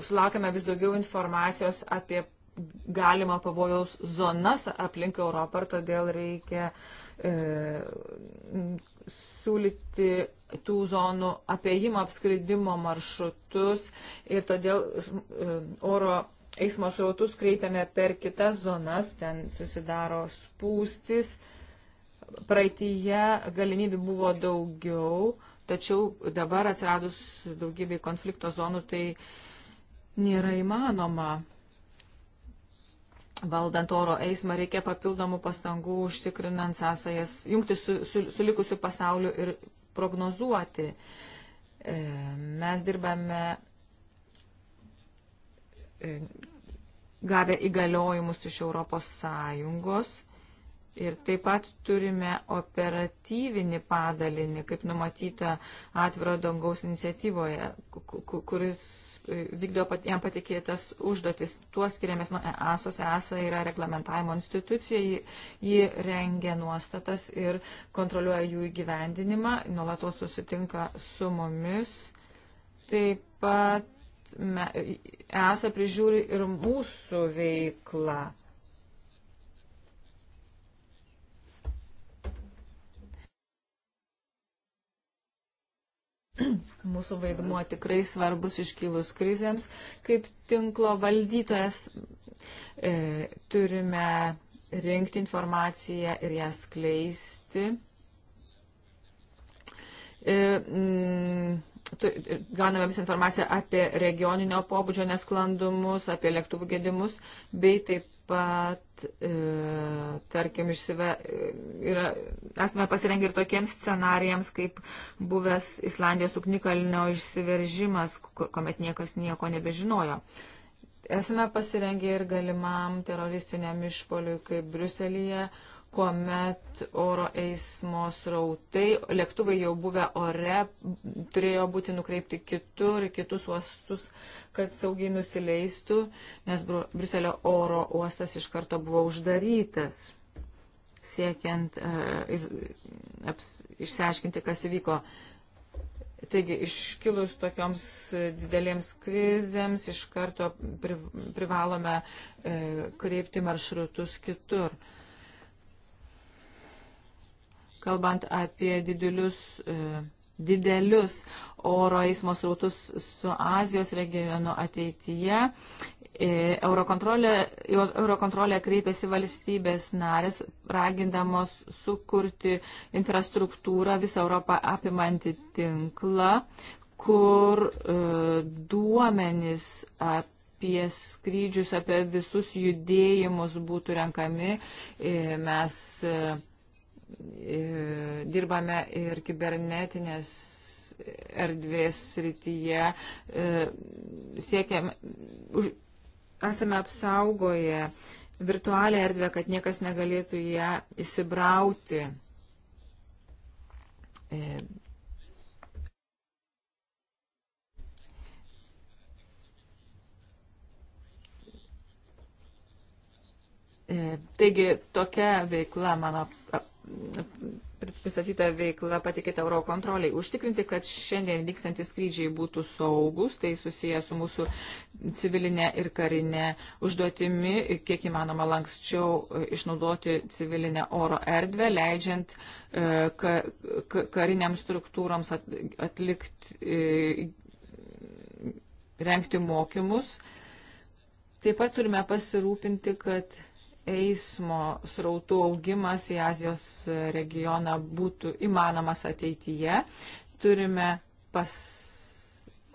sulaukime vis daugiau informacijos apie galima pavojaus zonas aplink Europą ir todėl reikia e, siūlyti tų zonų apiejimo apskridimo maršrutus ir todėl e, oro eismo srautus kreipiame per kitas zonas, ten susidaro spūstis. Praeitįje galimybių buvo daugiau, tačiau dabar atsiradus daugybei konflikto zonų tai nėra įmanoma. Valdant oro eismą reikia papildomų pastangų užtikrinant sąsajas, jungti su, su, su likusiu pasauliu ir prognozuoti. E, mes dirbame E, gavę įgaliojimus iš Europos Sąjungos ir taip pat turime operatyvinį padalinį, kaip numatyta atviro dangaus iniciatyvoje, kuris e, vykdo jam patikėtas užduotis. Tuo skiriamės nuo EASOS. EASA yra reglamentavimo institucija, ji, ji rengia nuostatas ir kontroliuoja jų įgyvendinimą, nuolatos susitinka su mumis. Taip pat esą prižiūri ir mūsų veiklą. Mūsų vaidmuo tikrai svarbus iškilus krizėms. Kaip tinklo valdytojas e, turime rinkti informaciją ir ją skleisti. E, mm, gauname visą informaciją apie regioninio pobūdžio nesklandumus, apie lėktuvų gedimus, bei taip pat, e, tarkim, išsive, e, yra, esame pasirengę ir tokiems scenarijams, kaip buvęs Islandijos ugnikalnio išsiveržimas, kuomet niekas nieko nebežinojo. Esame pasirengę ir galimam teroristiniam išpoliui, kaip Bruselėje, e, kuomet oro eismo srautai, lėktuvai jau buvę ore, turėjo būti nukreipti kitur, kitus uostus, kad saugiai nusileistų, nes Bruselio oro uostas iš karto buvo uždarytas, siekiant uh, aps, išsiaiškinti, kas įvyko. Taigi, iškilus tokioms didelėms krizėms, iš karto privalome e, kreipti maršrutus kitur. E, kalbant apie didelius, e, didelius oro eismo srautus su Azijos regionu ateityje. E, Eurokontrolė, Eurokontrolė kreipėsi valstybės narės, ragindamos sukurti infrastruktūrą visą Europą apimantį tinklą, kur e, duomenys apie apie skrydžius, apie visus judėjimus būtų renkami. E, mes E, dirbame ir kibernetinės erdvės srityje, e, siekiam, už, esame apsaugoję virtualią erdvę, kad niekas negalėtų ją įsibrauti. E, taigi tokia veikla mano pristatyta veikla patikėta Eurokontroliai. Užtikrinti, kad šiandien vykstantys skrydžiai būtų saugus, tai susiję su mūsų civilinė ir karinė užduotimi, kiek įmanoma lankščiau e, išnaudoti civilinę oro erdvę, leidžiant e, ka, ka, kariniams struktūroms at, atlikti, e, renkti mokymus. Taip pat turime pasirūpinti, kad eismo srautų augimas į Azijos regioną būtų įmanomas ateityje, turime pas...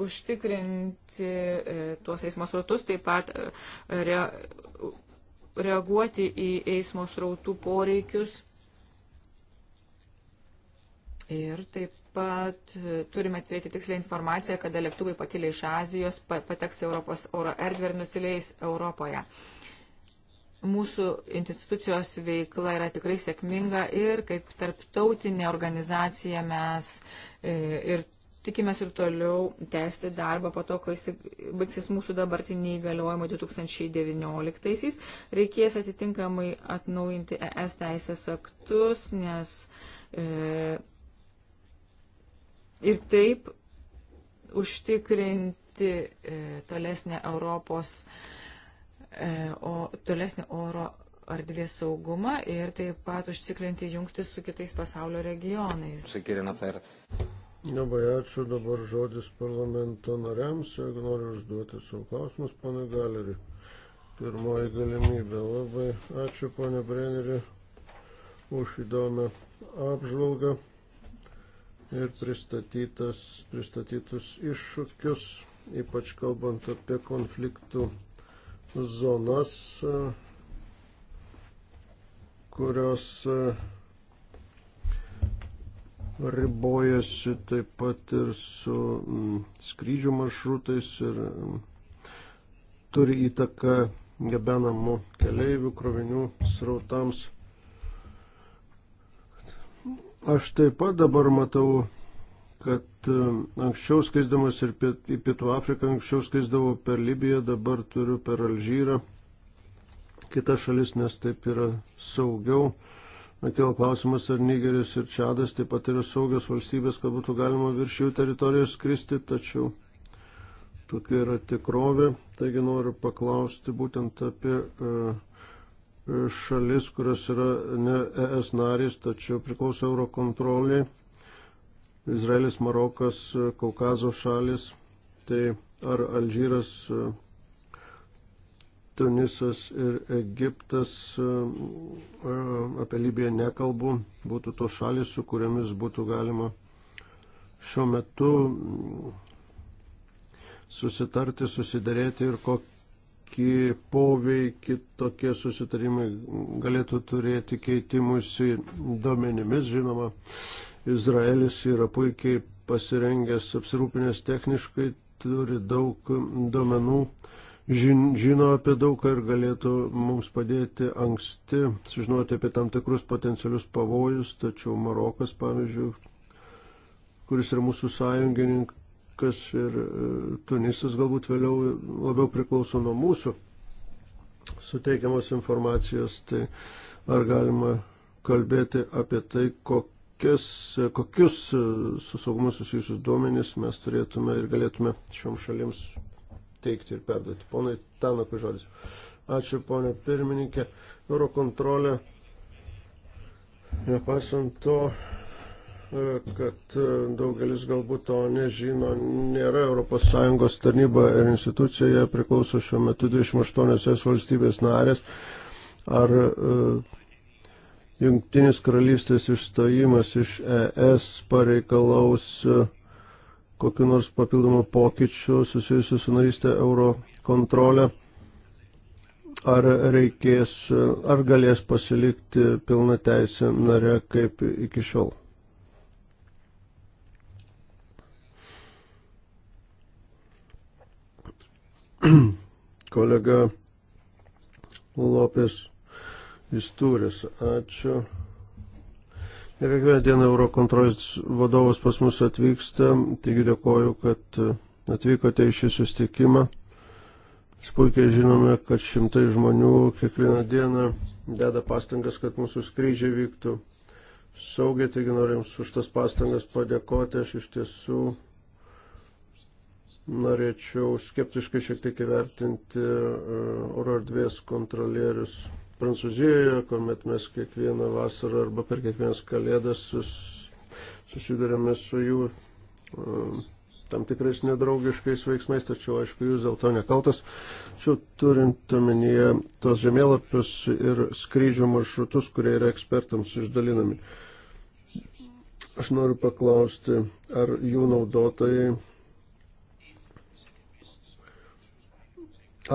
užtikrinti e, tuos eismo srautus, taip pat e, re... reaguoti į eismo srautų poreikius. Ir taip pat e, turime turėti tikslę informaciją, kada lėktuvai pakilė iš Azijos, pateks Europos oro erdvę ir nusileis Europoje. Uh, mūsų institucijos veikla yra tikrai sėkminga ir kaip tarptautinė organizacija mes e, ir tikimės ir toliau tęsti darbą po to, kai baigsis mūsų dabartiniai įgaliojimai 2019-aisiais. Reikės atitinkamai atnaujinti ES teisės aktus, nes e, ir taip užtikrinti e, tolesnę Europos e, E, o, tolesnį oro erdvės saugumą ir taip pat užtikrinti jungtis su kitais pasaulio regionais. Labai ačiū dabar žodis parlamento nariams, jeigu noriu užduoti savo klausimus, pana Galerį. Pirmoji galimybė. Labai ačiū, pana Breneri, už įdomią apžvalgą ir pristatytus iššūkius, ypač kalbant apie konfliktų zonas, e, kurios e, ribojasi taip pat ir su skrydžių maršrutais ir turi įtaką gabenamų keleivių krovinių srautams. Aš taip pat dabar matau, kad E, anksčiau skaisdamas ir į Pietų Afriką, anksčiau skaisdavau per Libiją, dabar turiu per Alžyrą, kitas šalis, nes taip yra saugiau. Kėl klausimas, ar Nigeris ir Čadas taip pat yra saugios valstybės, kad būtų galima virš jų teritorijos skristi, tačiau tokia yra tikrovė. Taigi noriu paklausti būtent apie e, šalis, kurios yra ne ES narys, tačiau priklauso Eurokontroliai Izraelis, Marokas, Kaukazo šalis, tai ar Alžyras, Tunisas ir Egiptas, apie Libiją nekalbu, būtų to šalis, su kuriamis būtų galima šiuo metu susitarti, susidarėti ir kokį poveikį tokie susitarimai galėtų turėti keitimusi duomenimis, žinoma. Uh, Izraelis yra puikiai pasirengęs, apsirūpinęs techniškai, turi daug duomenų, žin, žino apie daugą ir galėtų mums padėti anksti sužinoti apie tam tikrus potencialius pavojus, tačiau Marokas, pavyzdžiui, kuris yra mūsų sąjungininkas ir e, Tunisas galbūt vėliau labiau priklauso nuo mūsų suteikiamos informacijos, tai ar galima kalbėti apie tai, kokia kokias, kokius e, su saugumu susijusius duomenys mes turėtume ir galėtume šioms šalims teikti ir perduoti. Ponai Tanakui žodis. Ačiū, ponė pirmininkė. Eurokontrolė, nepaisant to, e, kad e, daugelis galbūt to nežino, nėra ES tarnyba ir institucija, priklauso šiuo metu 28 valstybės narės. Ar uh, jungtinis karalystės išstojimas iš ES pareikalaus e, kokiu nors papildomu pokyčiu susijusiu su narystė euro kontrolė, ar reikės, e, ar galės pasilikti pilna teisė nare kaip iki šiol. *clears throat* Kolega Lopes Vistūris. Ačiū. Ne kiekvieną dieną Eurokontrolės vadovas pas mus atvyksta, taigi dėkoju, kad e, atvykote į šį sustikimą. Mes puikiai žinome, kad šimtai žmonių kiekvieną dieną deda pastangas, kad mūsų skrydžiai vyktų saugiai, taigi norim už tas pastangas padėkoti. Aš iš tiesų norėčiau skeptiškai šiek tiek įvertinti e, oro erdvės kontrolierius Prancūzijoje, kuomet mes kiekvieną vasarą arba per kiekvienas kalėdas sus, susidurėme su jų um, tam tikrais nedraugiškais veiksmais, tačiau aišku, jūs dėl to nekaltas. Čia turint omenyje tos žemėlapius ir skrydžių maršrutus, kurie yra ekspertams išdalinami. Aš noriu paklausti, ar jų naudotojai,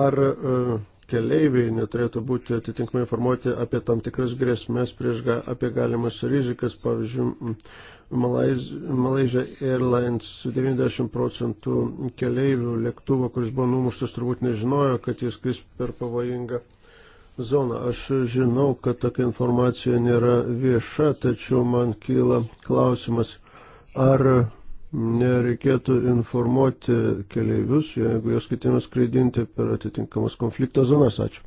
ar uh, keleiviai neturėtų būti atitinkamai informuoti apie tam tikras grėsmės, prieš, apie galimas rizikas. Pavyzdžiui, Malaysia Airlines 90 procentų keleivių lėktuvo, kuris buvo numuštas, turbūt nežinojo, kad jis kris per pavojingą zoną. Aš žinau, kad tokia informacija nėra vieša, tačiau man kyla klausimas, ar nereikėtų informuoti keleivius, jeigu jos ketina skraidinti per atitinkamas konflikto zonas. Ačiū.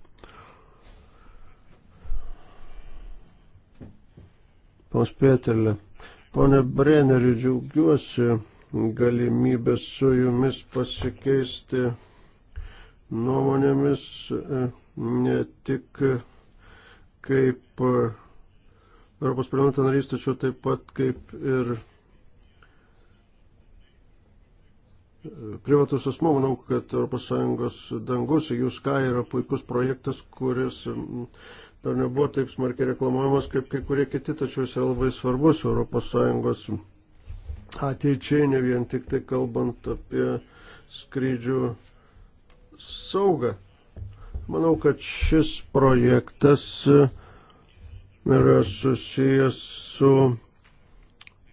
Pons Pietelė. Pone Breneri, džiaugiuosi galimybės su jumis pasikeisti nuomonėmis e, ne tik kaip e, Europos parlamento narys, tačiau taip pat kaip ir privatus asmo, manau, kad ES dangus, jų skai yra puikus projektas, kuris dar nebuvo taip smarkiai reklamuojamas kaip kai kurie kiti, tačiau jis yra labai svarbus ES ateičiai, ne vien tik tai kalbant apie skrydžių saugą. Manau, kad šis projektas yra susijęs su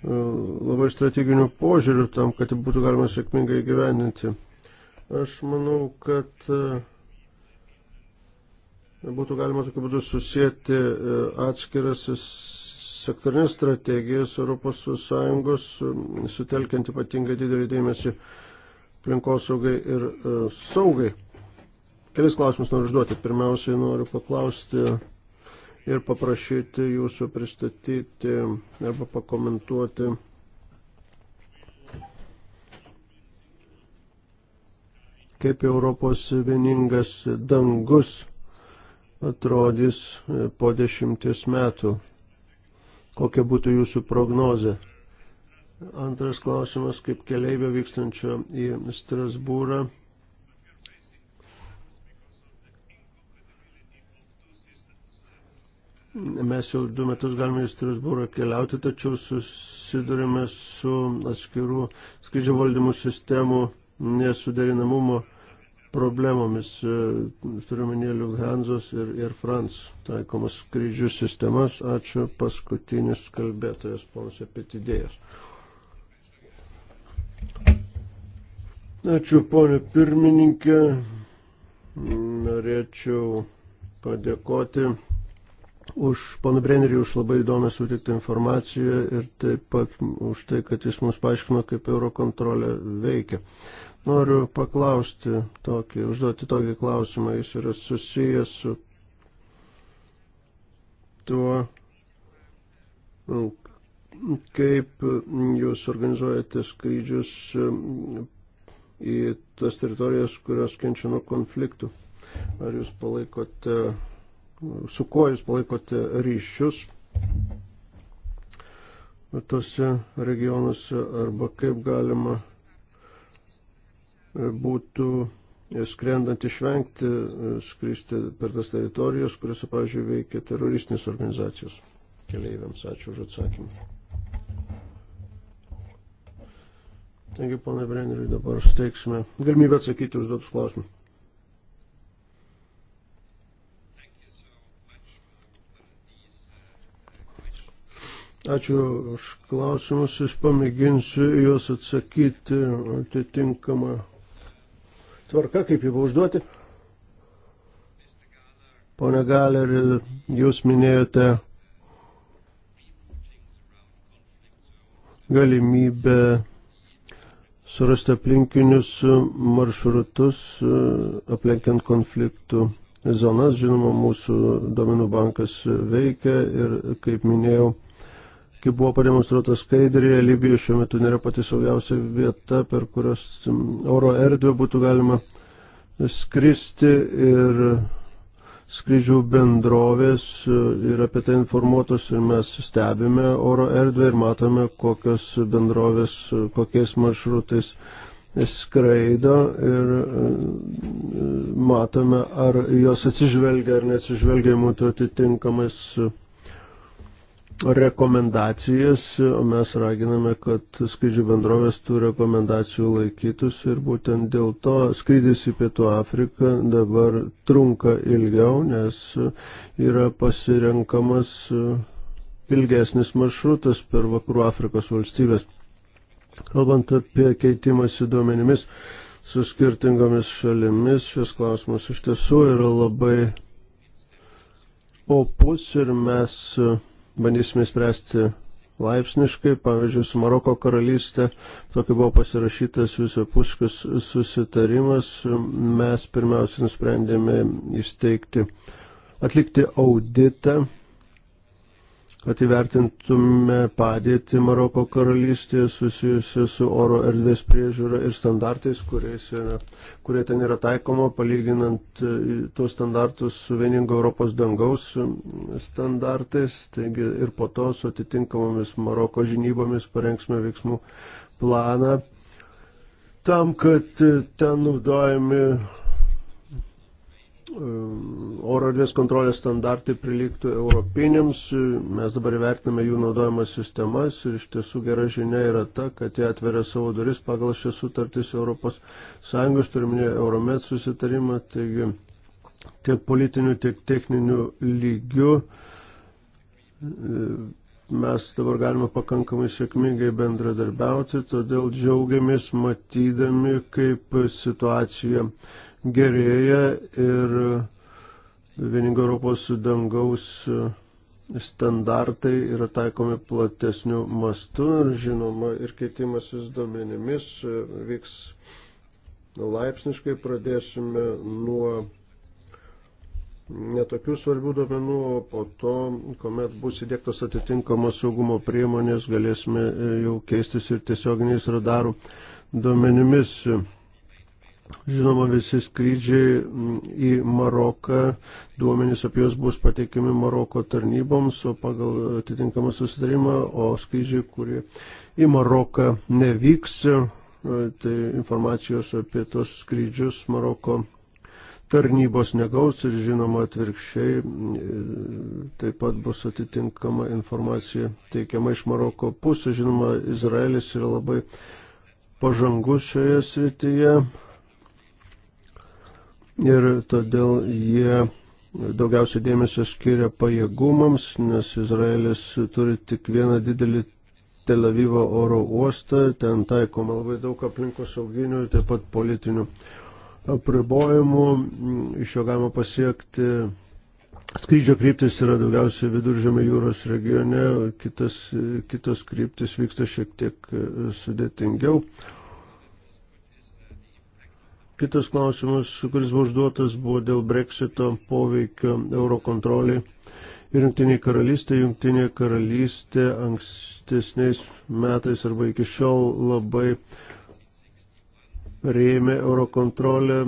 labai strateginių požiūrių tam, kad jį būtų galima sėkmingai gyveninti. Aš manau, kad e, būtų galima tokiu būdu susijęti e, atskiras sektorinės strategijas ES, e, sutelkiant ypatingai didelį dėmesį aplinkosaugai ir saugai. Kelis klausimus noriu užduoti. Pirmiausiai noriu paklausti ir paprašyti jūsų pristatyti arba pakomentuoti kaip Europos vieningas dangus atrodys po dešimties metų. Kokia būtų jūsų prognozė? Antras klausimas, kaip keleivio vykstančio į Strasbūrą Mes jau du metus galime į Strasbūrą keliauti, tačiau susidurime su atskirų skrydžio valdymų sistemų nesuderinamumo problemomis, turiuomenė Lufthansos ir, ir France taikomas skrydžių sistemas. Ačiū paskutinis kalbėtojas, ponas Epitidėjas. Ačiū, ponė pirmininkė. Norėčiau padėkoti už poną Brenerį už labai įdomią sutiktą informaciją ir taip pat už tai, kad jis mums paaiškino, kaip eurokontrolė veikia. Noriu paklausti tokį, užduoti tokį klausimą, jis yra susijęs su tuo, kaip jūs organizuojate skrydžius į tas teritorijas, kurios kenčia nuo konfliktų. Ar jūs palaikote su kuo jūs palaikote ryšius tose regionuose arba kaip galima būtų skrendant išvengti, skristi per tas teritorijas, kuriuose, pavyzdžiui, veikia teroristinės organizacijos keleiviams. Ačiū už atsakymą. Taigi, ponai Brenderiui, dabar suteiksime galimybę atsakyti užduotus klausimus. Ačiū už klausimus, aš pamėginsiu juos atsakyti atitinkamą tvarką, kaip jį buvo užduoti. Pone Galerį, jūs minėjote galimybę surasti aplinkinius maršrutus, e, aplenkiant konfliktų zonas. Žinoma, mūsų domenų bankas veikia ir, kaip minėjau, Kaip buvo pademonstruota skaidrėje, Libija šiuo metu nėra pati saugiausia vieta, per kurios oro erdvę būtų galima skristi ir skrydžių bendrovės e, ir apie tai informuotos ir mes stebime oro erdvę ir matome, kokios bendrovės, e, kokiais maršrutais skraido ir e, matome, ar jos atsižvelgia ar neatsižvelgia į mūtų atitinkamas rekomendacijas, o mes raginame, kad skrydžių bendrovės tų rekomendacijų laikytųsi ir būtent dėl to skrydis į Pietų Afriką dabar trunka ilgiau, nes yra pasirenkamas ilgesnis maršrutas per Vakarų Afrikos valstybės. Kalbant apie keitimąsi duomenimis su skirtingomis šalimis, šios klausimas iš tiesų yra labai opus ir mes bandysime spręsti laipsniškai, pavyzdžiui, su Maroko karalystė, tokia buvo pasirašytas visapuškas susitarimas, mes pirmiausia nusprendėme įsteigti, atlikti auditą kad įvertintume padėtį Maroko karalystėje susijusiu su oro erdvės priežiūra ir standartais, yra, kurie ten yra taikoma, palyginant e, tuos standartus su vieningo Europos dangaus e, standartais. Taigi ir po to su atitinkamomis Maroko žinybomis parengsime veiksmų planą tam, kad e, ten naudojami Ehm, oro erdvės kontrolės standartai priliktų europinėms. Mes dabar vertiname jų naudojamas sistemas ir iš tiesų gera žinia yra ta, kad jie atveria savo duris pagal šias sutartis Europos Sąjungos, turiminė Euromet susitarimą, taigi tiek politinių, tiek techninių lygių. Ehm, mes dabar galime pakankamai sėkmingai bendradarbiauti, todėl džiaugiamės matydami, kaip situacija gerėja ir vieningo Europos dangaus standartai yra taikomi platesnių mastų ir žinoma ir keitimasis duomenimis vyks laipsniškai pradėsime nuo netokių svarbių duomenų, o po to, kuomet bus įdėktos atitinkamos saugumo priemonės, galėsime jau keistis ir tiesioginiais radarų duomenimis. Žinoma, visi skrydžiai į Maroką, duomenys apie juos bus pateikiami Maroko tarnyboms, o pagal atitinkamą susitarimą, o skrydžiai, kurie į Maroką nevyks, e, tai informacijos apie tos skrydžius Maroko tarnybos negaus ir žinoma atvirkščiai e, taip pat bus atitinkama informacija teikiama iš Maroko pusės. Žinoma, Izraelis yra labai pažangus šioje srityje ir todėl jie daugiausiai dėmesio skiria pajėgumams, nes Izraelis turi tik vieną didelį Tel Avivo oro uostą, ten taikoma labai daug aplinkosauginių ir taip pat politinių apribojimų, iš jo galima pasiekti Skrydžio kryptis yra daugiausiai viduržėmio jūros regione, kitas, kitos kryptis vyksta šiek tiek sudėtingiau. Kitas klausimas, kuris buvo užduotas, buvo dėl breksito poveikio eurokontroliai. Ir jungtinė karalystė, jungtinė karalystė ankstesniais metais arba iki šiol labai rėmė eurokontrolę.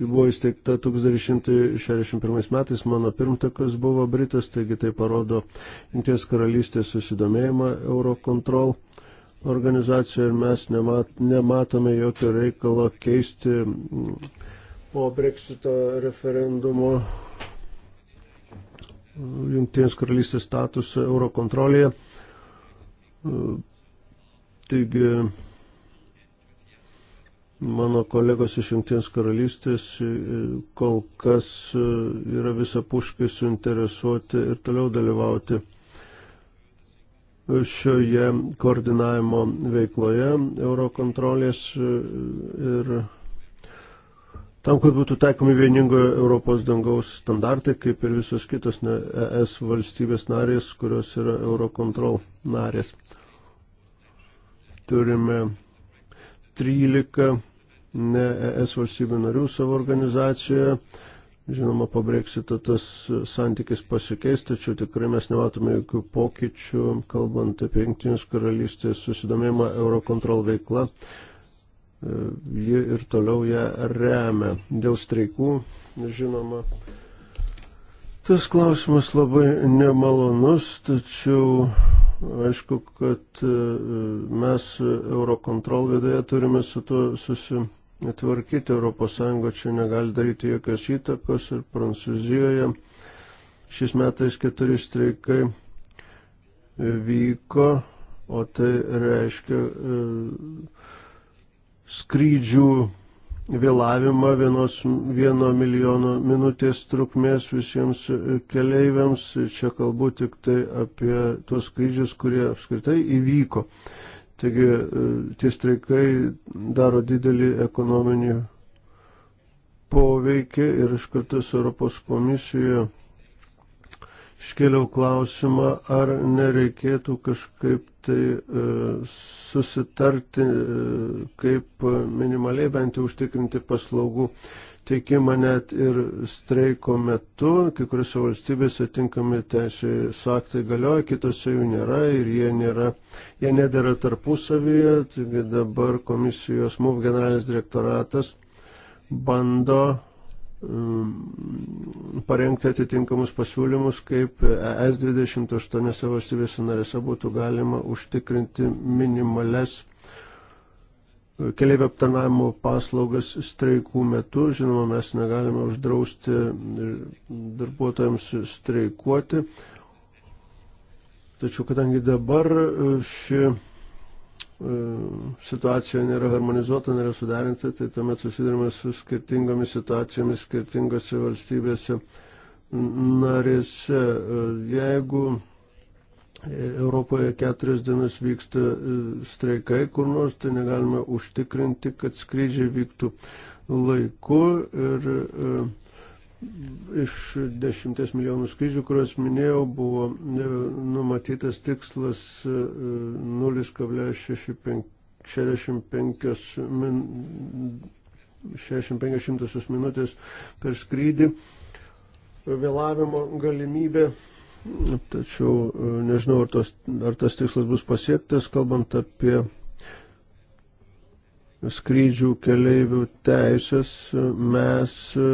Ji buvo įsteigta 1961 metais, mano pirmtakas buvo Britas, taigi tai parodo Jungtinės karalystės susidomėjimą Eurocontrol. Uh, organizacija ir mes nemat, nematome jokio reikalo keisti po Brexito referendumo Junktinės karalystės statusą Eurokontrolėje. Taigi mano kolegos iš Junktinės karalystės e, kol kas e, yra visapuškai suinteresuoti ir toliau dalyvauti šioje koordinavimo veikloje Eurokontrolės e, ir tam, kad būtų taikomi vieningojo Europos dangaus standartai, kaip ir visos kitos ne, ES valstybės narės, kurios yra Eurokontrol narės. Turime 13 ne ES valstybių narių savo organizacijoje Žinoma, po breksito tas santykis pasikeis, tačiau tikrai mes nematome jokių pokyčių, kalbant apie Junktinės karalystės susidomėjimą Eurocontrol veikla. E, ji ir toliau ją remia. Dėl streikų, žinoma, tas klausimas labai nemalonus, tačiau aišku, kad e, mes Eurocontrol viduje turime su to susidomėjimą tvarkyti. ES čia negali daryti jokios įtakos ir Prancūzijoje šiais metais keturi streikai vyko, o tai reiškia e, skrydžių vėlavimą vienos, vieno milijono minutės trukmės visiems keleiviams. Čia kalbu tik tai apie tuos skrydžius, kurie apskritai įvyko Taigi e, tie streikai daro didelį ekonominį poveikį ir iš kartu su Europos komisija iškėliau klausimą, ar nereikėtų kažkaip tai e, susitarti e, kaip minimaliai bent jau užtikrinti paslaugų teikimą net ir streiko metu. Kai kuriuose valstybėse tinkami teisės aktai galioja, kitose jų nėra ir jie, nėra, jie nedėra tarpusavyje. Taigi dabar komisijos MUV generalinis direktoratas bando um, parengti atitinkamus pasiūlymus, kaip ES 28 valstybėse narėse būtų galima užtikrinti minimales keliaivių aptarnavimo paslaugas streikų metu. Žinoma, mes negalime uždrausti darbuotojams streikuoti. Tačiau kadangi dabar ši e, situacija nėra harmonizuota, nėra suderinta, tai tuomet susidurime su skirtingomis situacijomis skirtingose valstybėse narėse. E, jeigu Europoje keturias dienas vyksta e, streikai kur nors, tai negalime užtikrinti, kad skrydžiai vyktų laiku ir e, iš dešimties milijonų skrydžių, kuriuos minėjau, buvo e, numatytas tikslas 0,65 min, 65 minutės per skrydį vėlavimo galimybė tačiau e, nežinau, ar, tos, ar tas tikslas bus pasiektas, kalbant apie skrydžių keleivių teisės, mes e,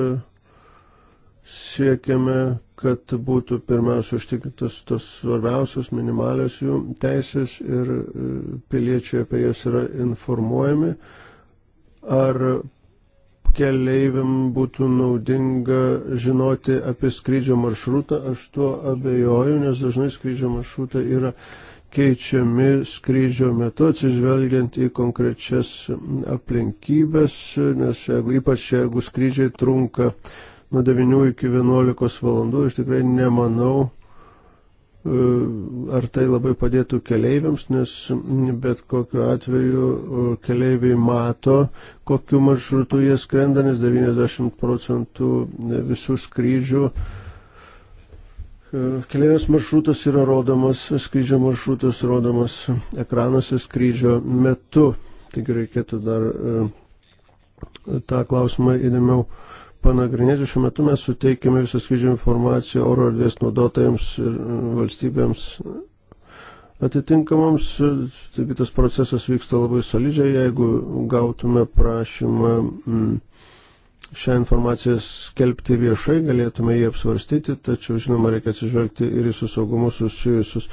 siekiame, kad būtų pirmiausia užtikrintas tos svarbiausios minimalios jų teisės ir e, piliečiai apie jas yra informuojami. Ar keleiviam būtų naudinga žinoti apie skrydžio maršrutą, aš tuo abejoju, nes dažnai skrydžio maršrutai yra keičiami skrydžio metu atsižvelgiant į konkrečias aplinkybės, nes jeigu, ypač jeigu skrydžiai trunka nuo 9 iki 11 valandų, aš tikrai nemanau, ar tai labai padėtų keleiviams, nes bet kokiu atveju keleiviai mato, kokiu maršrutu jie skrenda, nes 90 procentų visų skrydžių e, Keliaus maršrutas yra rodomas, skrydžio maršrutas rodomas ekranuose skrydžio metu. Taigi reikėtų dar e, tą klausimą įdėmiau panagrinėti. Šiuo metu mes suteikiame visą skrydžio informaciją oro erdvės naudotojams ir e, valstybėms atitinkamams. Taigi tas procesas vyksta labai solidžiai, jeigu gautume prašymą. Mm, šią informaciją skelbti viešai, galėtume jį apsvarstyti, tačiau žinoma reikia atsižvelgti ir į su saugumu susijusius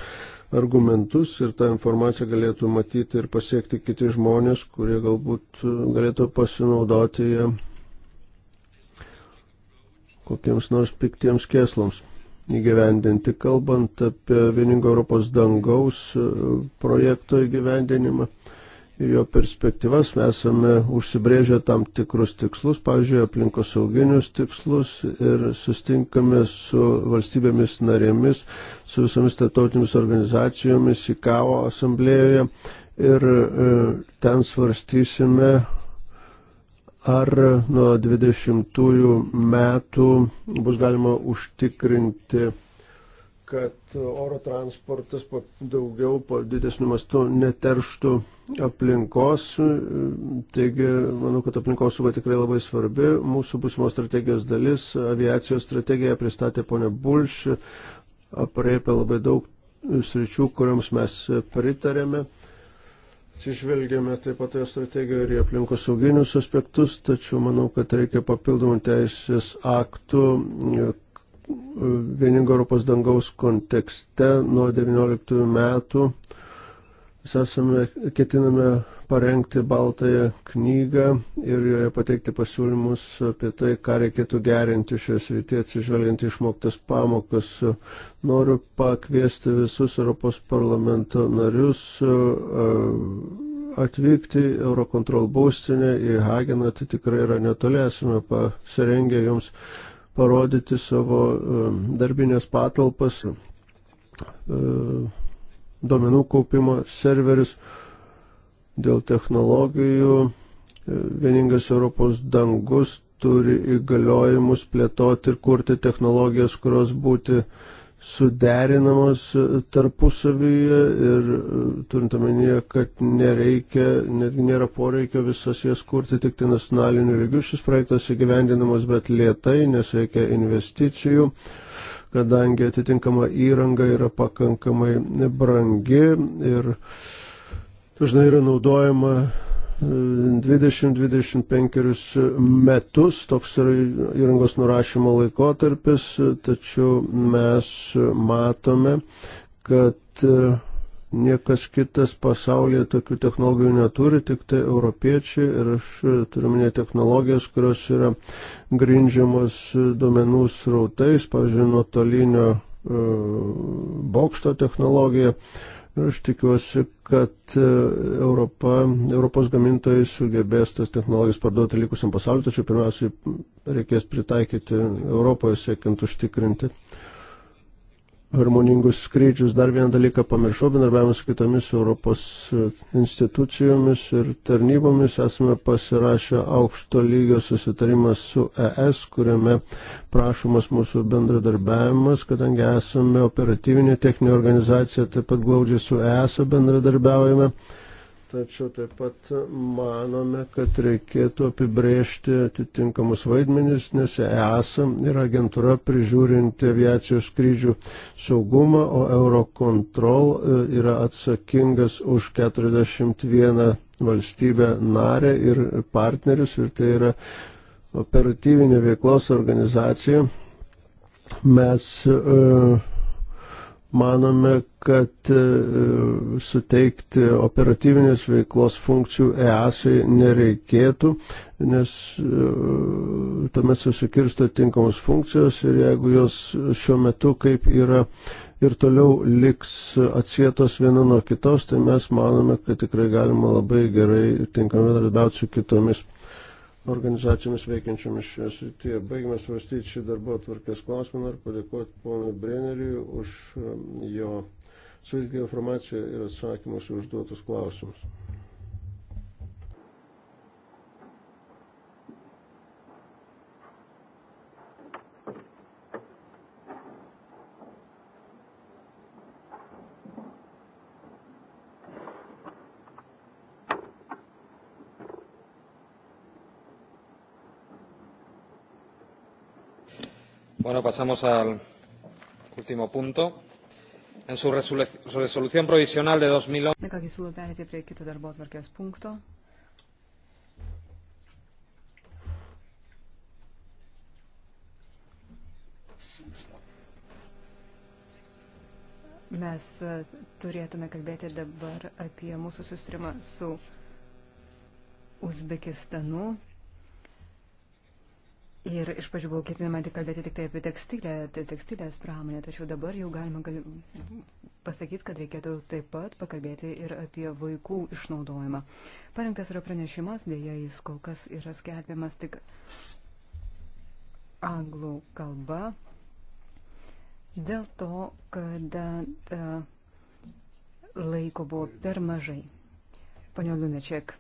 argumentus ir tą informaciją galėtų matyti ir pasiekti kiti žmonės, kurie galbūt e, galėtų pasinaudoti ją kokiems nors piktiems kėslams įgyvendinti. Kalbant apie vieningo Europos dangaus e, projekto įgyvendinimą, jo perspektyvas mes esame užsibrėžę tam tikrus tikslus, pavyzdžiui, aplinkos sauginius tikslus ir sustinkame su valstybėmis narėmis, su visomis tarptautinėmis organizacijomis, IKAO asamblėjoje ir e, ten svarstysime ar nuo 20 metų bus galima užtikrinti, kad oro transportas daugiau, po didesnių mastų neterštų aplinkos. Taigi, manau, kad aplinkos suva tikrai labai svarbi. Mūsų būsimos strategijos dalis, aviacijos strategiją pristatė ponia Bulš, apriepia labai daug sričių, kuriams mes pritarėme Atsižvelgėme taip pat ir strategiją ir į aplinkos sauginius aspektus, tačiau manau, kad reikia papildomų teisės aktų e, vieningo Europos dangaus kontekste nuo 19 metų Mes esame, ketiname parengti baltąją knygą ir joje pateikti pasiūlymus apie tai, ką reikėtų gerinti šioje srityje atsižvelgiant išmoktas pamokas. Noriu pakviesti visus Europos parlamento narius atvykti Eurokontrol būstinę į Hageną, tai tikrai yra netoli, esame pasirengę jums parodyti savo darbinės patalpas duomenų kaupimo serverius, dėl technologijų. Vieningas Europos dangus turi įgaliojimus plėtoti ir kurti technologijas, kurios būti suderinamos tarpusavyje ir e, turint omenyje, kad nereikia, netgi nėra poreikio visas jas kurti tik tai nacionaliniu lygiu. Šis projektas įgyvendinamas, bet lietai, nes reikia investicijų kadangi atitinkama įranga yra pakankamai brangi ir dažnai yra naudojama 20-25 e, metus, toks yra įrangos nurašymo laikotarpis, tačiau mes matome, kad e, Niekas kitas pasaulyje tokių technologijų neturi, tik tai europiečiai ir aš turiu minėti technologijas, kurios yra grindžiamos duomenų srautais, pavyzdžiui, nuotolinio e, bokšto technologija. Aš tikiuosi, kad e, Europa, Europos gamintojai sugebės tas technologijas parduoti likusiam pasauliu, tačiau pirmiausiai reikės pritaikyti Europoje siekiant užtikrinti uh, harmoningus skrydžius. Dar vieną dalyką pamiršau, bendarbiavimas su kitomis Europos e, institucijomis ir tarnybomis esame pasirašę aukšto lygio susitarimą su ES, kuriame prašomas mūsų bendradarbiavimas, kadangi esame operatyvinė techninė organizacija, taip pat glaudžiai su ES bendradarbiaujame. Tačiau taip pat manome, kad reikėtų apibrėžti atitinkamus vaidmenis, nes EASA yra agentūra prižiūrinti aviacijos skrydžių saugumą, o Eurocontrol e, yra atsakingas už 41 valstybę narę ir partnerius ir tai yra operatyvinė veiklos organizacija. Mes uh, manome, kad e, suteikti operatyvinės veiklos funkcijų EASai nereikėtų, nes e, tuomet susikirsta tinkamos funkcijos ir jeigu jos šiuo metu kaip yra ir toliau liks atsietos viena nuo kitos, tai mes manome, kad tikrai galima labai gerai tinkamai darbiauti su kitomis organizacijomis veikiančiomis šioje srityje. Baigime svarstyti šį darbo atvarkės klausimą ir padėkoti ponui Breneriui už um, jo suizgį informaciją ir atsakymus užduotus klausimus. Bueno, pasamos al último punto. En su resolución provisional de 2011. Na kągi siūlau perėti prie kito darbo atvarkės punkto. Mes turėtume kalbėti dabar apie mūsų sustrimą su Uzbekistanu. Ir iš pradžių buvo ketinama tik kalbėti tik tai apie tekstilę, tekstilės pramonę, tačiau dabar jau galima gal... pasakyti, kad reikėtų taip pat pakalbėti ir apie vaikų išnaudojimą. Parengtas yra pranešimas, dėja jis kol kas yra skelbiamas tik anglų kalba, dėl to, kad a, e, laiko buvo per mažai. Pane Lunečiek,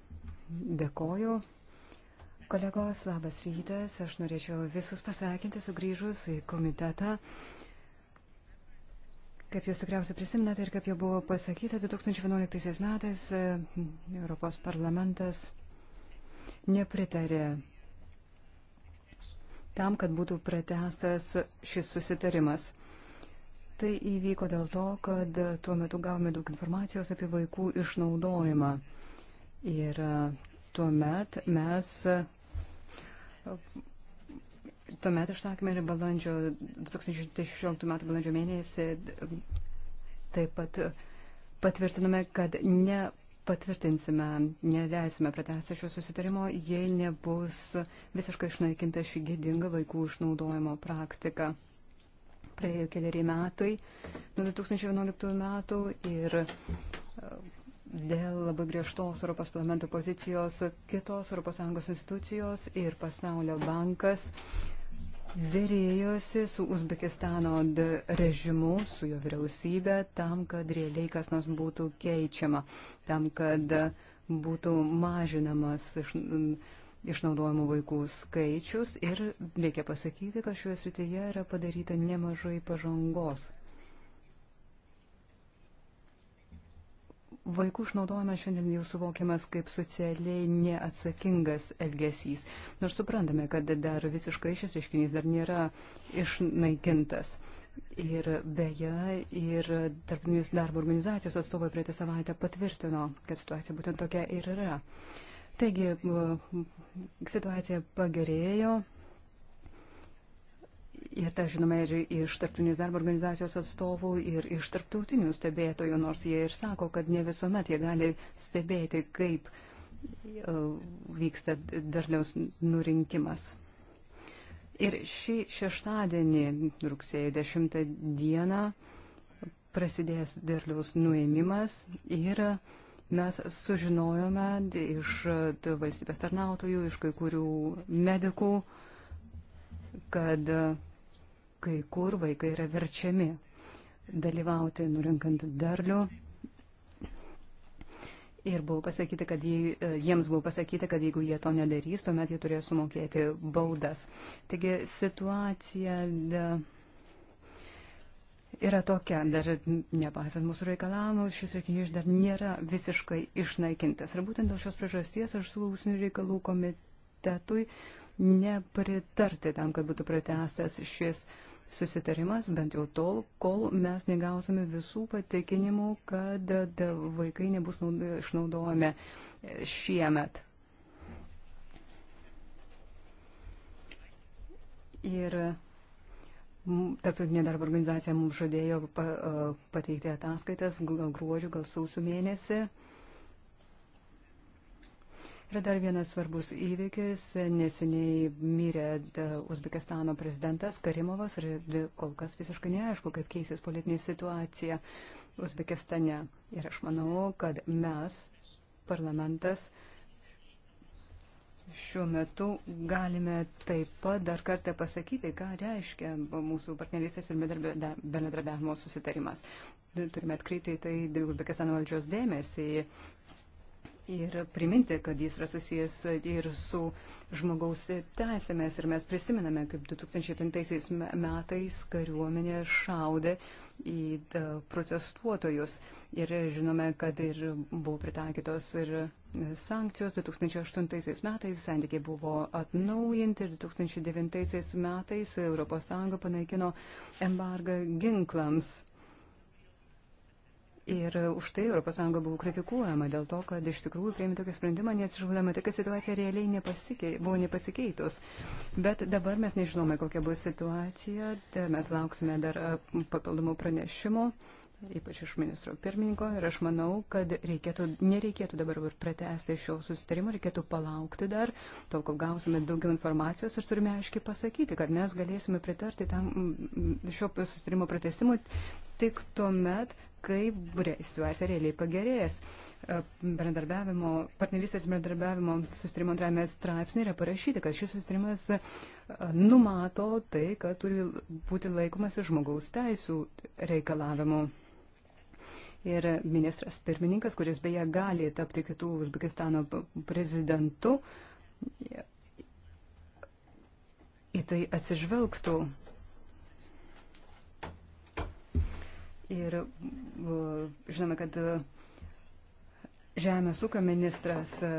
dėkoju. Kolegos, labas rytas. Aš norėčiau visus pasveikinti sugrįžus į komitetą. Kaip jūs tikriausiai prisiminate ir kaip jau buvo pasakyta, 2011 metais e, Europos parlamentas nepritarė tam, kad būtų pratestas šis susitarimas. Tai įvyko dėl to, kad tuo metu gavome daug informacijos apie vaikų išnaudojimą. Ir e, tuomet mes Tuomet užsakymai yra balandžio 2016 m. balandžio mėnesį. Taip pat patvirtiname, kad nepatvirtinsime, neleisime pratesti šio susitarimo, jei nebus visiškai išnaikinta ši gėdinga vaikų išnaudojimo praktika. Praėjo keliari metai nuo 2011 metų ir dėl labai griežtos Europos parlamento pozicijos kitos ES institucijos ir pasaulio bankas dėrėjosi su Uzbekistano režimu, su jo vyriausybė, tam, kad realiai kas nors būtų keičiama, tam, kad būtų mažinamas iš, išnaudojimų vaikų skaičius ir reikia pasakyti, kad šioje srityje yra padaryta nemažai pažangos. Vaikų išnaudojimas šiandien jau suvokiamas kaip socialiai neatsakingas elgesys. Nors suprantame, kad dar visiškai šis reiškinys dar nėra išnaikintas. Ir beje, ir tarptautinės darbo organizacijos atstovai praeitą savaitę patvirtino, kad situacija būtent tokia ir yra. Taigi, situacija pagerėjo, Ir tą žinome ir iš tarptautinės darbo organizacijos atstovų, ir iš tarptautinių stebėtojų, nors jie ir sako, kad ne visuomet jie gali stebėti, kaip e, vyksta derliaus nurinkimas. Ir šį šeštadienį, rugsėjo 10 dieną, prasidės derliaus nuėmimas ir mes sužinojome iš valstybės tarnautojų, iš kai kurių medikų, kad kai kur vaikai yra verčiami dalyvauti nurinkant derlių. Ir buvo pasakyta, kad jie, jiems buvo pasakyta, kad jeigu jie to nedarys, tuomet jie turės sumokėti baudas. Taigi situacija da, yra tokia, dar nepaisant mūsų reikalavimų, šis reikinys dar nėra visiškai išnaikintas. Ir būtent dėl šios priežasties aš siūlau užsienio reikalų komitetui nepritarti tam, kad būtų pratestas šis uh, susitarimas, bent jau tol, kol mes negausime visų patikinimų, kad vaikai nebus išnaudojami šiemet. Ir Tarptautinė darbo organizacija mums žadėjo pateikti ataskaitas gal gruodžio, gal sausio mėnesį. Yra dar vienas svarbus įvykis. Neseniai mirė e, Uzbekistano prezidentas Karimovas ir kol kas visiškai neaišku, kaip keisės politinė situacija Uzbekistane. Ir aš manau, kad mes, parlamentas, šiuo metu galime taip pat dar kartą pasakyti, ką reiškia mūsų partnerystės ir bendradarbiavimo susitarimas. Turime atkreipti į tai Uzbekistano valdžios dėmesį ir priminti, kad jis yra susijęs ir su žmogaus teisėmis. Ir mes prisiminame, kaip 2005 metais kariuomenė šaudė į e, protestuotojus. Ir žinome, kad ir buvo pritaikytos ir sankcijos. 2008 metais santykiai buvo atnaujinti ir 2009 metais ES panaikino embargą ginklams. Ir už tai ES buvo kritikuojama dėl to, kad iš tikrųjų prieimė tokį sprendimą, neatsižvelgiama tai, kad situacija realiai nepasikei, buvo nepasikeitus. Bet dabar mes nežinome, kokia bus situacija, mes lauksime dar e, papildomų pranešimų, ypač iš ministro pirmininko. Ir aš manau, kad reikėtų, nereikėtų dabar pratesti šio susitarimo, reikėtų palaukti dar, tol kol gausime daugiau informacijos ir turime aiškiai pasakyti, kad mes galėsime pritarti tam šio susitarimo pratesimui tik tuomet, kaip situacija realiai pagerės. E, bendradarbiavimo, partnerystės bendradarbiavimo sustrimo antrajame straipsnė yra parašyta, kad šis sustrimas e, numato tai, kad turi būti laikomas žmogaus teisų reikalavimu. Ir ministras pirmininkas, kuris beje gali tapti kitų Uzbekistano prezidentu, į tai atsižvelgtų Ir e, žinome, kad e, Žemės ūkio ministras e,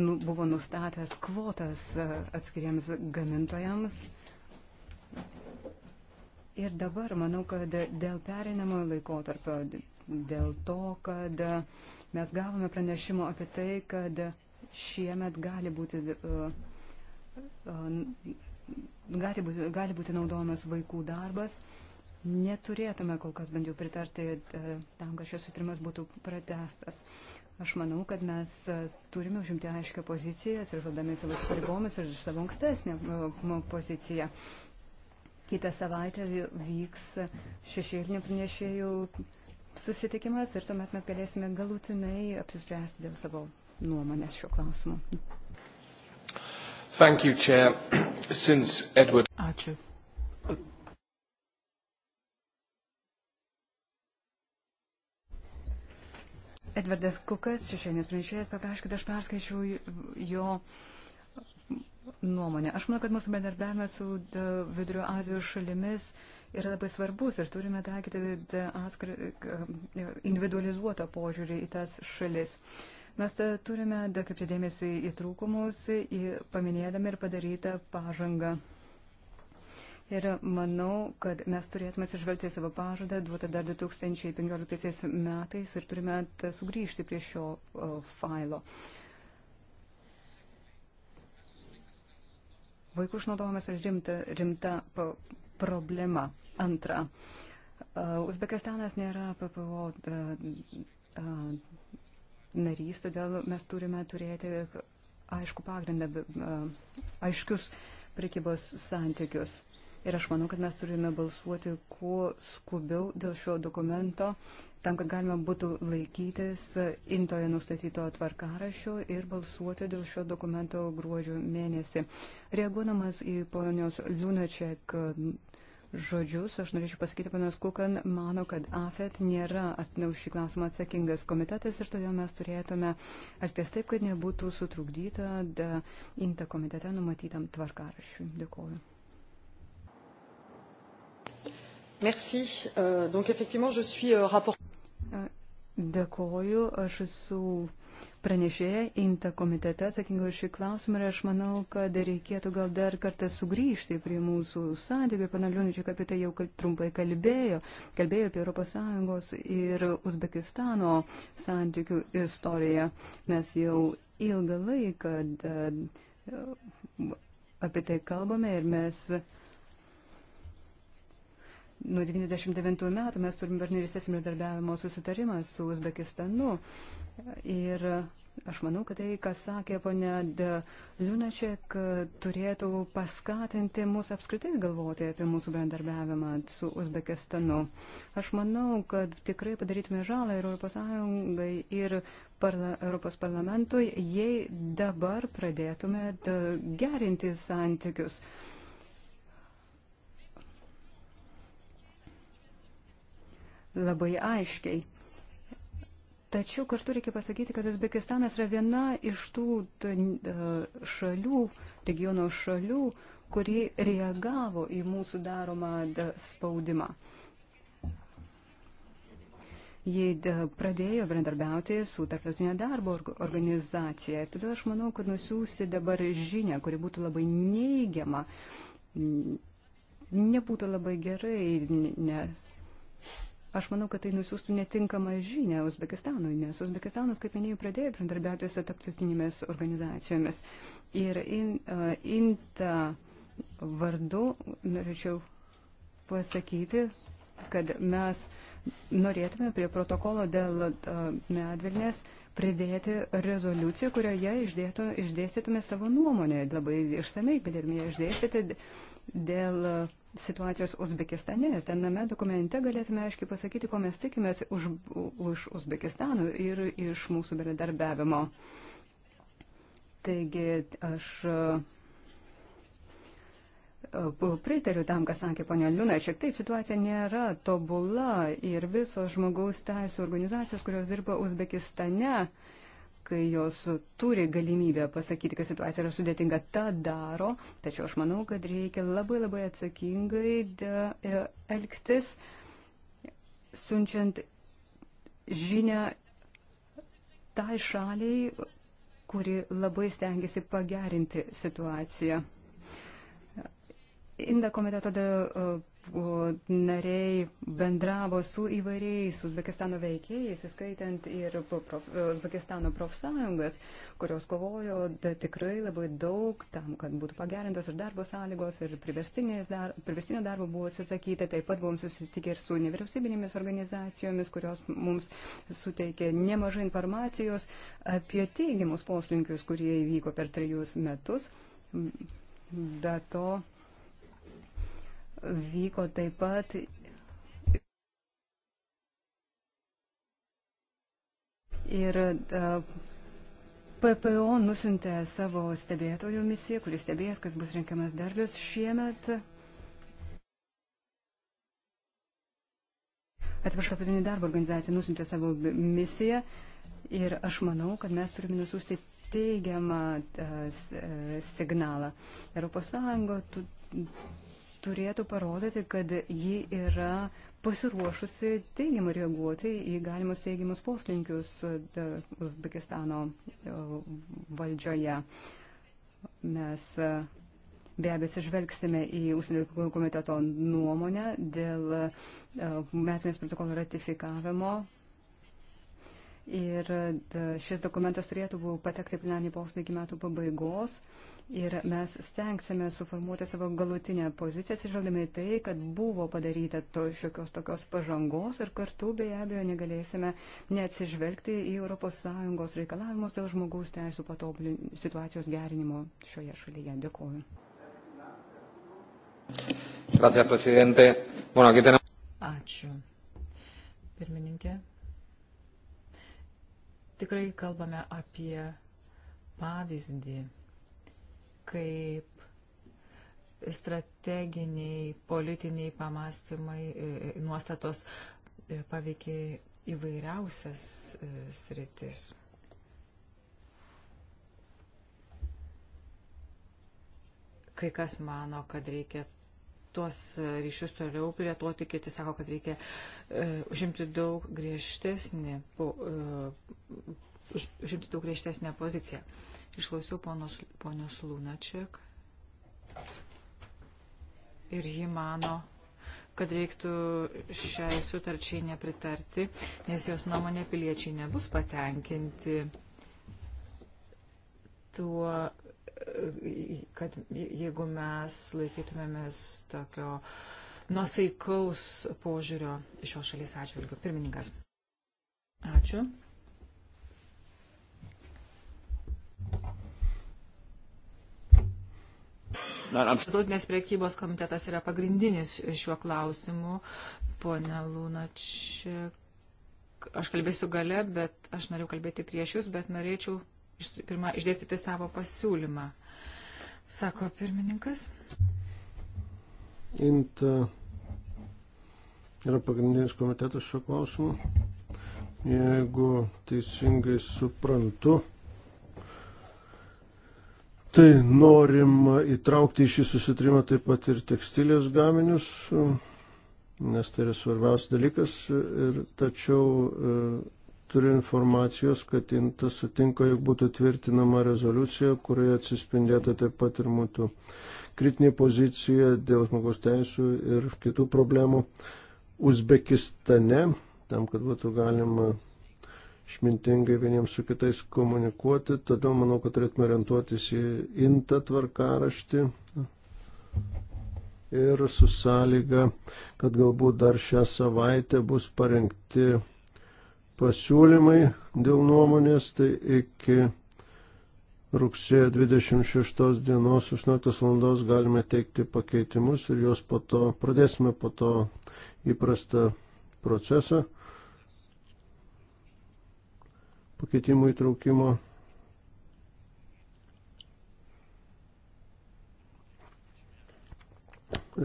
nu, buvo nustatęs kvotas atskiriems gamintojams. Ir dabar manau, kad dėl pereinamojo laikotarpio, dėl to, kad mes gavome pranešimo apie tai, kad šiemet gali būti, gali būti, gali būti naudojamas vaikų darbas, neturėtume kol kas bent jau pritarti e, tam, kad šis sutrimas būtų pratestas. Aš manau, kad mes e, turime užimti aiškę poziciją, atsižvaldami savo įsipareigomis ir savo ankstesnę e, poziciją. Kitą savaitę vyks šešėlinių pranešėjų susitikimas ir tuomet mes galėsime galutinai apsispręsti dėl savo nuomonės šiuo klausimu. Thank you, Chair. Since Edward... Ačiū, Edvardas Kukas, šešėnės pranešėjas, paprašė, kad aš perskaičiau jo nuomonę. Aš manau, kad mūsų bendarbiavimas su Vidurio Azijos šalimis yra labai svarbus ir turime taikyti atskir, individualizuotą požiūrį į tas šalis. Mes turime dar kaip dėmesį į trūkumus, į paminėdami ir padarytą pažangą. Ir manau, kad mes turėtume atsižvelgti savo pažadą duotą dar 2015 metais ir turime sugrįžti prie šio failo. Vaikų išnaudojimas yra rimta, rimta problema. Antra. Uzbekistanas nėra PPO narys, todėl mes turime turėti aišku pagrindą, aiškius prekybos santykius. Ir aš manau, kad mes turime balsuoti kuo skubiau dėl šio dokumento, tam, kad galima būtų laikytis intoje nustatyto tvarkarašio ir balsuoti dėl šio dokumento gruodžio mėnesį. Reaguodamas į ponios Liūnačiak um, žodžius, aš norėčiau pasakyti, panas Kukan mano, kad AFET nėra už šį klausimą atsakingas komitetas ir todėl mes turėtume elgtis taip, kad nebūtų sutrukdyta INTA komitete numatytam tvarkarašiui. Dėkuoju. Merci. Euh, donc effectivement, je suis euh, rapporteur. Dėkoju, aš esu pranešėja INTA komitete atsakinga už šį klausimą ir aš manau, kad reikėtų gal dar kartą sugrįžti prie mūsų santykių. Pana Liūničiuk apie tai jau trumpai kalbėjo, kalbėjo apie ES ir Uzbekistano santykių istoriją. Mes jau ilgą laiką e, apie tai kalbame ir mes. Uh, Nuo 1999 metų mes turime partnerystės bendradarbiavimo susitarimą su Uzbekistanu. Ir aš manau, kad tai, ką sakė ponia Liunačiak, turėtų paskatinti mūsų apskritai galvoti apie mūsų bendradarbiavimą su Uzbekistanu. Aš manau, kad tikrai padarytume žalą ir ES ir parla, Europos parlamentui, jei dabar pradėtume gerinti santykius. Uh, labai aiškiai. Tačiau kartu reikia pasakyti, kad Uzbekistanas yra viena iš tų e, šalių, regiono šalių, kuri reagavo į mūsų daromą spaudimą. Jie pradėjo bendarbiauti su tarptautinė darbo organizacija. Ir todėl aš manau, kad nusiųsti dabar žinę, kuri būtų labai neigiama, nebūtų labai gerai, nes Aš manau, kad tai nusiųstų netinkamą žinę Uzbekistanui, nes Uzbekistanas, kaip minėjau, pradėjo bendradarbiauti su taptutinėmis organizacijomis. Ir in, uh, inta vardu norėčiau pasakyti, kad mes norėtume prie protokolo dėl uh, medvilnės pridėti rezoliuciją, kurioje išdėtų, išdėstytume savo nuomonę, labai išsamei galėtume ją išdėstyti dėl. Uh, situacijos Uzbekistane. Tename dokumente galėtume aiškiai pasakyti, ko mes tikimės už, už Uzbekistanų ir iš mūsų bendradarbiavimo. Taigi aš e, pritariu tam, ką sakė ponia Liūna. Šiek taip situacija nėra tobula ir visos žmogaus teisų organizacijos, kurios dirba Uzbekistane, uh, kai jos turi galimybę pasakyti, kad situacija yra sudėtinga, tą daro. Tačiau aš manau, kad reikia labai labai atsakingai e, elgtis, siunčiant žinę tai šaliai, kuri labai stengiasi pagerinti situaciją. Inda komiteto e, nariai bendravo su įvairiais Uzbekistano veikėjais, įskaitant ir prof, Uzbekistano profsąjungas, kurios kovojo da, tikrai labai daug tam, kad būtų pagerintos ir darbo sąlygos, ir dar, priverstinio darbo buvo atsisakyta. Taip pat buvom susitikę ir su nevyriausybinėmis organizacijomis, kurios mums suteikė nemažai informacijos apie teigiamus poslinkius, kurie įvyko per trejus metus. Be to, vyko taip pat. Ir e, PPO nusintė savo stebėtojų misiją, kuris stebės, kas bus renkiamas derlius šiemet. Atsiprašau, tarptautinė darbo organizacija nusintė savo misiją ir aš manau, kad mes turime nusiųsti teigiamą e, e, signalą. Europos Sąjunga turėtų parodyti, kad ji yra pasiruošusi teigiamai reaguoti į galimus teigiamus poslinkius e, Uzbekistano e, valdžioje. Mes e, be abejo žvelgsime į Užsienio komiteto nuomonę dėl metinės protokolo ratifikavimo Ir šis dokumentas turėtų patekti plenarinį posėdį iki metų pabaigos. Ir mes stengsime suformuoti savo galutinę poziciją, atsižvelgdami į tai, kad buvo padaryta to, šiokios tokios pažangos ir kartu be abejo negalėsime neatsižvelgti į ES reikalavimus dėl žmogaus teisų patobulinimo situacijos gerinimo šioje šalyje. Dėkuoju. Gracias, presidente. Bueno, aquí tenemos. Ačiū. Pirmininkė. Tikrai kalbame apie pavyzdį, kaip strateginiai, politiniai pamastymai, e, e, nuostatos e, paveikė įvairiausias sritis. Kai kas mano, kad reikia tuos ryšius toliau plėtoti, kiti sako, kad reikia e, užimti e, daug griežtesnį, po, e, užimti daug griežtesnę poziciją. Išklausiau ponos, ponios Lunačiak ir ji mano, kad reiktų šiai sutarčiai nepritarti, nes jos nuomonė piliečiai nebus patenkinti tuo kad jeigu mes laikytumėmės tokio nusaikaus požiūrio šios šalies atžvilgių. Pirmininkas. Ačiū. Tautinės priekybos komitetas yra pagrindinis šiuo klausimu. Pone Lunačiak, aš kalbėsiu gale, bet aš norėjau kalbėti prieš jūs, bet norėčiau pirmą išdėstyti savo pasiūlymą, sako pirmininkas. Inta e, yra pagrindinis komitetas šio klausimu. Jeigu teisingai suprantu, tai norim įtraukti į šį susitrimą taip pat ir tekstilės gaminius e, nes tai yra svarbiausias dalykas. Ir tačiau e, turiu informacijos, kad Intas sutinka, jog būtų tvirtinama rezoliucija, kurioje atsispindėtų taip pat ir mūtų kritinė pozicija dėl žmogaus teisų ir kitų problemų Uzbekistane, tam, kad būtų galima išmintingai vieniems su kitais komunikuoti. Todėl manau, kad turėtume orientuotis į Intą tvarkaraštį ir su sąlyga, kad galbūt dar šią savaitę bus parengti pasiūlymai dėl nuomonės, tai iki rugsėjo 26 dienos 18 valandos galime teikti pakeitimus ir juos po to, pradėsime po to įprastą procesą pakeitimų įtraukimo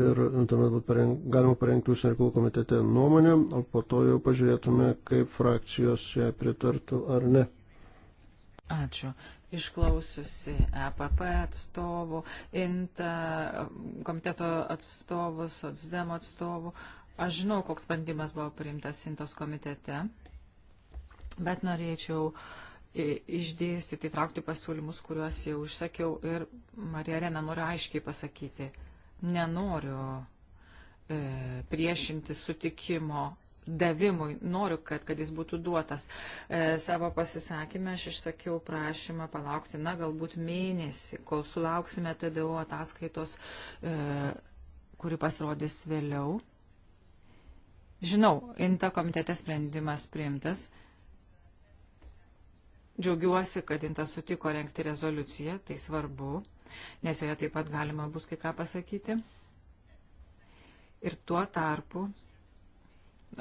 ir tuomet būtų pareng, galima parengti užsienio reikalų komitete nuomonę, o po to jau pažiūrėtume, kaip frakcijos ją pritartų ar ne. Ačiū. Išklausiusi EPP atstovų, INTA komiteto atstovų, SOCDEM atstovų, aš žinau, koks sprendimas buvo priimtas INTOS komitete, bet norėčiau išdėstyti, traukti pasiūlymus, kuriuos jau išsakiau ir Marija Rena nori aiškiai pasakyti nenoriu e, priešinti sutikimo davimui, noriu, kad, kad jis būtų duotas. E, savo pasisakymę aš išsakiau prašymą palaukti, na, galbūt mėnesį, kol sulauksime TDO ataskaitos, e, kuri pasirodys vėliau. Žinau, INTA komitete sprendimas priimtas. Džiaugiuosi, kad INTA sutiko renkti rezoliuciją, tai svarbu nes joje taip pat galima bus kai ką pasakyti. Ir tuo tarpu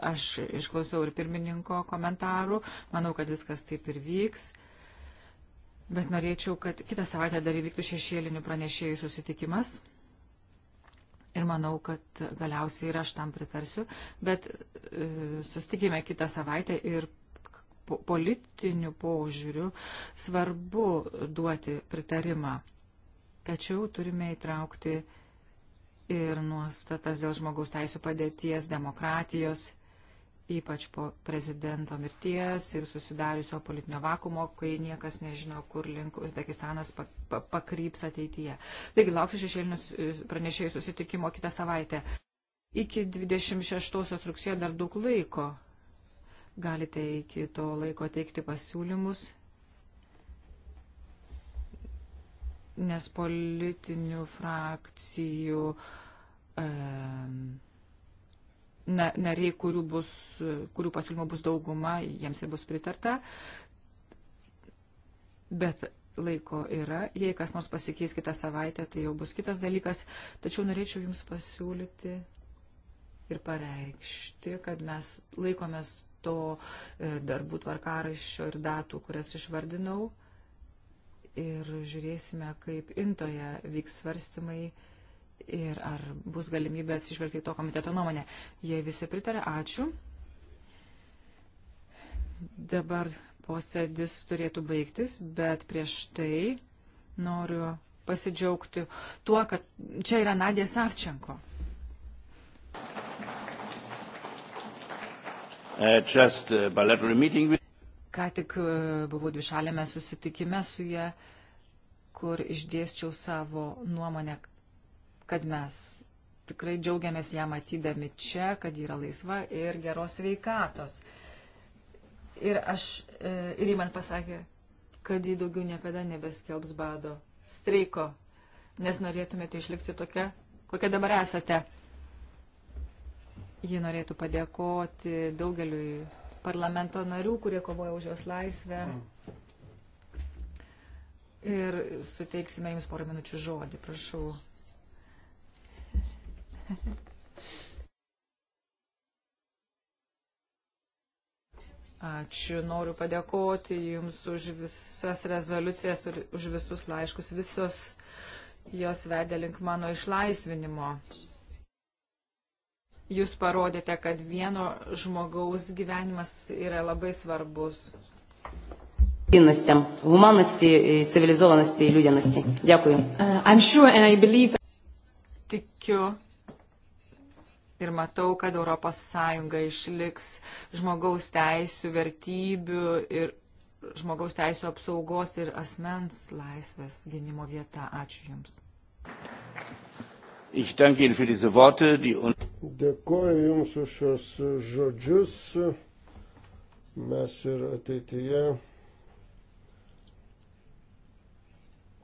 aš išklausiau ir pirmininko komentarų, manau, kad viskas taip ir vyks. Bet norėčiau, kad kitą savaitę dar įvyktų šešėlinių pranešėjų susitikimas. Ir manau, kad galiausiai ir aš tam pritarsiu. Bet e, susitikime kitą savaitę ir politiniu požiūriu svarbu duoti pritarimą Tačiau turime įtraukti ir nuostatas dėl žmogaus teisų padėties, demokratijos, ypač po prezidento mirties ir susidariusio politinio vakumo, kai niekas nežino, kur link Uzbekistanas pa, pa, pakryps ateityje. Taigi lauksiu šešėlinius pranešėjų susitikimo kitą savaitę. Iki 26 rugsėjo dar daug laiko. Galite iki to laiko teikti pasiūlymus nes politinių frakcijų e, na, nariai, kurių, bus, kurių pasiūlymų bus dauguma, jiems ir bus pritarta. Bet laiko yra. Jei kas nors pasikeis kitą savaitę, tai jau bus kitas dalykas. Tačiau norėčiau Jums pasiūlyti ir pareikšti, kad mes laikomės to e, darbų tvarkaraščio ir datų, kurias išvardinau ir žiūrėsime, kaip Intoje vyks svarstymai ir ar bus galimybė atsižvelgti į to komiteto nuomonę. Jei visi pritarė, ačiū. Dabar posėdis turėtų baigtis, bet prieš tai noriu pasidžiaugti tuo, kad čia yra Nadė Savčenko. Uh, just, uh, Ką tik e, buvau dvišalėme susitikime su jie, kur išdėsčiau savo nuomonę, kad mes tikrai džiaugiamės ją matydami čia, kad yra laisva ir geros veikatos. Ir, aš, e, ir ji man pasakė, kad ji daugiau niekada nebeskelbs bado streiko, nes norėtumėte išlikti tokia, kokia dabar esate. Ji norėtų padėkoti daugeliui parlamento narių, kurie kovoja už jos laisvę. Ir suteiksime jums porą minučių žodį, prašau. Ačiū, noriu padėkoti Jums už visas rezoliucijas, už visus laiškus, visos jos vedė link mano išlaisvinimo. Jūs parodėte, kad vieno žmogaus gyvenimas yra labai svarbus. Humanosti, civilizovanosti, liūdienosti. Dėkui. Uh, sure believe... Tikiu ir matau, kad ES išliks žmogaus teisų vertybių ir žmogaus teisų apsaugos ir asmens laisvės gynimo vieta. Ačiū Jums. Ich danke Ihnen für diese Worte, die uns. Dėkuoju Jums už šios žodžius. Mes ir ateityje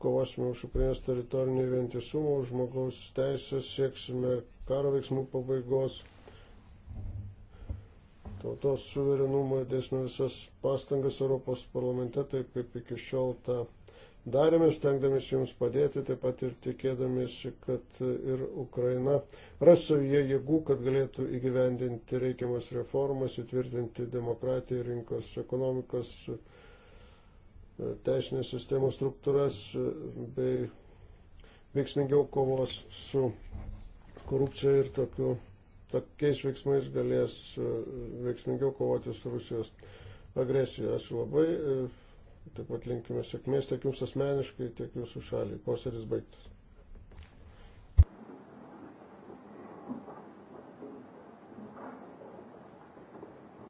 kovosime už Ukrainos teritorinį vientisumą, už žmogaus teisės, sieksime karo veiksmų pabaigos, tautos suverenumo, dėsime visas pastangas Europos parlamente, taip kaip iki šiol tą. Ta darėme, stengdamės jums padėti, taip pat ir tikėdamėsi, kad ir Ukraina ras savyje jėgų, kad galėtų įgyvendinti reikiamas reformas, įtvirtinti demokratiją, rinkos ekonomikos, teisinės sistemos struktūras bei veiksmingiau kovos su korupcija ir tokiu, tokiais veiksmais galės veiksmingiau kovoti su Rusijos agresija. Ačiū labai. Taip pat linkime sėkmės tiek jums asmeniškai, tiek jūsų šaliai. Posėdis baigtas.